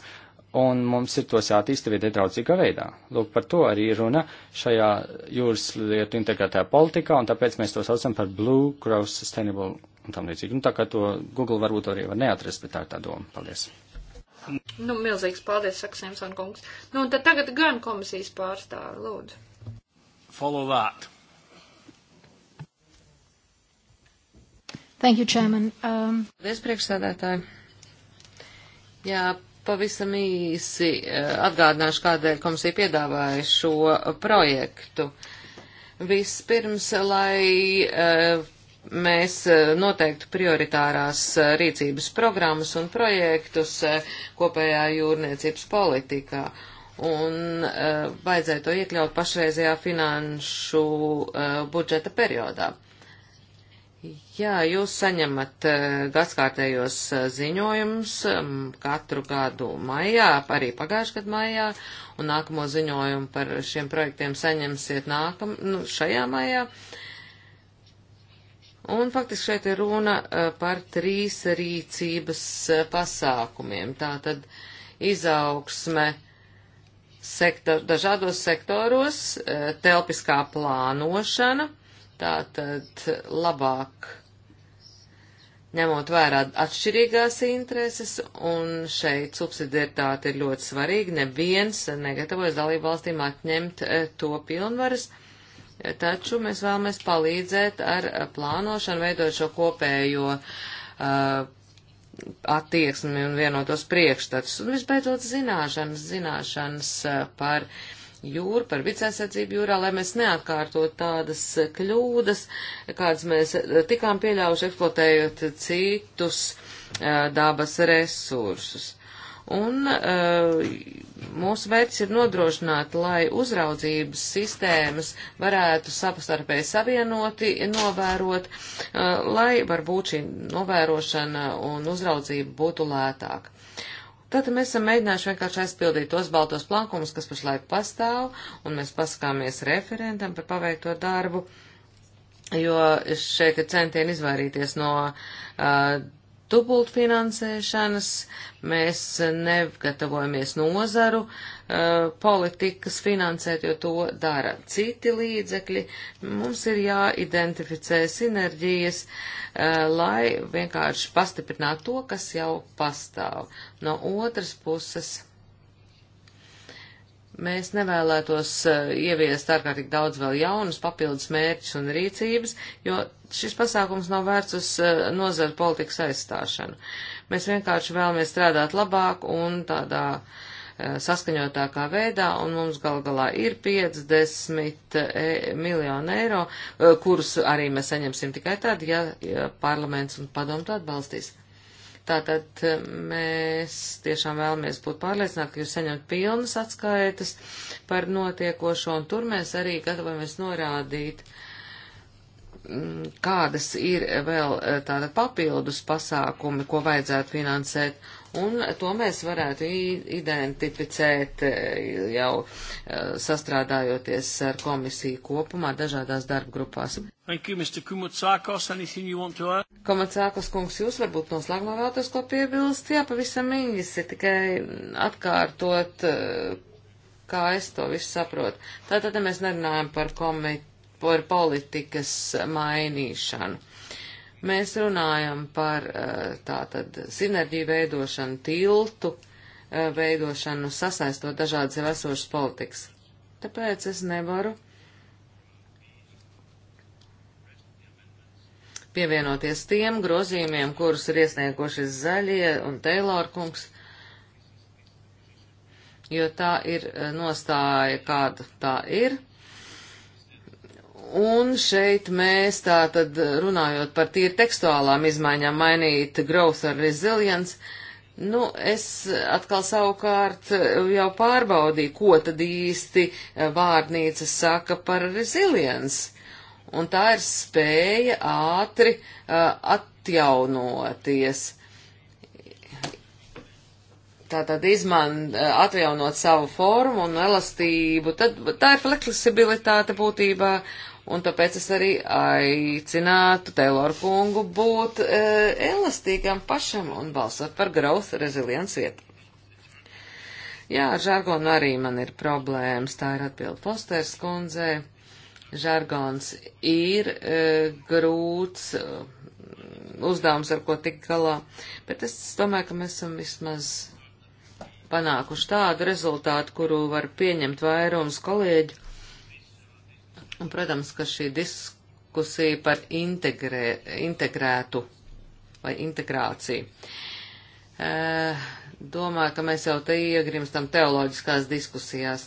un mums ir tos jātīsta vidē draudzīgā veidā. Lūk, par to arī runa šajā jūras lietu integrētā politikā, un tāpēc mēs to saucam par Blue Growth Sustainable un tam līdzīgi. Nu, tā kā to Google varbūt arī var neatrast, bet tā ir tā doma. Paldies. Nu, milzīgs paldies, saka Simpson kungs. Nu, un tad tagad gan komisijas pārstāvi, lūdzu. Follow that. Thank you, Chairman. Um... Paldies, priekšsēdētāji. Jā, pavisam īsi eh, atgādināšu, kādēļ komisija piedāvāja šo projektu. Vispirms, lai uh, mēs eh, noteiktu prioritārās eh, rīcības programmas un projektus eh, kopējā jūrniecības politikā. Un uh, vajadzēja to iekļaut pašreizajā finanšu uh, budžeta periodā. Jā, jūs saņemat uh, gadskārtējos ziņojumus um, katru gadu maijā, arī pagājušajā gadu maijā, un nākamo ziņojumu par šiem projektiem saņemsiet nākam, nu, šajā maijā. Uh, Un faktiski šeit ir runa eh, par trīs rīcības eh, pasākumiem. Tātad izaugsme sektor, dažādos sektoros, eh, telpiskā plānošana, tātad labāk ņemot vērā atšķirīgās intereses, un šeit subsidiaritāte ir ļoti svarīga. Neviens negatavojas dalību valstīm atņemt to pilnvaras. Uh, taču mēs vēlamies palīdzēt ar eh, plānošanu, veidot šo kopējo uh, attieksmi un vienotos priekšstats. Un visbeidzot zināšanas, zināšanas eh, par jūru, par vicēsardzību jūrā, lai mēs neatkārtot tādas kļūdas, kādas mēs tikām pieļāvuši eksploatējot citus uh, dabas resursus. Un uh, mūsu mērķis ir nodrošināt, lai uzraudzības sistēmas varētu sapstarpēji savienoti novērot, lai varbūt šī novērošana un uzraudzība būtu lētāka. Tātad mēs esam mēģinājuši vienkārši aizpildīt tos baltos plankumus, kas pašlaik pastāv, un mēs pasakāmies referentam par paveikto darbu, jo šeit ir centieni izvairīties no uh, dubultfinansēšanas, mēs negatavojamies nozaru uh, politikas finansēt, jo to dara citi līdzekļi. Mums ir jāidentificē sinerģijas, uh, lai vienkārši pastiprinātu to, kas jau pastāv. No otras puses Mēs nevēlētos eh, ieviest ārkārtīgi daudz vēl jaunus papildus mērķus un rīcības, jo šis pasākums nav vērts uz eh, nozaru politikas aizstāšanu. Mēs vienkārši vēlamies strādāt labāk un tādā eh, saskaņotākā veidā, un mums gal galā ir 50 e miljonu eiro, kurus arī mēs saņemsim tikai tad, ja parlaments un padomu to atbalstīs. Tātad eh, mēs tiešām vēlamies būt pārliecināti, ka jūs saņemat pilnas atskaitas par notiekošo, un tur mēs arī gatavamies norādīt, mm, kādas ir vēl eh, tāda papildus pasākumi, ko vajadzētu finansēt, un to mēs varētu identificēt e, jau e, sastrādājoties ar komisiju kopumā dažādās darba grupās. Komatsākos kungs, jūs varbūt noslēgumā vēlaties ko piebilst? Jā, pavisam īsi, tikai atkārtot, e, kā es to visu saprotu. Tātad, ja mēs nerunājam par komiteju par politikas mainīšanu. Mēs runājam par eh, tātad sinerģiju veidošanu, tiltu eh, veidošanu, sasaistot dažādas jau esošas politikas. Tāpēc es nevaru pievienoties tiem grozījumiem, kurus ir iesnieguši Zaļie un Teilor kungs, jo tā ir eh, nostāja, kāda tā ir. Un šeit mēs tā tad runājot par tīri tekstuālām izmaiņām mainīt growth ar resilience, nu es atkal savukārt jau pārbaudīju, ko tad īsti vārdnīca saka par resilience. Un tā ir spēja ātri uh, atjaunoties. Tātad izman, atjaunot savu formu un elastību, tad tā ir fleksibilitāte būtībā un tāpēc es arī aicinātu Teiloru kungu būt e, elastīgam pašam un balsot par growth resilience vietu. Jā, ar žargonu arī man ir problēmas, tā ir atbilda posters kundzē. Žargons ir e, grūts e, uzdevums, ar ko tik galā, bet es domāju, ka mēs esam vismaz panākuši tādu rezultātu, kuru var pieņemt vairums kolēģi Un, protams, ka šī diskusija par integrē, integrētu vai integrāciju. E, domāju, ka mēs jau te iegrimstam teoloģiskās diskusijās.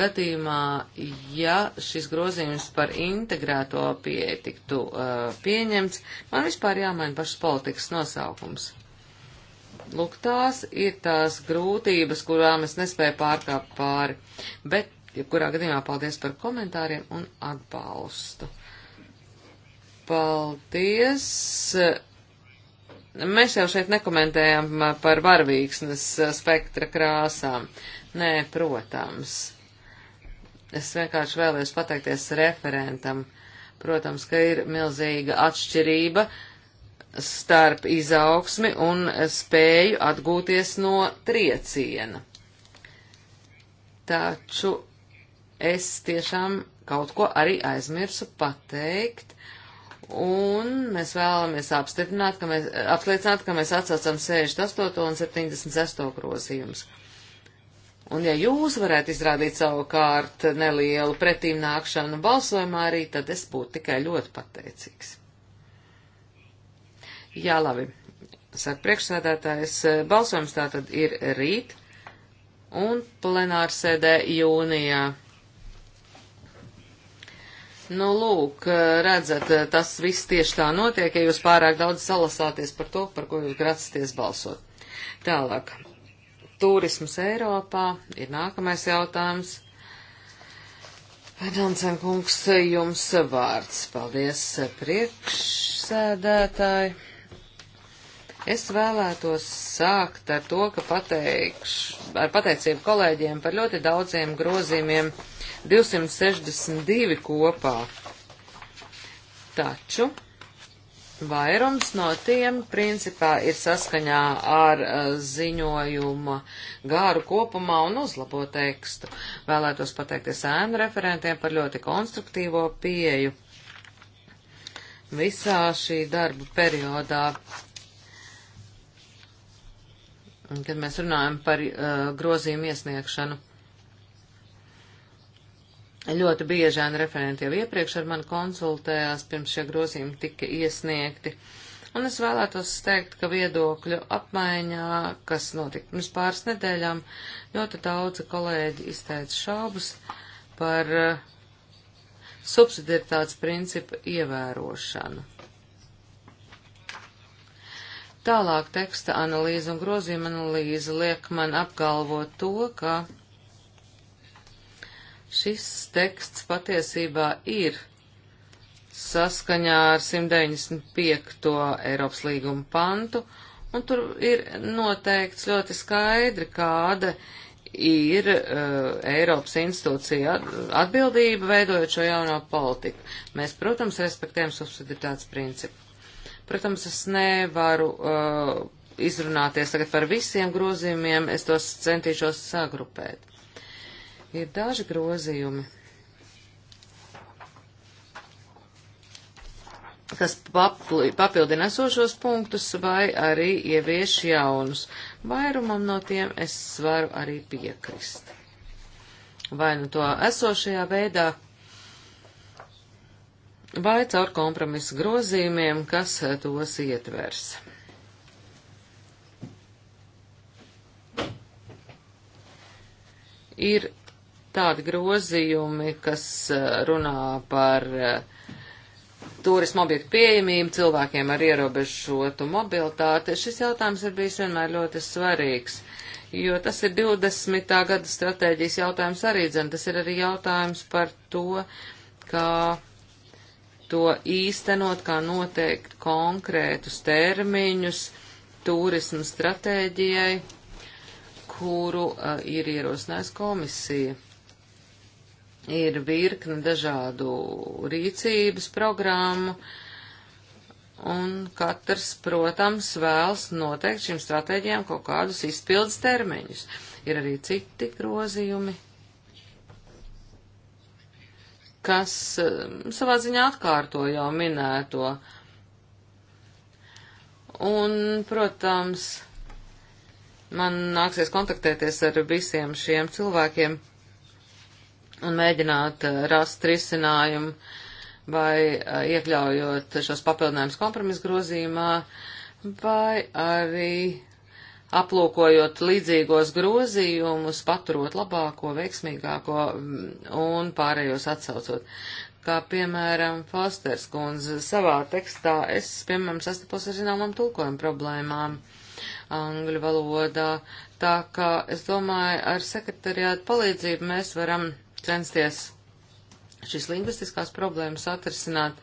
Gadījumā, ja šis grozījums par integrēto pieeja tiktu e, pieņemts, man vispār jāmaina pašas politikas nosaukums. Lūk, tās ir tās grūtības, kurām es nespēju pārkāpt pāri, bet Jebkurā gadījumā paldies par komentāriem un atbalstu. Paldies! Mēs jau šeit nekomentējam par varvīksnes spektra krāsām. Nē, protams. Es vienkārši vēlējos pateikties referentam. Protams, ka ir milzīga atšķirība starp izaugsmi un spēju atgūties no trieciena. Taču es tiešām kaut ko arī aizmirsu pateikt. Un mēs vēlamies apstiprināt, ka mēs, apliecināt, ka mēs atsaucam 68 un 76 grozījumus. Un ja jūs varētu izrādīt savukārt nelielu pretīm nākšanu balsojumā arī, tad es būtu tikai ļoti pateicīgs. Jā, labi. Saka priekšsēdētājs, balsojums tātad ir rīt un plenārsēdē jūnijā. Nu, lūk, redzat, tas viss tieši tā notiek, ja jūs pārāk daudz salasāties par to, par ko jūs grasties balsot. Tālāk. Turismas Eiropā ir nākamais jautājums. Dancen kungs, jums vārds. Paldies, priekšsēdētāji. Es vēlētos sākt ar to, ka pateikšu, ar pateicību kolēģiem par ļoti daudziem grozījumiem 262 kopā. Taču vairums no tiem principā ir saskaņā ar eh, ziņojuma gāru kopumā un uzlabo tekstu. Vēlētos pateikties ēnu referentiem par ļoti konstruktīvo pieju visā šī darba periodā. Kad mēs runājam par uh, grozījumu iesniegšanu, Ļoti bieži ēna referenti jau iepriekš ar mani konsultējās, pirms šie grozījumi tika iesniegti. Un es vēlētos teikt, ka viedokļu apmaiņā, kas notika pirms pāris nedēļām, ļoti daudzi kolēģi izteica šaubas par eh, subsidiaritātes principu ievērošanu. Tālāk teksta analīze un grozījuma analīze liek man apgalvot to, ka Šis teksts patiesībā ir saskaņā ar 195. Eiropas līguma pantu, un tur ir noteikts ļoti skaidri, kāda ir uh, Eiropas institūcija atbildība veidojot šo jauno politiku. Mēs, protams, respektējam subsidiatātes principu. Protams, es nevaru uh, izrunāties tagad par visiem grozījumiem, es tos centīšos sagrupēt ir daži grozījumi, kas papildina esošos punktus vai arī ievieš jaunus. Vairumam no tiem es varu arī piekrist. Vai nu to esošajā veidā, vai caur kompromisu grozījumiem, kas tos ietvers. Ir tādi grozījumi, kas eh, runā par eh, turismu objektu pieejamību cilvēkiem ar ierobežotu mobilitāti. Šis jautājums ir bijis vienmēr ļoti svarīgs, jo tas ir 20. gada stratēģijas jautājums arī, dzen, tas ir arī jautājums par to, kā to īstenot, kā noteikt konkrētus termiņus turismu stratēģijai, kuru uh, ir ierosinājusi komisija ir virkni dažādu rīcības programmu, un katrs, protams, vēlas noteikt šīm stratēģijām kaut kādus izpildes termiņus. Ir arī citi grozījumi, kas um, savā ziņā atkārto jau minēto. Un, protams, man nāksies kontaktēties ar visiem šiem cilvēkiem un mēģināt eh, rast risinājumu vai eh, iekļaujot šos papildinājumus kompromisu grozījumā, vai arī aplūkojot līdzīgos grozījumus, paturot labāko, veiksmīgāko mm, un pārējos atsaucot. Kā piemēram, Fosters kundze savā tekstā es, piemēram, sastapos ar zināmām tulkojuma problēmām angļu valodā, tā kā es domāju, ar sekretariātu palīdzību mēs varam censties šīs lingvistiskās problēmas atrisināt.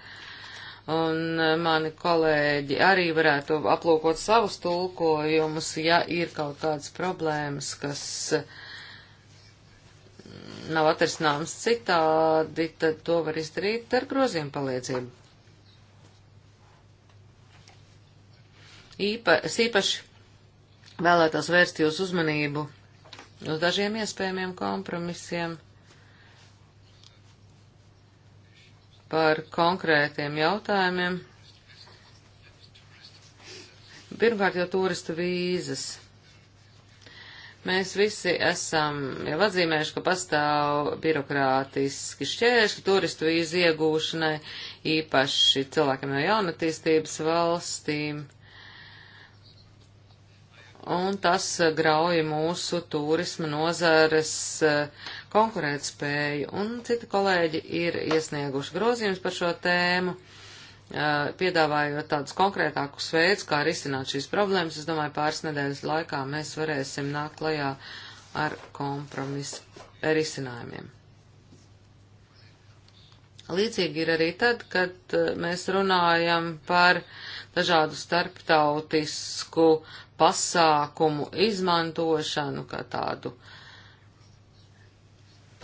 Un eh, mani kolēģi arī varētu aplūkot savus tulkojumus, ja ir kaut kādas problēmas, kas mm, nav atrisināmas citādi, tad to var izdarīt ar grozījumu palīdzību. Īpa, es īpaši vēlētos vērst jūs uzmanību uz dažiem iespējamiem kompromisiem par konkrētiem jautājumiem. Pirmkārt jau turistu vīzas. Mēs visi esam jau atzīmējuši, ka pastāv birokrātiski šķēršļi turistu vīzu iegūšanai, īpaši cilvēkiem no jaunatīstības valstīm. Un tas grauja mūsu turisma nozares uh, konkurētspēju, un citi kolēģi ir iesnieguši grozījums par šo tēmu, piedāvājot tādus konkrētākus veidus, kā risināt šīs problēmas. Es domāju, pāris nedēļas laikā mēs varēsim nākt klajā ar kompromisu risinājumiem. Līdzīgi ir arī tad, kad mēs runājam par dažādu starptautisku pasākumu izmantošanu, kā tādu uh,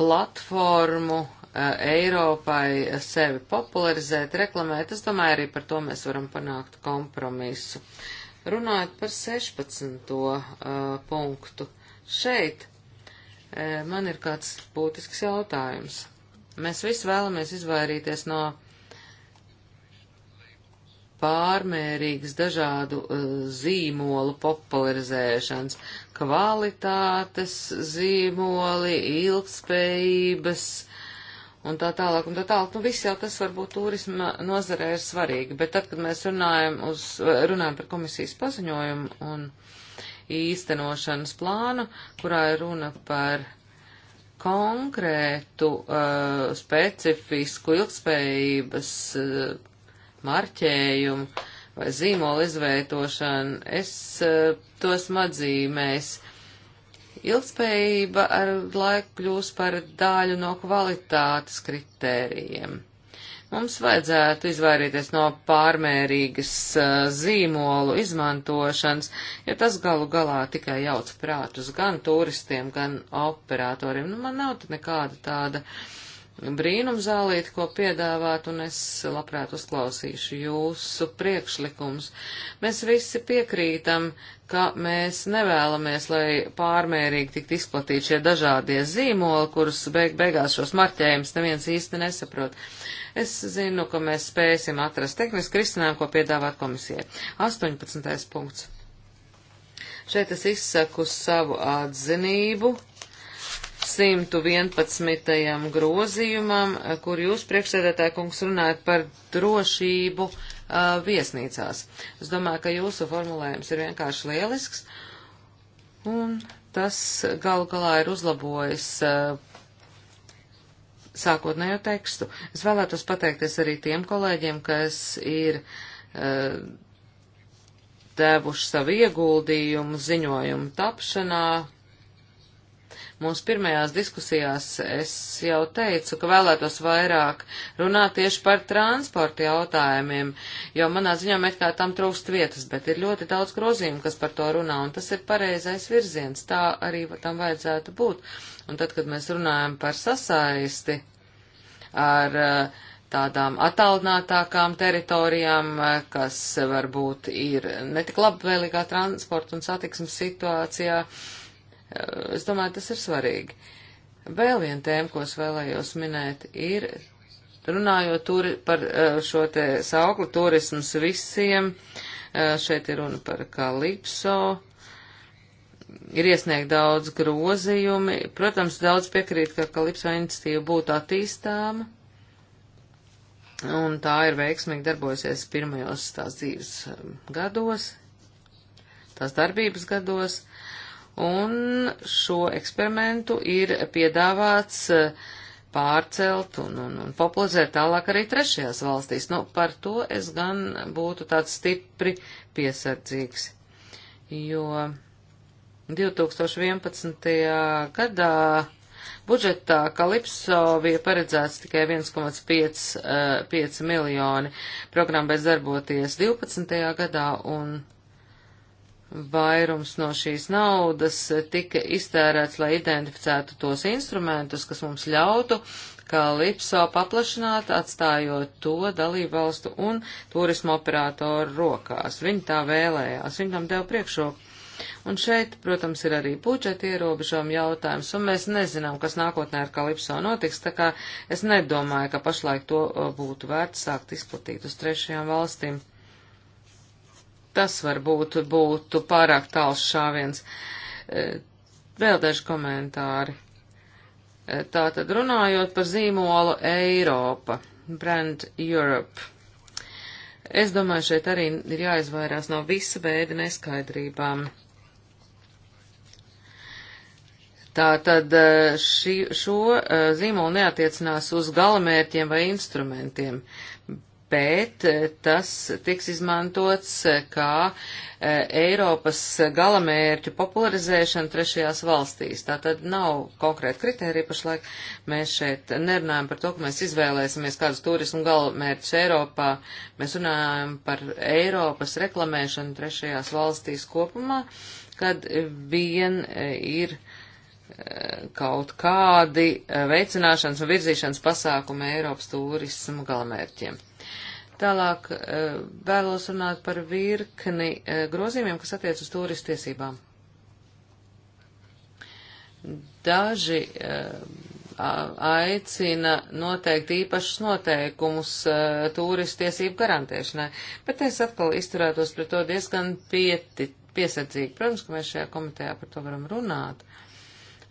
platformu eh, Eiropai sevi popularizēt, reklamēt. Es domāju, arī par to mēs varam panākt kompromisu. Runājot par 16. Eh, punktu, šeit eh, man ir kāds būtisks jautājums. Mēs visi vēlamies izvairīties no pārmērīgas dažādu zīmolu popularizēšanas kvalitātes zīmoli, ilgspējības un tā tālāk un tā tālāk. Nu, viss jau tas varbūt turisma nozarē ir svarīgi, bet tad, kad mēs runājam, uz, runājam par komisijas paziņojumu un īstenošanas plānu, kurā ir runa par konkrētu, uh, specifisku ilgspējības uh, marķējumu, vai zīmola izveidošana, es uh, tos madzīmēs. Ilgspējība ar laiku kļūs par daļu no kvalitātes kritērijiem. Mums vajadzētu izvairīties no pārmērīgas uh, zīmolu izmantošanas, jo tas galu galā tikai jauc prātus gan turistiem, gan operatoriem. Nu, man nav nekāda tāda uh, brīnumzālīti, ko piedāvāt, un es labprāt uzklausīšu jūsu priekšlikums. Mēs visi piekrītam, ka mēs nevēlamies, lai pārmērīgi tikt izplatīti šie dažādie zīmoli, kurus beig beigās šos marķējumus neviens īsti nesaprot. Es zinu, ka mēs spēsim atrast tehnisku risinājumu, ko piedāvāt komisijai. 18. punkts. Šeit es izsaku savu atzinību 111. grozījumam, eh, kur jūs priekšsēdētāji kungs runājat par drošību uh, viesnīcās. Es domāju, ka jūsu formulējums ir vienkārši lielisks, un tas galu galā ir uzlabojis uh, sākotnējo tekstu. Es vēlētos pateikties arī tiem kolēģiem, kas ir uh, devuši savu ieguldījumu ziņojumu tapšanā, Mūsu pirmajās diskusijās es jau teicu, ka vēlētos vairāk runāt tieši par transporta jautājumiem, jo manā ziņā mēs kā tam trūkst vietas, bet ir ļoti daudz grozījumu, kas par to runā, un tas ir pareizais virziens, tā arī tam vajadzētu būt. Un tad, kad mēs runājam par sasaisti ar uh, tādām attālinātākām teritorijām, eh, kas varbūt ir netik labvēlīgā transporta un satiksmes situācijā, uh, Eh, es domāju, tas ir svarīgi. Vēl viena tēma, ko es vēlējos minēt, ir runājot turi, par eh, šo te sauklu turisms visiem. Eh, šeit ir runa par kalipso. Ir iesniegt daudz grozījumi. Protams, daudz piekrīt, ka kalipso iniciatīva būtu attīstāma. Un tā ir veiksmīgi darbojusies pirmajos tās dzīves gados, tās darbības gados un šo eksperimentu ir piedāvāts eh, pārcelt un, un, un popularizēt tālāk arī trešajās valstīs. Nu, par to es gan būtu tāds stipri piesardzīgs, jo 2011. gadā budžetā Kalipso bija paredzēts tikai 1,5 uh, eh, miljoni, programma beidz darboties 12. gadā un Vairums no šīs naudas tika iztērēts, lai identificētu tos instrumentus, kas mums ļautu kā Lipso paplašināt, atstājot to dalību valstu un turismu operātoru rokās. Viņi tā vēlējās, viņi tam deva priekšroku. Un šeit, protams, ir arī budžeta ierobežojuma jautājums, un mēs nezinām, kas nākotnē ar Kalipso notiks, tā kā es nedomāju, ka pašlaik to uh, būtu vērts sākt izplatīt uz trešajām valstīm tas varbūt būtu pārāk tāls šāviens. E, vēl daži komentāri. E, tātad runājot par zīmolu Eiropa, brand Europe. Es domāju, šeit arī ir jāizvairās no visa veida neskaidrībām. Tātad e, šī, šo zīmolu neatiecinās uz galamērķiem vai instrumentiem. Uh, bet eh, tas tiks izmantots eh, kā eh, Eiropas galamērķu popularizēšana trešajās valstīs. Tā tad nav konkrēta kriterija pašlaik. Mēs šeit nerunājam par to, ka mēs izvēlēsimies kādus turismu galamērķus Eiropā. Mēs runājam par Eiropas reklamēšanu trešajās valstīs kopumā, kad vien ir kaut kādi veicināšanas un virzīšanas pasākumi Eiropas turismu galamērķiem. Tālāk eh, vēlos runāt par virkni eh, grozījumiem, kas attiec uz turistu tiesībām. Daži eh, aicina noteikt īpašus noteikumus turistu tiesību garantēšanai, bet es atkal izturētos pret to diezgan pieti, piesardzīgi. Protams, ka mēs šajā komitejā par to varam runāt,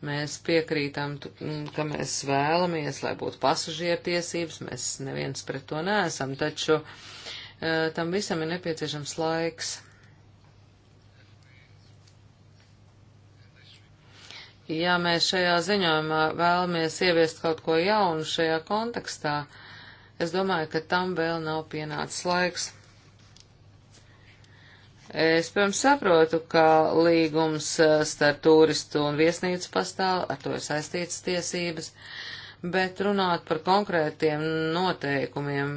Mēs piekrītam, mm, ka mēs vēlamies, lai būtu pasažieru tiesības, mēs neviens pret to neesam, taču uh, tam visam ir nepieciešams laiks. Ja mēs šajā ziņojumā vēlamies ieviest kaut ko jaunu šajā kontekstā, es domāju, ka tam vēl nav pienācis laiks. Es, pirms saprotu, ka līgums eh, starp turistu un viesnīcu pastāv, ar to ir saistīts tiesības, bet runāt par konkrētiem noteikumiem,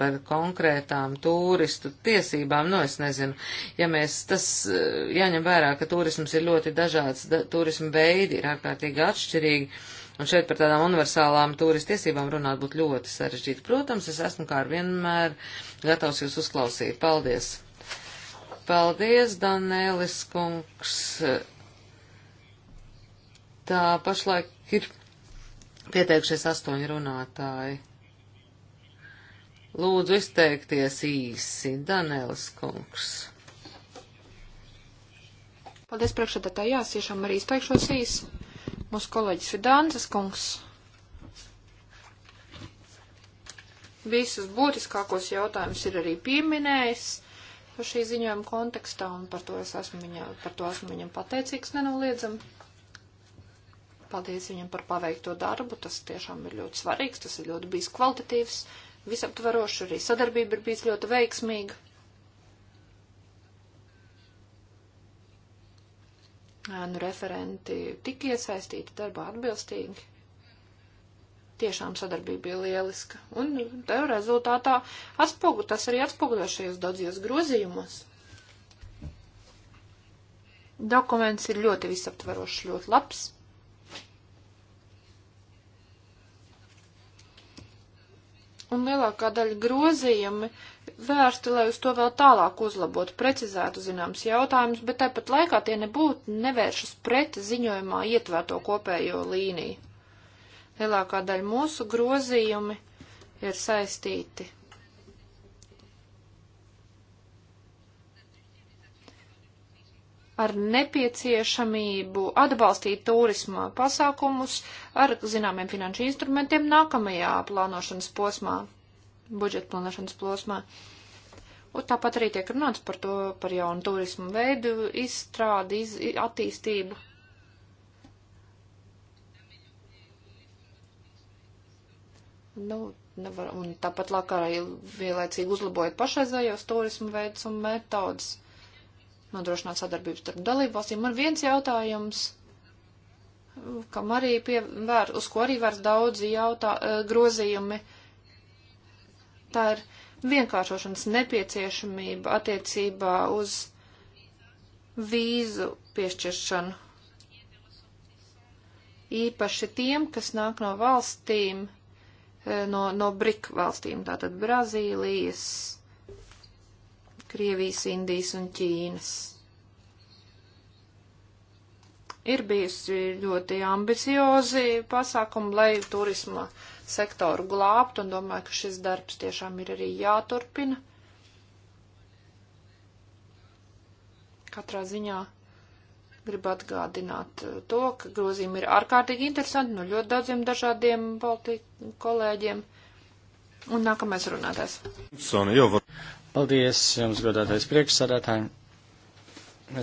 par konkrētām turistu tiesībām, nu es nezinu, ja mēs tas eh, jāņem vērā, ka turisms ir ļoti dažāds, da, turismu veidi ir ārkārtīgi atšķirīgi, un šeit par tādām universālām turistu tiesībām runāt būtu ļoti sarežģīti. Protams, es esmu kā ar vienmēr gatavs jūs uzklausīt. Paldies! Paldies, Danēlis kungs. Tā pašlaik ir pieteikšies astoņi runātāji. Lūdzu izteikties īsi, Danēlis kungs. Paldies priekšsēdētāji, jā, es tiešām arī izteikšos īsi. Mūsu kolēģis Vidānces kungs visus būtiskākos jautājumus ir arī pieminējis šī ziņojuma kontekstā, un par to, es esmu, viņa, par to esmu viņam pateicīgs nenoliedzam. Paldies viņam par paveikto darbu, tas tiešām ir ļoti svarīgs, tas ir ļoti bijis kvalitatīvs, visaptvarošs, arī sadarbība ir bijis ļoti veiksmīga. Nu, referenti tik iesaistīti darbā atbilstīgi. Tiešām sadarbība bija lieliska. Un tev rezultātā atspogu, tas arī atspoguļošies daudzies grozījumos. Dokuments ir ļoti visaptverošs, ļoti labs. Un lielākā daļa grozījumi vērsti, lai uz to vēl tālāk uzlabotu, precizētu zināmas jautājumus, bet tāpat laikā tie nebūtu nevēršas pret ziņojumā ietvērto kopējo līniju. Lielākā daļa mūsu grozījumi ir saistīti ar nepieciešamību atbalstīt turisma pasākumus ar zināmiem finanšu instrumentiem nākamajā plānošanas posmā, budžeta plānošanas posmā. Un tāpat arī tiek runāts par to, par jaunu turismu veidu izstrādi, iz, attīstību. Nu, nevar, un tāpat lāk arī vienlaicīgi uzlabojot pašreizējos turismu veidus un metodas, nodrošināt sadarbības starp dalībvalstīm. Man viens jautājums, kam arī pievēr, uz ko arī vērs daudzi jautā, e, grozījumi, tā ir vienkāršošanas nepieciešamība attiecībā uz vīzu piešķiršanu. Īpaši tiem, kas nāk no valstīm, Eh, no, no BRIK valstīm, tātad Brazīlijas, Krievijas, Indijas un Ķīnas. Ir bijusi ļoti ambiciozi pasākumi, lai turisma sektoru glābt, un domāju, ka šis darbs tiešām ir arī jāturpina. Katrā ziņā Gribu atgādināt uh, to, ka grozījumi ir ārkārtīgi interesanti no ļoti daudziem dažādiem Baltiju kolēģiem. Un nākamais runātājs. Paldies jums, godātais priekšsādātāji.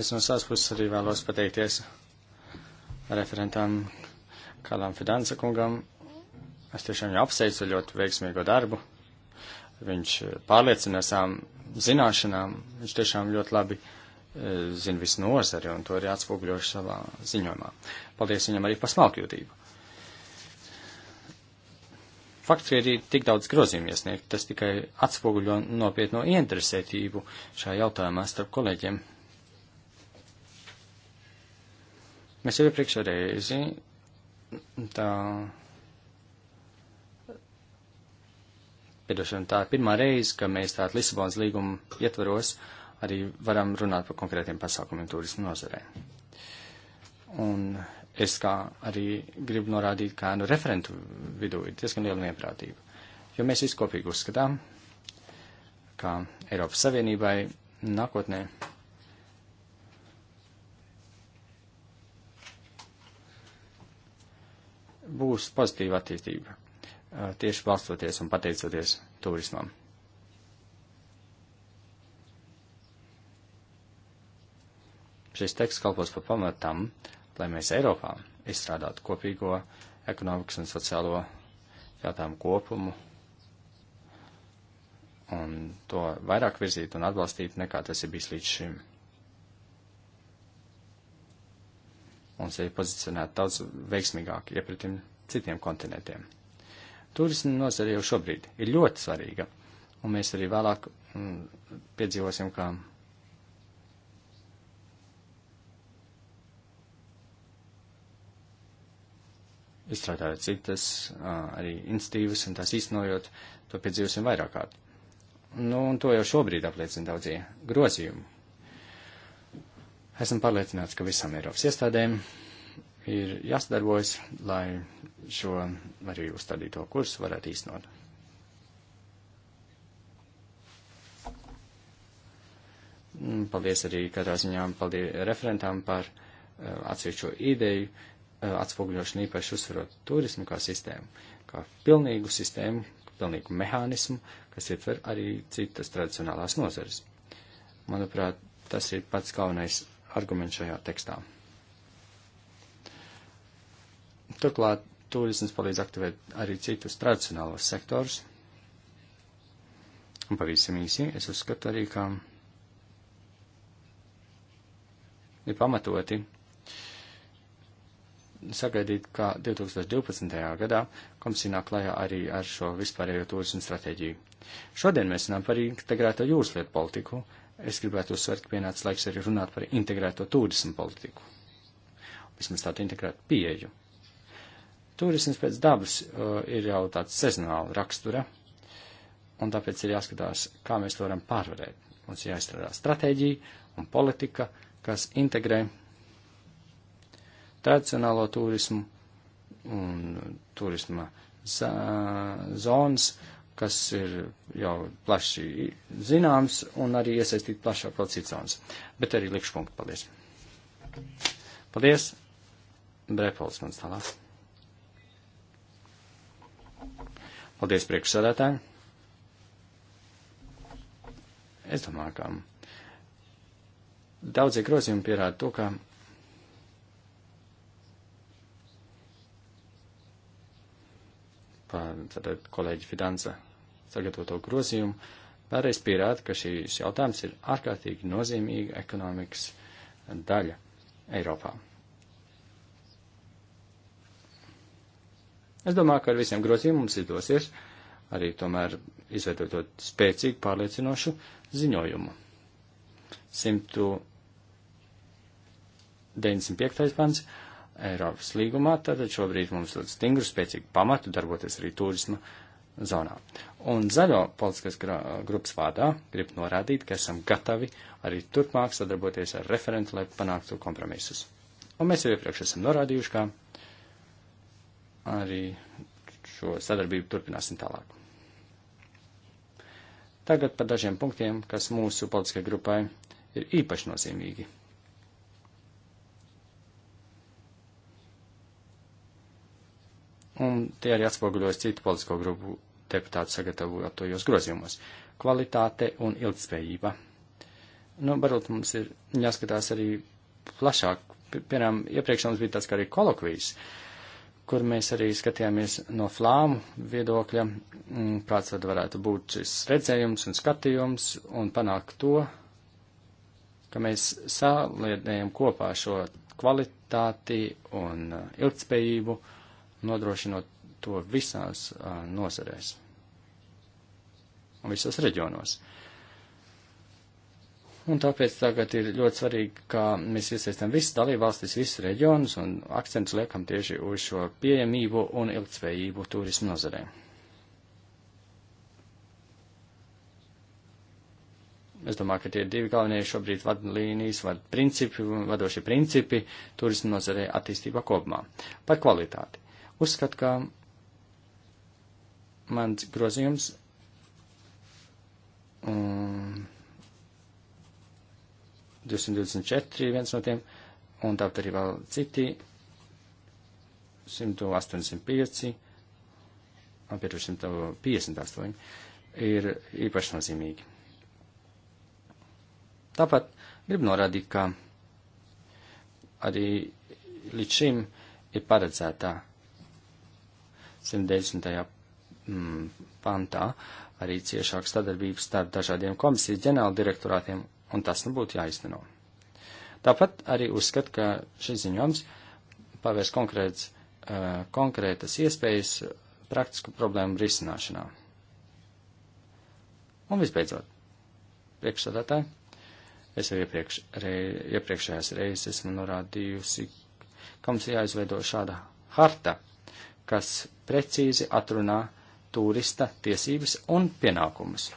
Es no savas puses arī vēlos pateikties referentam Kalam Fidansa kungam. Es tiešām jau apsveicu ļoti veiksmīgo darbu. Viņš pārliecinās zināšanām, viņš tiešām ļoti labi uh, E, zina visu nozari, un to ir jāatspūgļoši savā ziņojumā. Paldies viņam arī par smalkjūtību. Fakts, ka ir tik daudz grozījumu iesniegt, tas tikai atspoguļo nopietno ieinteresētību šajā jautājumā starp kolēģiem. Mēs jau iepriekš reizi tā. Piedošana, tā ir pirmā reize, ka mēs tādu Lisabonas līgumu ietvaros uh, arī varam runāt par konkrētiem pasākumiem turismu nozarē. Un es kā arī gribu norādīt, kā nu referentu vidū ir diezgan liela neprātība. Jo mēs visi kopīgi uzskatām, ka Eiropas Savienībai nākotnē būs pozitīva attīstība tieši balstoties un pateicoties turismam. Šis teksts kalpos par pamatam, lai mēs Eiropā izstrādātu kopīgo ekonomikas un sociālo jautājumu kopumu un to vairāk virzīt un atbalstīt, nekā tas ir bijis līdz šim. Un sevi pozicionēt daudz veiksmīgāk iepratim citiem kontinentiem. Turisma nozare jau šobrīd ir ļoti svarīga, un mēs arī vēlāk mm, piedzīvosim, ka izstrādājot citas arī institīvas un tās īstenojot, to piedzīvosim vairāk kārt. Nu, un to jau šobrīd apliecina daudzie grozījumi. Esmu pārliecināts, ka visam Eiropas iestādēm ir jāsadarbojas, lai šo arī uzstādīto kursu varētu īstenot. Mm, paldies arī katrā ziņā paldies referentām par atsevišķo ideju. Uh, Eh, atspoguļošana īpaši uzsverot turismu kā sistēmu, kā pilnīgu sistēmu, pilnīgu mehānismu, kas ietver arī citas tradicionālās nozares. Manuprāt, tas ir pats galvenais arguments šajā tekstā. Turklāt turisms palīdz aktivēt arī citus tradicionālos sektorus. Un pavisam īsi es uzskatu arī, ka ir pamatoti sagaidīt, ka 2012. gadā komisija nāk klajā arī ar šo vispārējo turismu stratēģiju. Šodien mēs runājam par integrēto jūraslietu politiku. Es gribētu uzsvērt, ka pienācis laiks arī runāt par integrēto turismu politiku. Vismaz tādu integrētu pieeju. Turisms pēc dabas uh, ir jau tāds sezonāla rakstura, un tāpēc ir jāskatās, kā mēs to varam pārvarēt. Mums jāizstrādā stratēģija un politika, kas integrē tradicionālo turismu un turisma zonas, kas ir jau plaši zināms un arī iesaistīt plašā procesa zonas. Bet arī likšu punktu. Paldies! Paldies! Brepols man tālāk. Paldies priekšsādātājiem! Es domāju, ka daudzie grozījumi pierāda to, ka tātad kolēģi Fidanza sagatavoto grozījumu, vēlreiz pierāda, ka šīs jautājums ir ārkārtīgi nozīmīga ekonomikas daļa Eiropā. Es domāju, ka ar visiem grozījumiem mums izdosies arī tomēr izveidot ļoti spēcīgu, pārliecinošu ziņojumu. 195. pants Eiropas līgumā, tad šobrīd mums ir stingru, spēcīgu pamatu darboties arī turisma zonā. Un zaļo politiskās grupas vārdā grib norādīt, ka esam gatavi arī turpmāk sadarboties ar referentu, lai panāktu kompromisus. Un mēs jau iepriekš esam norādījuši, ka arī šo sadarbību turpināsim tālāk. Tagad par dažiem punktiem, kas mūsu politiskajai grupai ir īpaši nozīmīgi. un tie arī atspoguļojas citu politisko grupu deputātu sagatavotajos grozījumos. Kvalitāte un ilgspējība. Nu, varbūt mums ir jāskatās arī plašāk. Piemēram, iepriekš mums bija tāds kā arī kolokvijas, kur mēs arī skatījāmies no flāmu viedokļa, mm, kāds tad varētu būt šis redzējums un skatījums, un panākt to, ka mēs saliedējam kopā šo kvalitāti un uh, ilgspējību. Uh, nodrošinot to visās uh, nozarēs un visos reģionos. Un tāpēc tagad ir ļoti svarīgi, ka mēs iesaistām visas dalībvalstis, visus reģionus un akcentus liekam tieši uz šo pieejamību un ilgtspējību turismu nozarē. Es domāju, ka tie ir divi galvenie šobrīd vadlīnijas, vad principi, vadošie principi turismu nozarē attīstībā kopumā. Par kvalitāti. Uzskat, ka mans grozījums um, 224 viens no tiem, un tāpat arī vēl citi 185 un 458 ir īpaši nozīmīgi. Tāpat gribu norādīt, ka arī līdz šim ir paredzētā 190. Mm, pantā arī ciešāk sadarbības starp dažādiem komisijas ģenerāla direktorātiem, un tas nu būtu jāizteno. Tāpat arī uzskat, ka šis ziņojums pavērs konkrēts, uh, konkrētas iespējas praktisku problēmu risināšanā. Un visbeidzot, priekšsādātāji, es jau iepriekš, re, iepriekšējās reizes esmu norādījusi, ka mums jāizveido šāda harta, kas precīzi atrunā turista tiesības un pienākumus.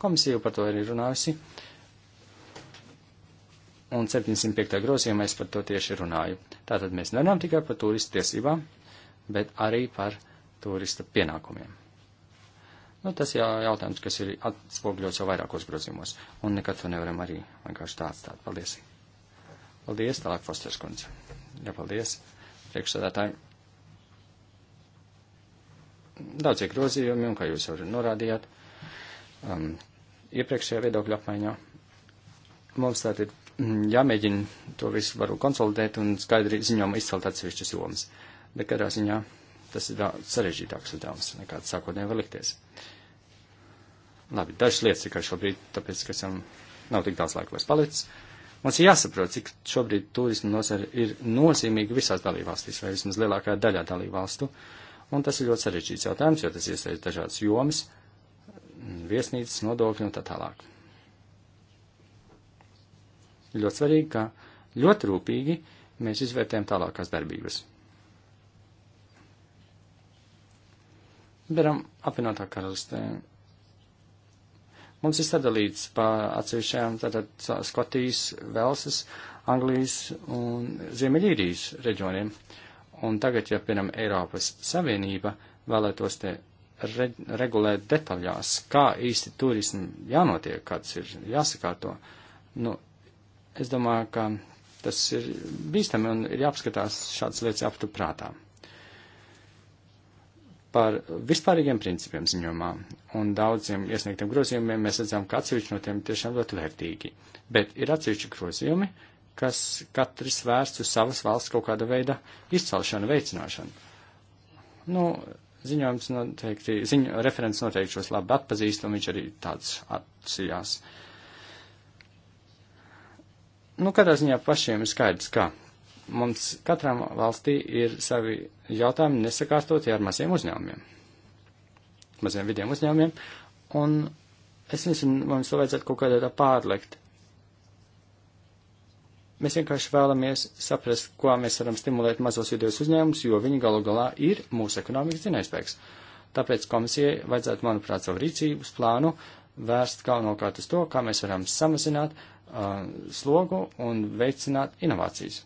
Komisija par to ir runājusi, un 705. grozījumā es par to tieši runāju. Tātad mēs nerunājam tikai par turista tiesībām, bet arī par turista pienākumiem. Nu, tas jau jautājums, kas ir atspogļots jau vairākos grozījumos, un nekad to nevaram arī vienkārši tā atstāt. Paldies! Paldies, tālāk Fosters kundze. Jā, paldies, priekšsādātāji daudzie grozījumi, un kā jūs jau norādījāt um, iepriekšējā viedokļa apmaiņā, mums tātad ir mm, jāmēģina to visu varu konsolidēt un skaidri ziņām izcelt atsevišķas jomas. Bet kādā ziņā tas ir sarežģītāks uzdevums nekā tas sākotnēji var likties. Labi, dažas lietas tikai šobrīd, tāpēc, ka esam, nav tik daudz laika vairs palicis. Mums ir jāsaprot, cik šobrīd turismu nozara ir nozīmīga visās dalībvalstīs, vai vismaz lielākajā daļā dalībvalstu. valstu Un tas ir ļoti sarežģīts jautājums, jo tas iesaistīs dažādas jomas, viesnīcas, nodokļi un tā tālāk. Ir ļoti svarīgi, ka ļoti rūpīgi mēs izvērtējam tālākās darbības. Daram apvienotā karalistē. Mums ir sadalīts pa atsevišķajām tātad Skotijas, Velsas, Anglijas un Ziemeļīrijas reģioniem. Uh, Un tagad, ja, piemēram, Eiropas Savienība vēlētos te re regulēt detaļās, kā īsti turismu jānotiek, kāds ir jāsakārto, nu, es domāju, ka tas ir bīstami un ir jāapskatās šādas lietas aptu prātā. Par vispārīgiem principiem ziņojumā un daudziem iesniegtiem grozījumiem mēs redzam, ka atsevišķi no tiem tiešām ļoti vērtīgi, bet ir atsevišķi grozījumi, uh, kas katrs vērsts uz savas valsts kaut kāda veida izcelšanu, veicināšanu. Nu, ziņojums noteikti, ziņ, referents noteikti šos labi atpazīst, un viņš arī tāds atsījās. Nu, katrā ziņā pašiem ir skaidrs, ka mums katram valstī ir savi jautājumi nesakārtoti ar maziem uzņēmumiem, maziem vidiem uzņēmumiem, un es nezinu, mums to vajadzētu kaut kādā pārlikt Mēs vienkārši vēlamies saprast, kā mēs varam stimulēt mazos vidējos uzņēmumus, jo viņi galu galā ir mūsu ekonomikas zinājspēks. Tāpēc komisijai vajadzētu, manuprāt, savu rīcības plānu vērst galvenokārt uz to, kā mēs varam samazināt uh, slogu un veicināt inovācijas.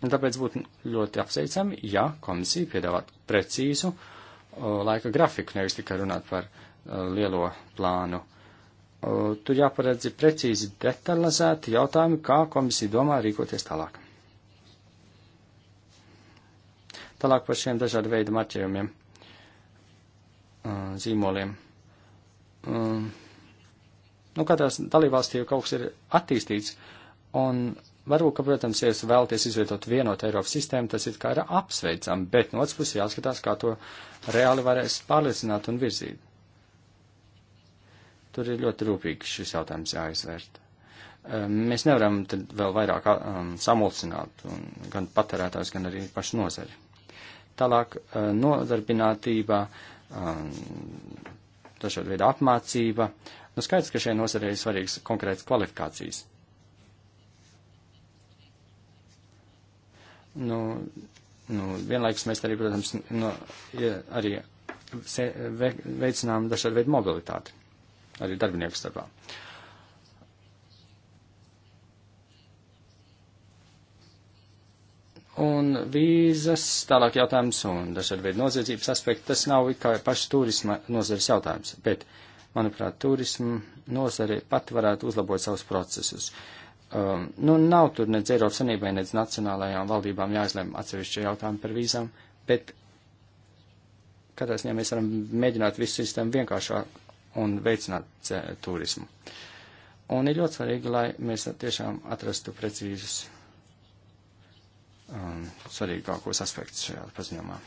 Un tāpēc būtu ļoti apsveicami, ja komisija piedāvātu precīzu uh, laika grafiku, nevis tikai runāt par uh, lielo plānu. Eh, tur jāparedz precīzi detalizēti jautājumi, kā komisija domā rīkoties tālāk. Tālāk par šiem dažādu veidu marķējumiem, eh, zīmoliem. Eh, nu, katrās dalībvalstī jau kaut kas ir attīstīts, un varbūt, ka, protams, ja jūs vēlaties izvietot vienotu Eiropas sistēmu, tas ir kā ir apsveicam, bet no otras puses jāskatās, kā to reāli varēs pārliecināt un virzīt. Tur ir ļoti rūpīgi šis jautājums jāizvērt. Ehm, mēs nevaram tad vēl vairāk um, ehm, samulcināt gan patērētājs, gan arī pašu nozari. Tālāk ehm, nodarbinātība, um, dažāda veida apmācība. Nu skaidrs, ka šai nozarei ir svarīgs konkrēts kvalifikācijas. Nu, nu, vienlaikus mēs arī, protams, no, nu, ja, arī veicinām dažādu veidu mobilitāti arī darbinieku starpā. Un vīzas, tālāk jautājums un dažādi veidi noziedzības aspekti, tas nav tikai pašs turisma nozares jautājums, bet, manuprāt, turisma nozare pati varētu uzlabot savus procesus. Um, nu, nav tur nedz Eiropas Sanībai, nedz nacionālajām valdībām jāizlem atsevišķi jautājumi par vīzām, bet katrā ziņā mēs varam mēģināt visu sistēmu vienkāršāk un veicināt turismu. Un ir ļoti svarīgi, lai mēs tiešām atrastu precīzus um, svarīgākos aspektus šajā paziņojumā.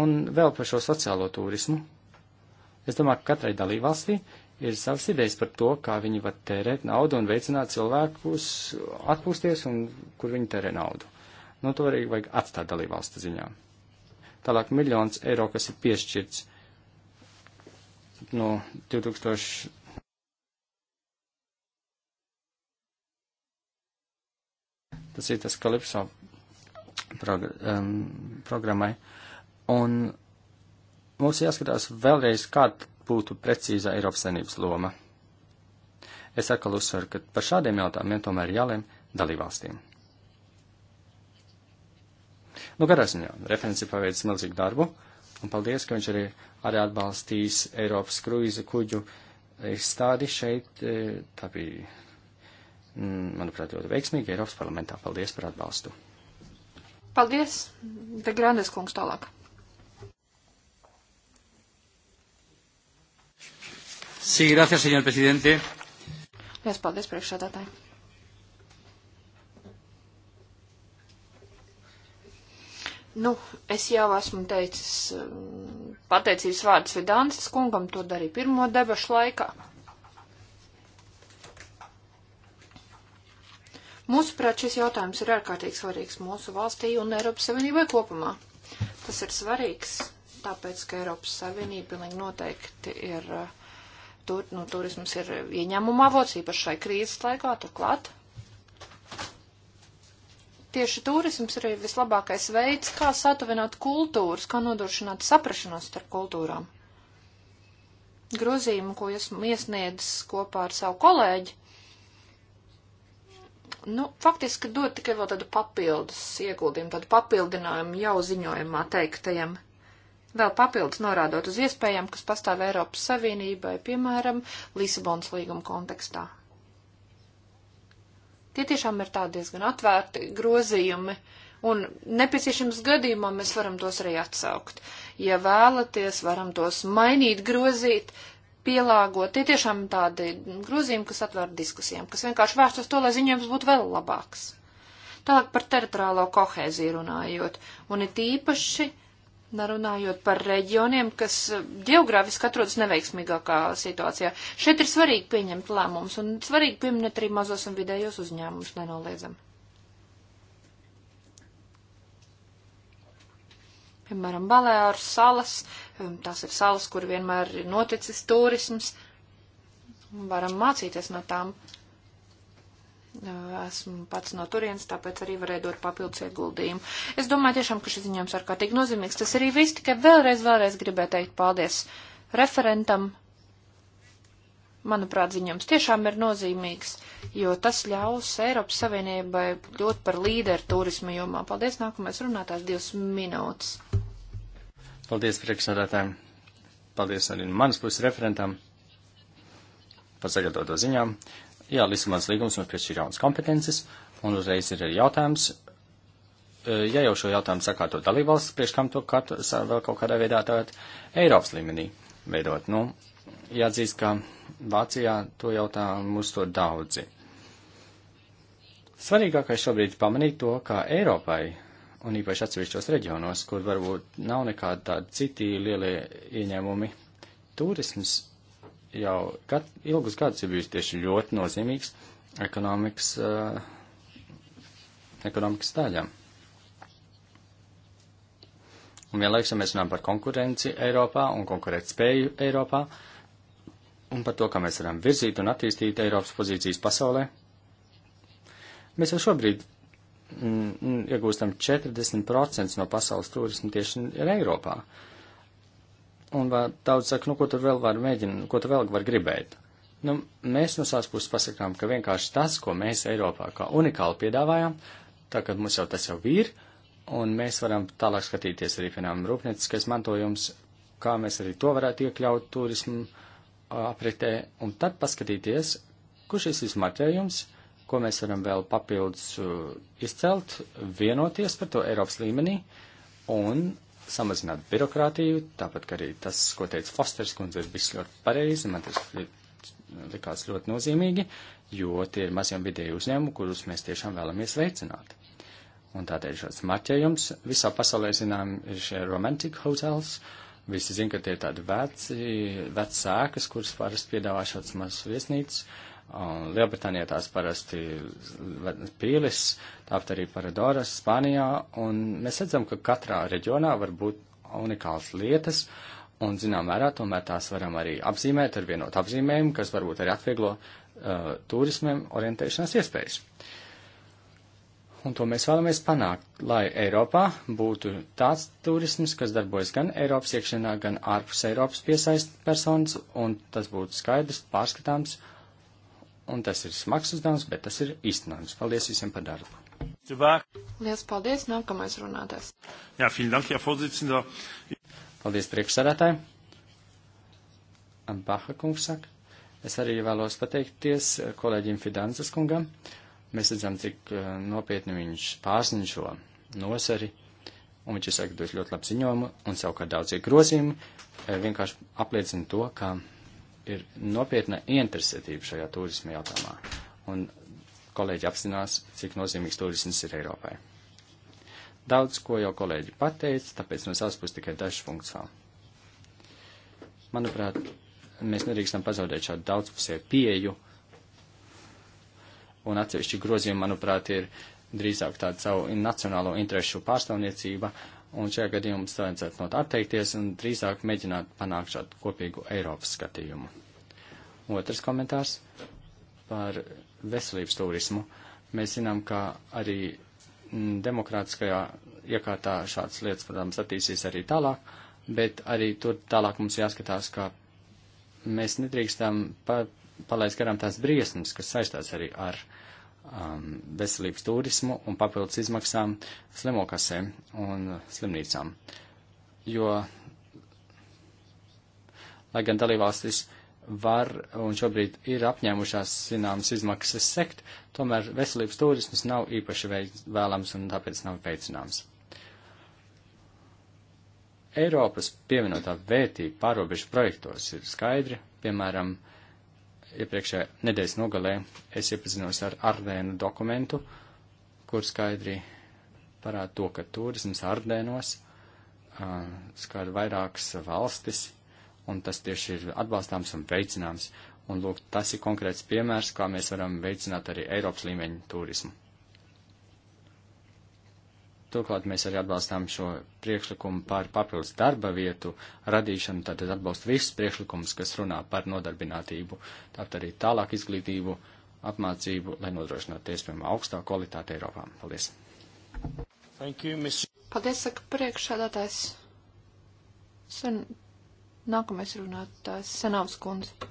Un vēl par šo sociālo turismu. Es domāju, ka katrai dalībvalstī ir savas idejas par to, kā viņi var tērēt naudu un veicināt cilvēkus atpūsties un kur viņi tērē naudu. Nu, to arī vajag atstāt dalībvalstu ziņā. Tālāk miljons eiro, kas ir piešķirts uh, no 2000. Tas ir tas Kalipso progr um, programmai. Un mums jāskatās vēlreiz, kāda būtu precīzā Eiropas Savienības loma. Es atkal uzsveru, ka par šādiem jautājumiem tomēr jālēm dalībvalstīm. Nu, garā ziņā referenci paveic milzīgu darbu. Uh, Un paldies, ka viņš arī, arī atbalstīs Eiropas kruīza kuģu izstādi šeit. E, Tā bija, mm, manuprāt, ļoti veiksmīga Eiropas parlamentā. Paldies par atbalstu. Paldies, De Grandes kungs tālāk. Sí, gracias, señor presidente. Lielas paldies priekšsādātāji. Nu, es jau esmu teicis um, pateicības vārdus Vidānsas kungam, to darīju pirmo debašu laikā. Mūsuprāt, šis jautājums ir ārkārtīgi svarīgs mūsu valstī un Eiropas Savienībai kopumā. Tas ir svarīgs, tāpēc, ka Eiropas Savienība pilnīgi noteikti ir, uh, tur, nu, turisms ir ieņēmuma avots, īpaši šai krīzes laikā, turklāt Tieši turisms ir vislabākais veids, kā satuvināt kultūras, kā nodrošināt saprašanos starp kultūrām. Grozījumu, ko esmu iesniedzis kopā ar savu kolēģi, nu, faktiski dod tikai vēl tādu papildus ieguldījumu, tādu papildinājumu jau ziņojumā teiktajam. Vēl papildus norādot uz iespējām, kas pastāv Eiropas Savienībai, piemēram, Lisabonas līguma kontekstā. Tie tiešām ir tādi diezgan atvērti grozījumi, un nepieciešams gadījumā mēs varam tos arī atsaukt. Ja vēlaties, varam tos mainīt, grozīt, pielāgot. Tie tiešām tādi grozījumi, kas atver diskusijām, kas vienkārši vērst uz to, lai ziņojums būtu vēl labāks. Tālāk par teritoriālo kohēziju runājot, un it īpaši Narunājot par reģioniem, kas eh, geogrāfiski atrodas neveiksmīgākā situācijā. Šeit ir svarīgi pieņemt lēmumus un svarīgi pieminēt arī mazos un vidējos uzņēmumus nenoliedzam. Piemēram, Balēāru salas, eh, tās ir salas, kur vienmēr ir noticis turisms. Varam mācīties no tām. Uh, Esmu pats no turienes, tāpēc arī varēju dot papildus ieguldījumu. Es domāju tiešām, ka šis ziņojums ar kā tik nozīmīgs. Tas arī viss, tikai vēlreiz, vēlreiz gribēju teikt paldies referentam. Manuprāt, ziņojums tiešām ir nozīmīgs, jo tas ļaus Eiropas Savienībai kļūt par līderu turisma jomā. Paldies, nākamais runātājs divas minūtes. Paldies priekšsādātājiem. Paldies arī manas puses referentam par sagatavoto ziņām jā, Lisabonas līgums mums piešķir jaunas kompetences, un uzreiz ir arī jautājums, e, ja jau šo jautājumu sakārto dalībvalsts, priekš kam to kat, vēl kaut kādā veidā tagad Eiropas līmenī veidot. Nu, jāatzīst, ka Vācijā to jautājumu uz to daudzi. Svarīgākais šobrīd pamanīt to, ka Eiropai un īpaši atsevišķos reģionos, kur varbūt nav nekādi tādi citi lielie ieņēmumi. Turisms jau gad, ilgus gadus ir bijis tieši ļoti nozīmīgs ekonomikas, uh, ekonomikas daļa. Un vienlaiks, ja mēs runājam par konkurenci Eiropā un konkurēt spēju Eiropā, un par to, kā mēs varam virzīt un attīstīt Eiropas pozīcijas pasaulē, mēs jau šobrīd mm, mm iegūstam 40% no pasaules turismu tieši ir Eiropā. Uh, Un daudz saka, nu, ko tur vēl var mēģināt, ko tur vēl var gribēt. Nu, mēs no savas puses pasakām, ka vienkārši tas, ko mēs Eiropā kā unikāli piedāvājam, tā kā mums jau tas jau ir, un mēs varam tālāk skatīties arī, piemēram, rūpnieciskais mantojums, kā mēs arī to varētu iekļaut turismu apritē, un tad paskatīties, kurš šis izmarķējums, ko mēs varam vēl papildus izcelt, vienoties par to Eiropas līmenī, un samazināt birokrātiju, tāpat kā arī tas, ko teica Fosters kundze, ir viss ļoti pareizi, man tas likās ļoti nozīmīgi, jo tie ir maziem vidēju uzņēmumu, kurus mēs tiešām vēlamies veicināt. Un tādēļ šāds marķējums visā pasaulē, zinām, ir šie romantic hotels. Visi zina, ka tie ir tādi veci, vecākas, kuras parasti piedāvā šāds mazs viesnīcas. Uh, Lielbritānijā tās parasti pīlis, tāpat arī paradoras Spānijā, un mēs redzam, ka katrā reģionā var būt unikāls lietas, un zinām mērā tomēr tās varam arī apzīmēt ar vienotu apzīmējumu, kas varbūt arī atvieglo uh, turismam orientēšanās iespējas. Un to mēs vēlamies panākt, lai Eiropā būtu tāds turisms, kas darbojas gan Eiropas iekšienā, gan ārpus Eiropas piesaist personas, un tas būtu skaidrs, pārskatāms, uh, un tas ir smags uzdevums, bet tas ir īstenojums. Paldies visiem par darbu. Lielas paldies, nākamais runātājs. Jā, dank, jā, paldies priekšsādātāji. Baha kungs saka. Es arī vēlos pateikties kolēģim Fidanzas kungam. Mēs redzam, cik eh, nopietni viņš pārsniņ šo nosari, un viņš ir sagatavojis ļoti labu ziņojumu, un savukārt daudz ir grozījumu, eh, vienkārši apliecina to, ka ir nopietna interesētība šajā turisma jautājumā. Un kolēģi apzinās, cik nozīmīgs turisms ir Eiropai. Daudz, ko jau kolēģi pateica, tāpēc no savas puses tikai dažs punkts vēl. Manuprāt, mēs nedrīkstam pazaudēt šādu daudzpusēju pieju, un atsevišķi grozījumi, manuprāt, ir drīzāk tāda savu nacionālo interesu pārstāvniecība, uh, un šajā gadījumā mums vajadzētu no tā atteikties un drīzāk mēģināt panākt šādu kopīgu Eiropas skatījumu. Otrs komentārs par veselības turismu. Mēs zinām, ka arī mm, demokrātiskajā iekārtā šādas lietas, protams, attīstīsies arī tālāk, bet arī tur tālāk mums jāskatās, ka mēs nedrīkstam pa, palaist garām tās briesmas, kas saistās arī ar uh, um, veselības turismu un papildus izmaksām slimokasēm un slimnīcām. Jo, lai gan dalībvalstis var un šobrīd ir apņēmušās zināmas izmaksas sekt, tomēr veselības turismas nav īpaši vēlams un tāpēc nav veicināms. Eiropas pievienotā vērtība pārobežu projektos ir skaidra, piemēram, uh, iepriekšējā nedēļas nogalē es iepazinos ar Ardēnu dokumentu, kur skaidri parāda to, ka turisms Ardēnos uh, skar vairākas valstis, un tas tieši ir atbalstāms un veicināms. Un lūk, tas ir konkrēts piemērs, kā mēs varam veicināt arī Eiropas līmeņu turismu. Turklāt mēs arī atbalstām šo priekšlikumu par papildus darba vietu radīšanu, tātad atbalst visus priekšlikumus, kas runā par nodarbinātību, tātad arī tālāk izglītību, apmācību, lai nodrošinātu iespējami augstāku kvalitāti Eiropā. Paldies! Thank you, miss. Paldies, saka priekšsādātājs. Sen... Nākamais runātājs Senavs kundze.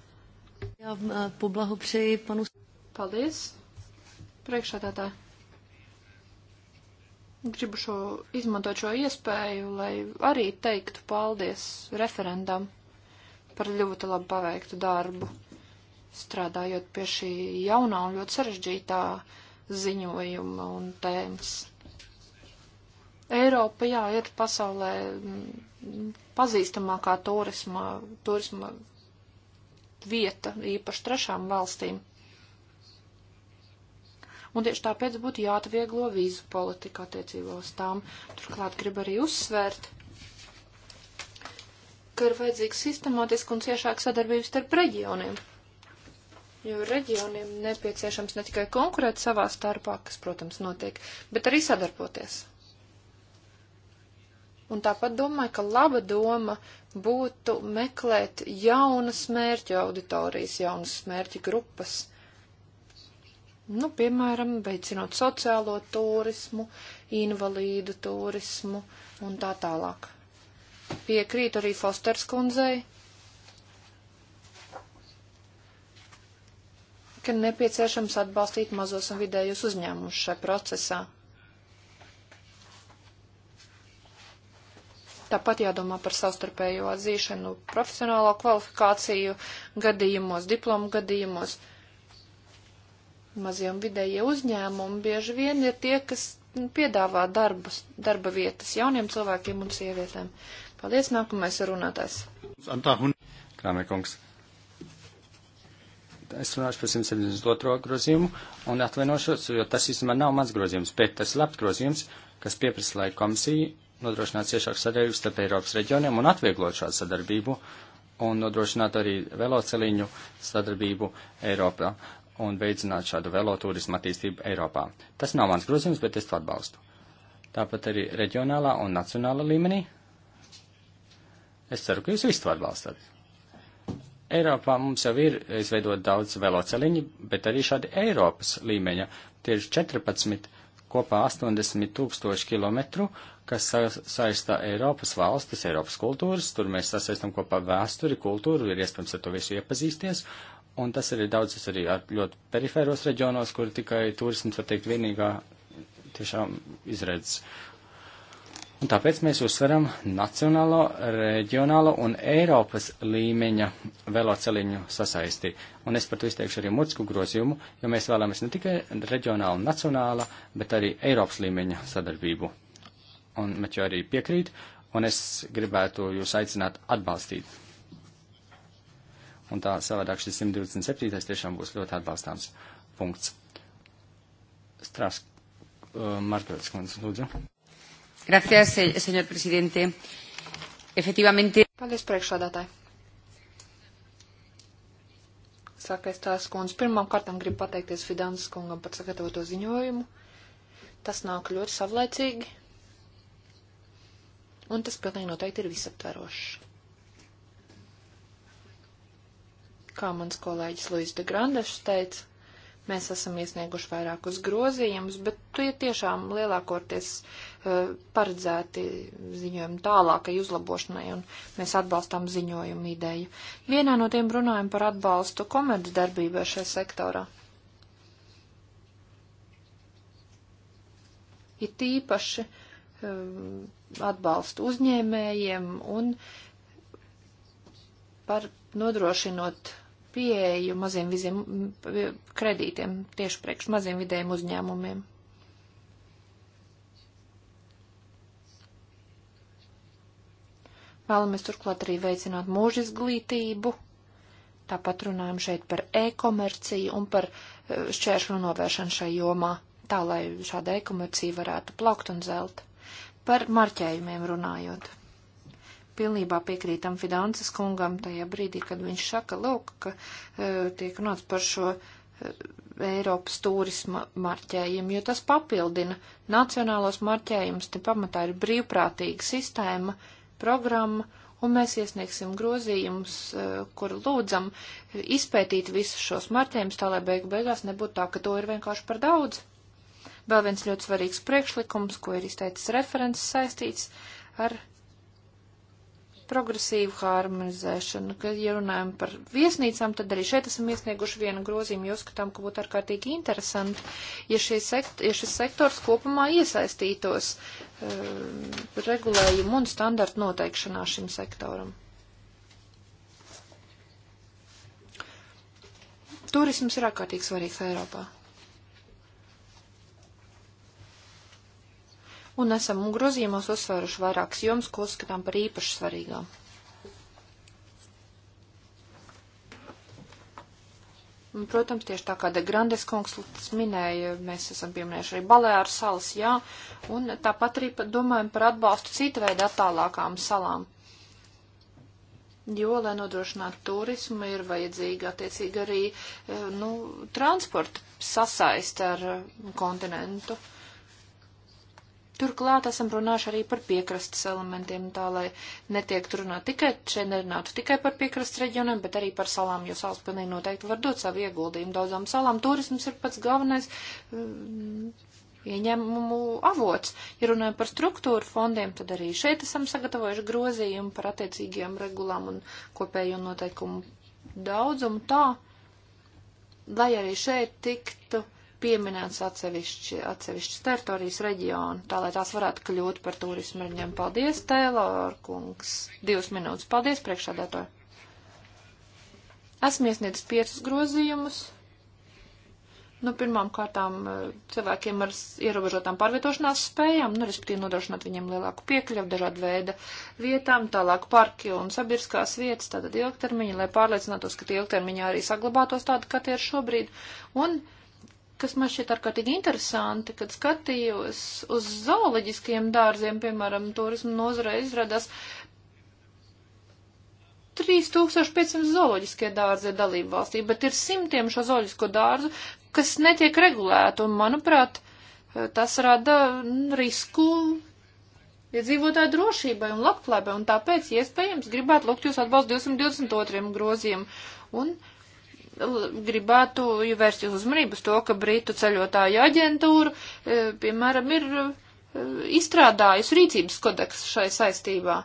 Jā, eh, poblahu pšeji panu. Paldies, priekšsādātāji gribu šo, izmantot šo iespēju, lai arī teiktu paldies referendam par ļoti labi paveiktu darbu, strādājot pie šī jaunā un ļoti sarežģītā ziņojuma un tēmas. Eiropa, jā, ir pasaulē mm, pazīstamākā turisma, turisma vieta, īpaši trešām valstīm un tieši tāpēc būtu jāatvieglo vīzu politika attiecībā uz tām. Turklāt grib arī uzsvērt, ka ir vajadzīga sistemātiska un ciešāka sadarbība starp reģioniem. Jo reģioniem nepieciešams ne tikai konkurēt savā starpā, kas, protams, notiek, bet arī sadarboties. Un tāpat domāju, ka laba doma būtu meklēt jaunas mērķu auditorijas, jaunas mērķu grupas, Nu, piemēram, veicinot sociālo turismu, invalīdu turismu un tā tālāk. Piekrītu arī Fosters kundzei, ka nepieciešams atbalstīt mazos un vidējos uzņēmumus šajā procesā. Tāpat jādomā par savstarpējo atzīšanu profesionālo kvalifikāciju gadījumos, diplomu gadījumos. Mazie un vidējie uzņēmumi bieži vien ir tie, kas nu, piedāvā darbus, darba vietas jauniem cilvēkiem un sievietēm. Paldies, nākamais runātājs. Krāmekungs. Es runāšu par 172. grozījumu un atvainošos, jo tas īstenībā nav mans grozījums, bet tas ir labs grozījums, kas pieprasa, lai komisija nodrošinātu ciešāku sadarbību starp Eiropas reģioniem un atvieglot šādu sadarbību un nodrošināt arī veloceliņu sadarbību Eiropā un veicināt šādu veloturismu attīstību Eiropā. Tas nav mans grozījums, bet es to atbalstu. Tāpat arī reģionālā un nacionālā līmenī. Es ceru, ka jūs visu to atbalstat. Eiropā mums jau ir izveidot daudz veloceliņu, bet arī šādi Eiropas līmeņa. Tie ir 14, kopā 80 tūkstoši kilometru, kas sa saistā Eiropas valstis, Eiropas kultūras. Tur mēs sasaistam kopā vēsturi, kultūru, ir iespējams ar to visu iepazīsties Un tas arī daudzas arī ar ļoti perifēros reģionos, kur tikai turisms, var teikt, vienīgā tiešām izredzes. Un tāpēc mēs uzsveram nacionālo, reģionālo un Eiropas līmeņa veloceliņu sasaisti. Un es par to izteikšu arī mucku grozījumu, jo mēs vēlamies ne tikai reģionālu un nacionālu, bet arī Eiropas līmeņa sadarbību. Un Meķo arī piekrīt, un es gribētu jūs aicināt atbalstīt Un tā savādāk šis 127. tiešām būs ļoti atbalstāms punkts. Strāsk, uh, Markovits kundze, lūdzu. Gracias, senor presidente. Efektivamente. Paldies, priekšādātāji. Saka, es tās kundze. Pirmām kārtām gribu pateikties Fidansas kungam par sagatavoto ziņojumu. Tas nāk ļoti savlaicīgi. Un tas pilnīgi noteikti ir visaptverošs. Kā mans kolēģis Luis de Grandešs teica, mēs esam iesnieguši vairākus grozījumus, bet tie tiešām lielākoties uh, paredzēti ziņojumu tālākai uzlabošanai, un mēs atbalstām ziņojumu ideju. Vienā no tiem runājam par atbalstu komercdarbībai šajā sektorā. Ir tīpaši uh, eh, atbalstu uzņēmējiem un uh, par nodrošinot pieeju maziem viziem, kredītiem tieši priekš maziem vidējiem uzņēmumiem. Vēlamies turklāt arī veicināt mūža izglītību. Tāpat runājam šeit par e-komerciju un par e, šķēršļu novēršanu šai jomā, tā lai šāda e-komercija varētu plaukt un zelt. Par marķējumiem runājot pilnībā piekrītam Fidanses kungam tajā brīdī, kad viņš saka, lūk, ka e, tiek runāts par šo e, Eiropas turisma marķējumu, jo tas papildina nacionālos marķējumus, te pamatā ir brīvprātīga sistēma, programma, un mēs iesniegsim grozījumus, e, kur lūdzam izpētīt visus šos marķējumus, tā lai beigu beigās nebūtu tā, ka to ir vienkārši par daudz. Vēl viens ļoti svarīgs priekšlikums, ko ir izteicis referents saistīts ar progresīvu harmonizēšanu, kad ja runājam par viesnīcām, tad arī šeit esam iesnieguši vienu grozījumu, jo skatām, ka būtu ārkārtīgi interesanti, ja, sekt, ja šis sektors kopumā iesaistītos uh, regulējumu un standartu noteikšanā šim sektoram. Turisms ir ārkārtīgi svarīgs Eiropā. un esam grozījumos uzsvēruši vairākas jomas, ko uzskatām par īpaši svarīgām. Un, protams, tieši tā kā De Grandes kungs minēja, mēs esam pieminējuši arī Balēāru salas, jā, un tāpat arī domājam par atbalstu citu veidu attālākām salām. Jo, lai nodrošinātu turismu, ir vajadzīga attiecīgi arī, eh, nu, transporta sasaist ar eh, kontinentu. Uh, Turklāt esam runājuši arī par piekrastes elementiem, tā lai netiek runāt tikai, šeit nerunātu tikai par piekrastes reģioniem, bet arī par salām, jo salas pilnīgi noteikti var dot savu ieguldījumu daudzām salām. Turisms ir pats galvenais um, ieņēmumu avots. Ja runājam par struktūru fondiem, tad arī šeit esam sagatavojuši grozījumu par attiecīgajām regulām un kopējo noteikumu daudzumu tā, lai arī šeit tiktu pieminēts atsevišķi, atsevišķas teritorijas reģionu, tā lai tās varētu kļūt par turismu reģionu. Paldies, Tēlor kungs. Divas minūtes. Paldies, priekšādātāji. Esmu iesniedzis piecus grozījumus. Nu, pirmām kārtām eh, cilvēkiem ar ierobežotām pārvietošanās spējām, nu, respektīvi nodrošināt viņiem lielāku piekļuvu dažādu veidu vietām, tālāk parki un sabiedriskās vietas, tātad ilgtermiņa, lai pārliecinātos, ka tie ilgtermiņā arī saglabātos tādi, kā tie ir šobrīd. Un uh, kas man šķiet ārkārtīgi interesanti, kad skatījos uz zooloģiskiem dārziem, piemēram, turismu nozarē izrādās 3500 zooloģiskie dārzi dalību valstī, bet ir simtiem šo zooloģisko dārzu, kas netiek regulēti, un, manuprāt, tas rada risku iedzīvotāju ja drošībai un labklājībai, un tāpēc, iespējams, gribētu lūgt jūs atbalstu 222. grozījumu. Un gribētu vērst jūs uzmanību uz to, ka Britu ceļotāju aģentūra, eh, piemēram, ir eh, izstrādājusi rīcības kodeksu šai saistībā.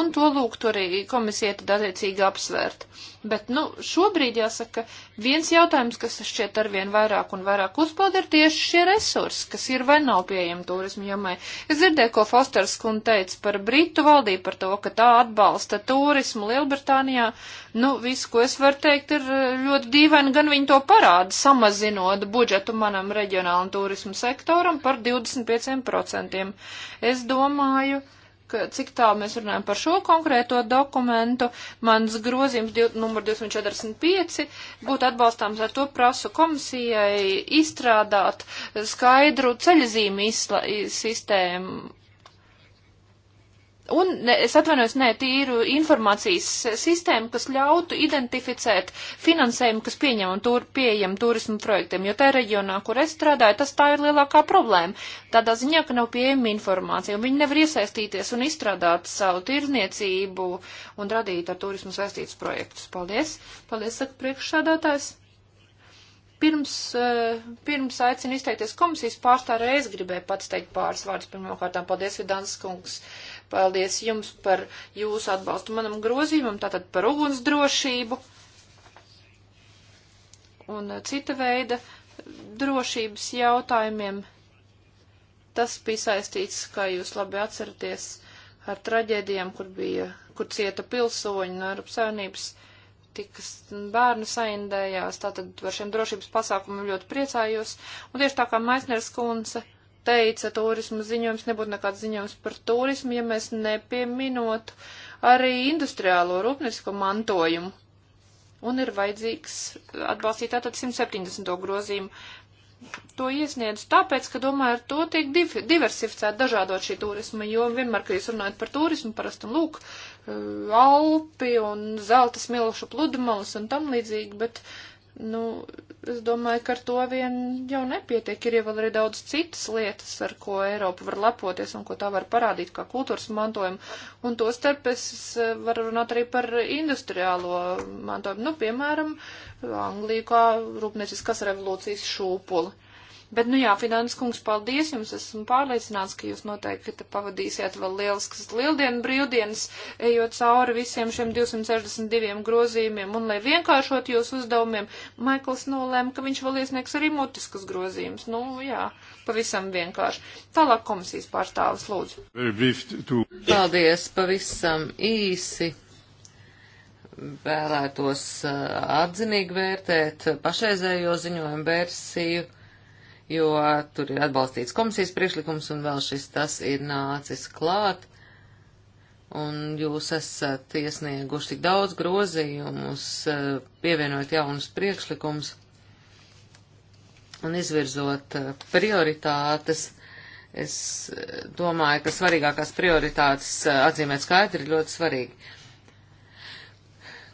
Un to lūgtu arī komisija tad attiecīgi apsvērt. Bet, nu, šobrīd jāsaka, viens jautājums, kas šķiet arvien vairāk un vairāk uzpeld, ir tieši šie resursi, kas ir vai nav pieejami turismu jomai. Es dzirdēju, ko Fosters kun teica par Britu valdību, par to, ka tā atbalsta turismu Lielbritānijā. Nu, viss, ko es varu teikt, ir eh, ļoti dīvaini, gan viņi to parāda, samazinot budžetu manam reģionālam turismu sektoram par 25%. Es domāju, cik tālu mēs runājam par šo konkrēto dokumentu. Mans grozījums numur 245 būtu atbalstāms ar to prasu komisijai izstrādāt skaidru ceļzīmi sistēmu Un ne, es atvainojos, nē, tīru informācijas sistēmu, kas ļautu identificēt finansējumu, kas pieņemam tur, pieejam turismu projektiem, jo tā reģionā, kur es strādāju, tas tā ir lielākā problēma. Tādā ziņā, ka nav pieejama informācija, un viņi nevar iesaistīties un izstrādāt savu tirzniecību un radīt ar turismu saistītus projektus. Paldies! Paldies, saka priekšsādātājs! pirms, eh, pirms aicinu izteikties komisijas pārstāvē, es gribēju pats teikt pāris vārdus. Pirmkārt, paldies Vidāns kungs Paldies jums par jūsu atbalstu manam grozījumam, tātad par ugunsdrošību un cita veida drošības jautājumiem. Tas bija saistīts, kā jūs labi atceraties, ar traģēdijām, kur bija, kur cieta pilsoņi no Eiropas Savienības, tikas bērnu saindējās, tātad par šiem drošības pasākumiem ļoti priecājos. Un tieši tā kā Maisners Kunce teica, turismu ziņojums nebūtu nekāds ziņojums par turismu, ja mēs nepieminot arī industriālo rūpniecisko mantojumu. Un ir vajadzīgs atbalstīt tātad 170. grozījumu. To iesniedz tāpēc, ka, domāju, ar to tiek diversificēta dažādot šī turisma, jo vienmēr, kad jūs runājat par turismu, parasti lūk, eh, Alpi un zelta smilšu pludmales un tam līdzīgi, bet, nu, Es domāju, ka ar to vien jau nepietiek. Ir jau arī daudz citas lietas, ar ko Eiropa var lepoties un ko tā var parādīt kā kultūras mantojumu. Un to starp es eh, varu runāt arī par industriālo mantojumu. Nu, piemēram, Angliju kā rūpnieciskās revolūcijas šūpuli. Bet, nu jā, Finanses kungs, paldies jums. Esmu pārliecināts, ka jūs noteikti te pavadīsiet vēl lieliskas lieldienu brīvdienas, ejot cauri visiem šiem 262 grozījumiem. Un, lai vienkāršot jūsu uzdevumiem, Maikls nolēma, ka viņš vēl iesniegs arī mutiskas grozījumus. Nu, jā, pavisam vienkārši. Tālāk komisijas pārstāvis, lūdzu. Paldies, pavisam īsi vēlētos uh, atzinīgi vērtēt pašreizējo ziņojumu versiju jo tur ir atbalstīts komisijas priekšlikums un vēl šis tas ir nācis klāt. Un jūs esat iesnieguši tik daudz grozījumus, eh, pievienot jaunus priekšlikumus un izvirzot eh, prioritātes. Es eh, domāju, ka svarīgākās prioritātes atzīmēt skaidri ir ļoti svarīgi.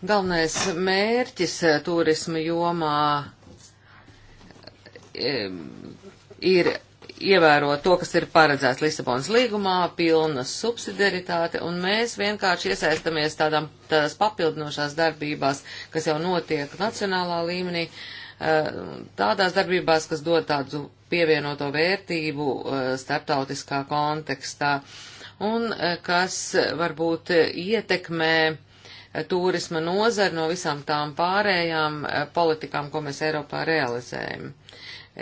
Galvenais mērķis turisma jomā ir ievērot to, kas ir paredzēts Lisabonas līgumā, pilna subsidiaritāte, un mēs vienkārši iesaistamies tādām, tādās papildinošās darbībās, kas jau notiek nacionālā līmenī, tādās darbībās, kas dod tādu pievienoto vērtību eh, starptautiskā kontekstā, un eh, kas varbūt ietekmē eh, turisma nozari no visām tām pārējām politikām, ko mēs Eiropā realizējam. Uh,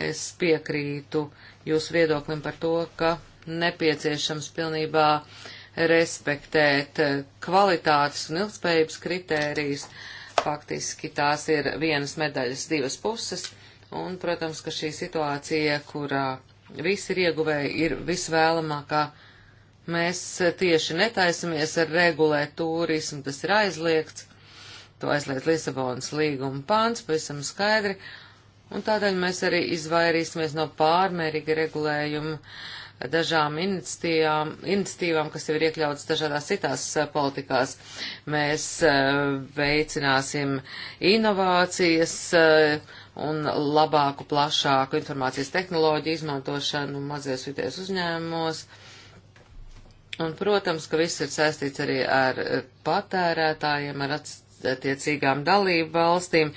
Es piekrītu jūsu viedoklim par to, ka nepieciešams pilnībā respektēt eh, kvalitātes un ilgspējības kritērijas. Faktiski tās ir vienas medaļas divas puses, un, protams, ka šī situācija, kurā visi ir ieguvēji, ir visvēlamākā. Mēs tieši netaisamies ar regulēt turismu, tas ir aizliegts, to aizliedz Lisabonas līguma pāns, pavisam skaidri, Un tādēļ mēs arī izvairīsimies no pārmērīga regulējuma dažām iniciatīvām, iniciatīvām, kas jau ir iekļautas dažādās citās eh, politikās. Mēs eh, veicināsim inovācijas eh, un labāku, plašāku informācijas tehnoloģiju izmantošanu mazies vities uzņēmumos. Un, protams, ka viss ir saistīts arī ar patērētājiem, ar atstājumiem attiecīgām dalību valstīm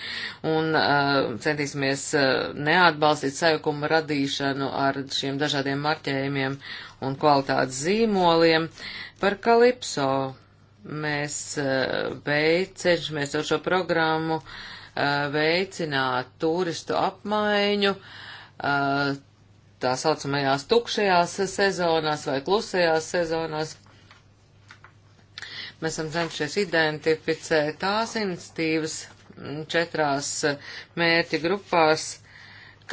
un uh, centīsimies uh, neatbalstīt sajukuma radīšanu ar šiem dažādiem marķējumiem un kvalitātes zīmoliem. Par Kalipso mēs uh, beidz, cenšamies ar šo programmu uh, veicināt turistu apmaiņu. Uh, tā saucamajās tukšajās sezonās vai klusajās sezonās, Mēs esam cenšies identificēt tās iniciatīvas mm, četrās eh, mērķa grupās,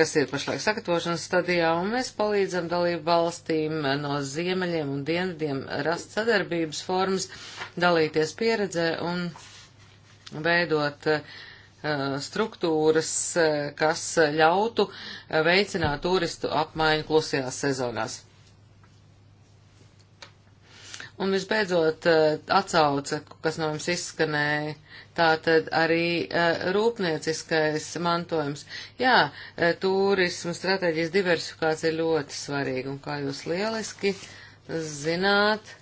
kas ir pašlaik sagatavošanas stadijā, un mēs palīdzam dalību valstīm eh, no ziemeļiem un dienvidiem rast sadarbības formas, dalīties pieredzē un veidot uh, struktūras, kas ļautu veicināt turistu apmaiņu klusajās sezonās. Un visbeidzot, eh, atsauce, kas no jums izskanēja, tātad arī eh, rūpnieciskais mantojums. Jā, eh, turismu stratēģijas diversifikācija ir ļoti svarīga, un kā jūs lieliski zināt,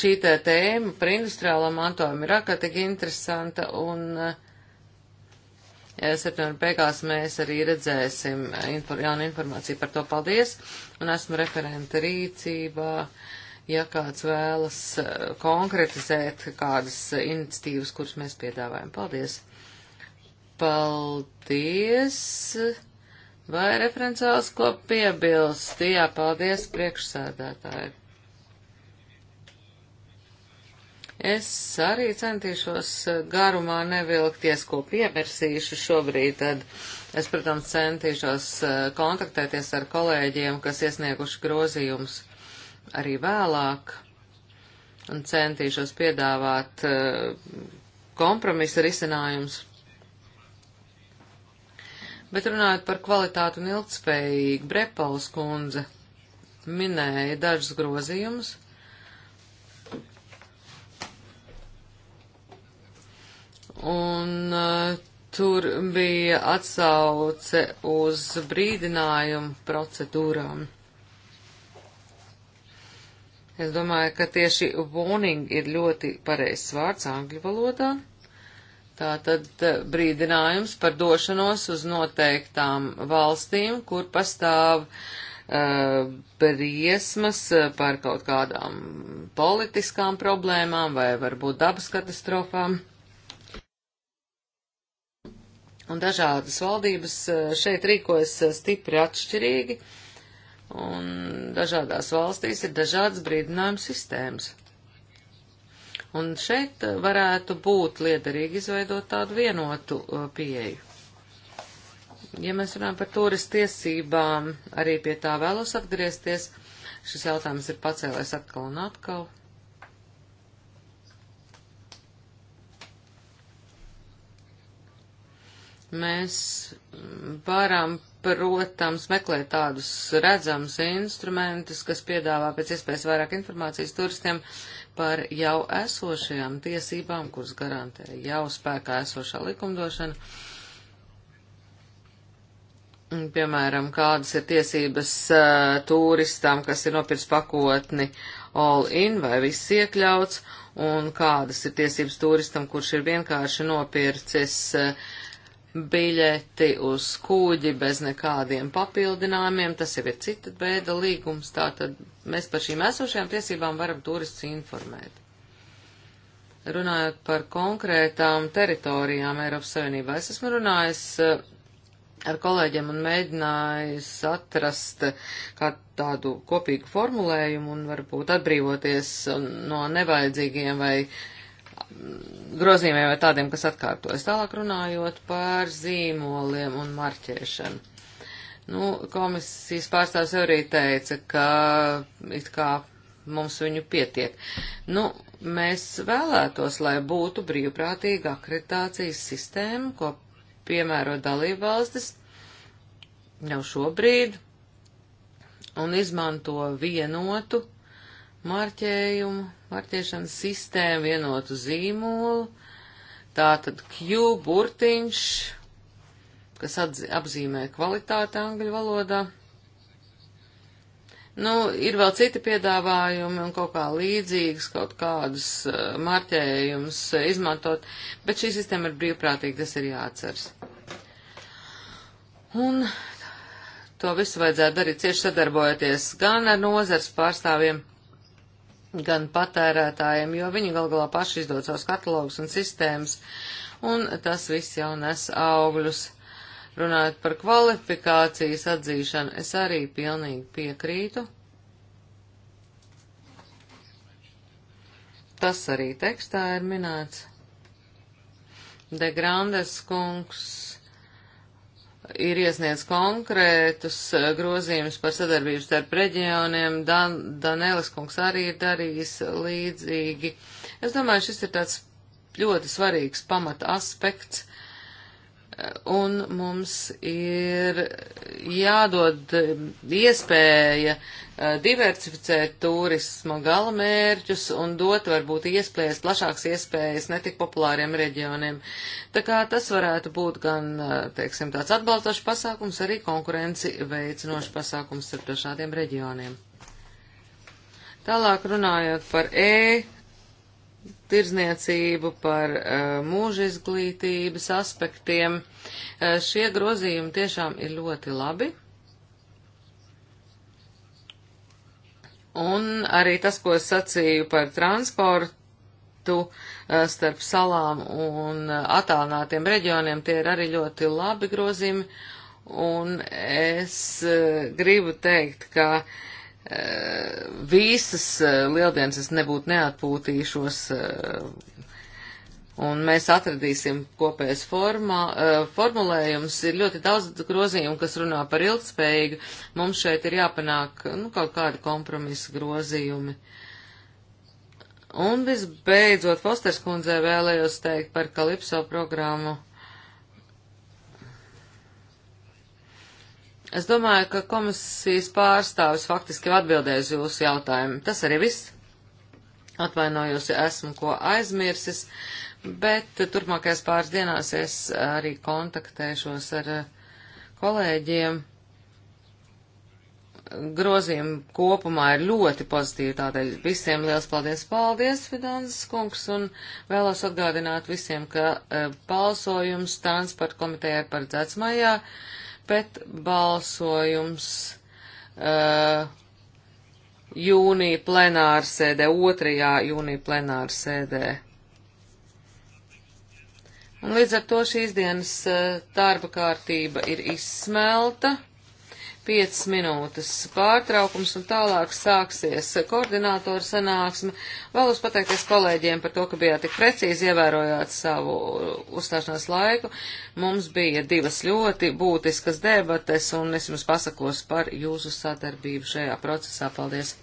šī tēma par industriālo mantojumu ir ārkārtīgi interesanta, un uh, septembra beigās mēs arī redzēsim infor, jaunu informāciju par to. Paldies! Un esmu referenta rīcībā. Ja kāds vēlas eh, konkretizēt kādas iniciatīvas, kuras mēs piedāvājam. Paldies! Paldies! Vai referents vēlas ko piebilst? Jā, paldies priekšsēdētāji! Es arī centīšos eh, garumā nevilkties, ko piemirsīšu šobrīd, tad es, protams, centīšos eh, kontaktēties ar kolēģiem, kas iesnieguši grozījumus arī vēlāk, un centīšos piedāvāt eh, kompromisa risinājums. Bet runājot par kvalitātu un ilgtspējīgu, Brepaus kundze minēja dažus grozījumus un uh, tur bija atsauce uz brīdinājumu procedūrām. Es domāju, ka tieši warning ir ļoti pareizs vārds angļu valodā. Tātad eh, brīdinājums par došanos uz noteiktām valstīm, kur pastāv uh, briesmas par kaut kādām politiskām problēmām vai varbūt dabas katastrofām un dažādas valdības eh, šeit rīkojas eh, stipri atšķirīgi, un dažādās valstīs ir dažādas brīdinājuma sistēmas. Un šeit eh, varētu būt liederīgi izveidot tādu vienotu pieeju. Ja mēs runājam par turistu tiesībām, arī pie tā vēlos atgriezties. Šis jautājums ir pacēlēs atkal un atkal. Mēs mm, varam, protams, meklēt tādus redzamus instrumentus, kas piedāvā pēc iespējas vairāk informācijas turistiem par jau esošajām tiesībām, kuras garantē jau spēkā esošā likumdošana. Piemēram, kādas ir tiesības uh, eh, turistām, kas ir nopirts pakotni all-in vai viss iekļauts, un kādas ir tiesības turistam, kurš ir vienkārši nopircis uh, biļeti uz kūģi bez nekādiem papildinājumiem, tas jau ir cita veida līgums, tātad mēs par šīm esošajām tiesībām varam turistus informēt. Runājot par konkrētām teritorijām Eiropas Savienībā, es esmu runājis eh, ar kolēģiem un mēģinājis atrast eh, kā tādu kopīgu formulējumu un varbūt atbrīvoties eh, no nevajadzīgiem vai uh, grozījumiem vai tādiem, kas atkārtojas. Tālāk runājot par zīmoliem un marķēšanu. Nu, komisijas pārstāvs jau arī teica, ka it kā mums viņu pietiek. Nu, mēs vēlētos, lai būtu brīvprātīga akreditācijas sistēma, ko piemēro dalību valstis jau šobrīd un izmanto vienotu marķējumu, marķēšanas sistēmu, vienotu zīmolu, tātad Q burtiņš, kas atzi, apzīmē kvalitāti angļu valodā. Nu, ir vēl citi piedāvājumi un kaut kā līdzīgas, kaut kādus uh, marķējumus uh, izmantot, bet šī sistēma ir brīvprātīga, tas ir jāatceras. Un to visu vajadzētu darīt cieši sadarbojoties gan ar nozars pārstāvjiem, gan patērētājiem, jo viņi gal galā paši izdod savus katalogus un sistēmas, un tas viss jau nes augļus. Runājot par kvalifikācijas atzīšanu, es arī pilnīgi piekrītu. Tas arī tekstā ir minēts. De Grandes kungs ir iesniedz konkrētus eh, grozījumus par sadarbību starp reģioniem. Dan Danēlis kungs arī ir darījis līdzīgi. Es domāju, šis ir tāds ļoti svarīgs pamata aspekts, un mums ir jādod iespēja eh, diversificēt turisma galamērķus un dot varbūt iespējas, plašāks iespējas netik populāriem reģioniem. Tā kā tas varētu būt gan, eh, teiksim, tāds atbalstošs pasākums, arī konkurenci veicinošs pasākums starp dažādiem reģioniem. Tālāk runājot par E tirzniecību, par eh, mūža izglītības aspektiem. Eh, šie grozījumi tiešām ir ļoti labi. Un arī tas, ko es sacīju par transportu eh, starp salām un attālinātiem reģioniem, tie ir arī ļoti labi grozījumi. Un es gribu teikt, ka uh, Eh, visas eh, lieldienas es nebūtu neatpūtīšos, eh, un mēs atradīsim kopējas formā. Formulējums ir ļoti daudz grozījumu, kas runā par ilgspējīgu. Mums šeit ir jāpanāk nu, kaut kādi kompromisa grozījumi. Un visbeidzot, Fosters kundzei vēlējos teikt par Kalipso programmu Es domāju, ka komisijas pārstāvis faktiski atbildēs jūsu jautājumu. Tas arī viss. Atvainojos, ja esmu ko aizmirsis, bet turpmākajās pāris dienās es arī kontaktēšos ar eh, kolēģiem. Grozījumi kopumā ir ļoti pozitīvi, tādēļ visiem liels paldies, paldies, Fidanses kungs, un vēlos atgādināt visiem, ka eh, balsojums transporta komiteja ir paredzēts maijā. Uh, bet balsojums uh, jūnija plenāra sēdē, 2. jūnija plenāra sēdē. Un līdz ar to šīs dienas uh, darba kārtība ir izsmelta. 5 minūtes pārtraukums un tālāk sāksies koordinātora sanāksme. Vēlos pateikties kolēģiem par to, ka bijāt tik precīzi ievērojāt savu uzstāšanās laiku. Mums bija divas ļoti būtiskas debates un es jums pasakos par jūsu sadarbību šajā procesā. Paldies!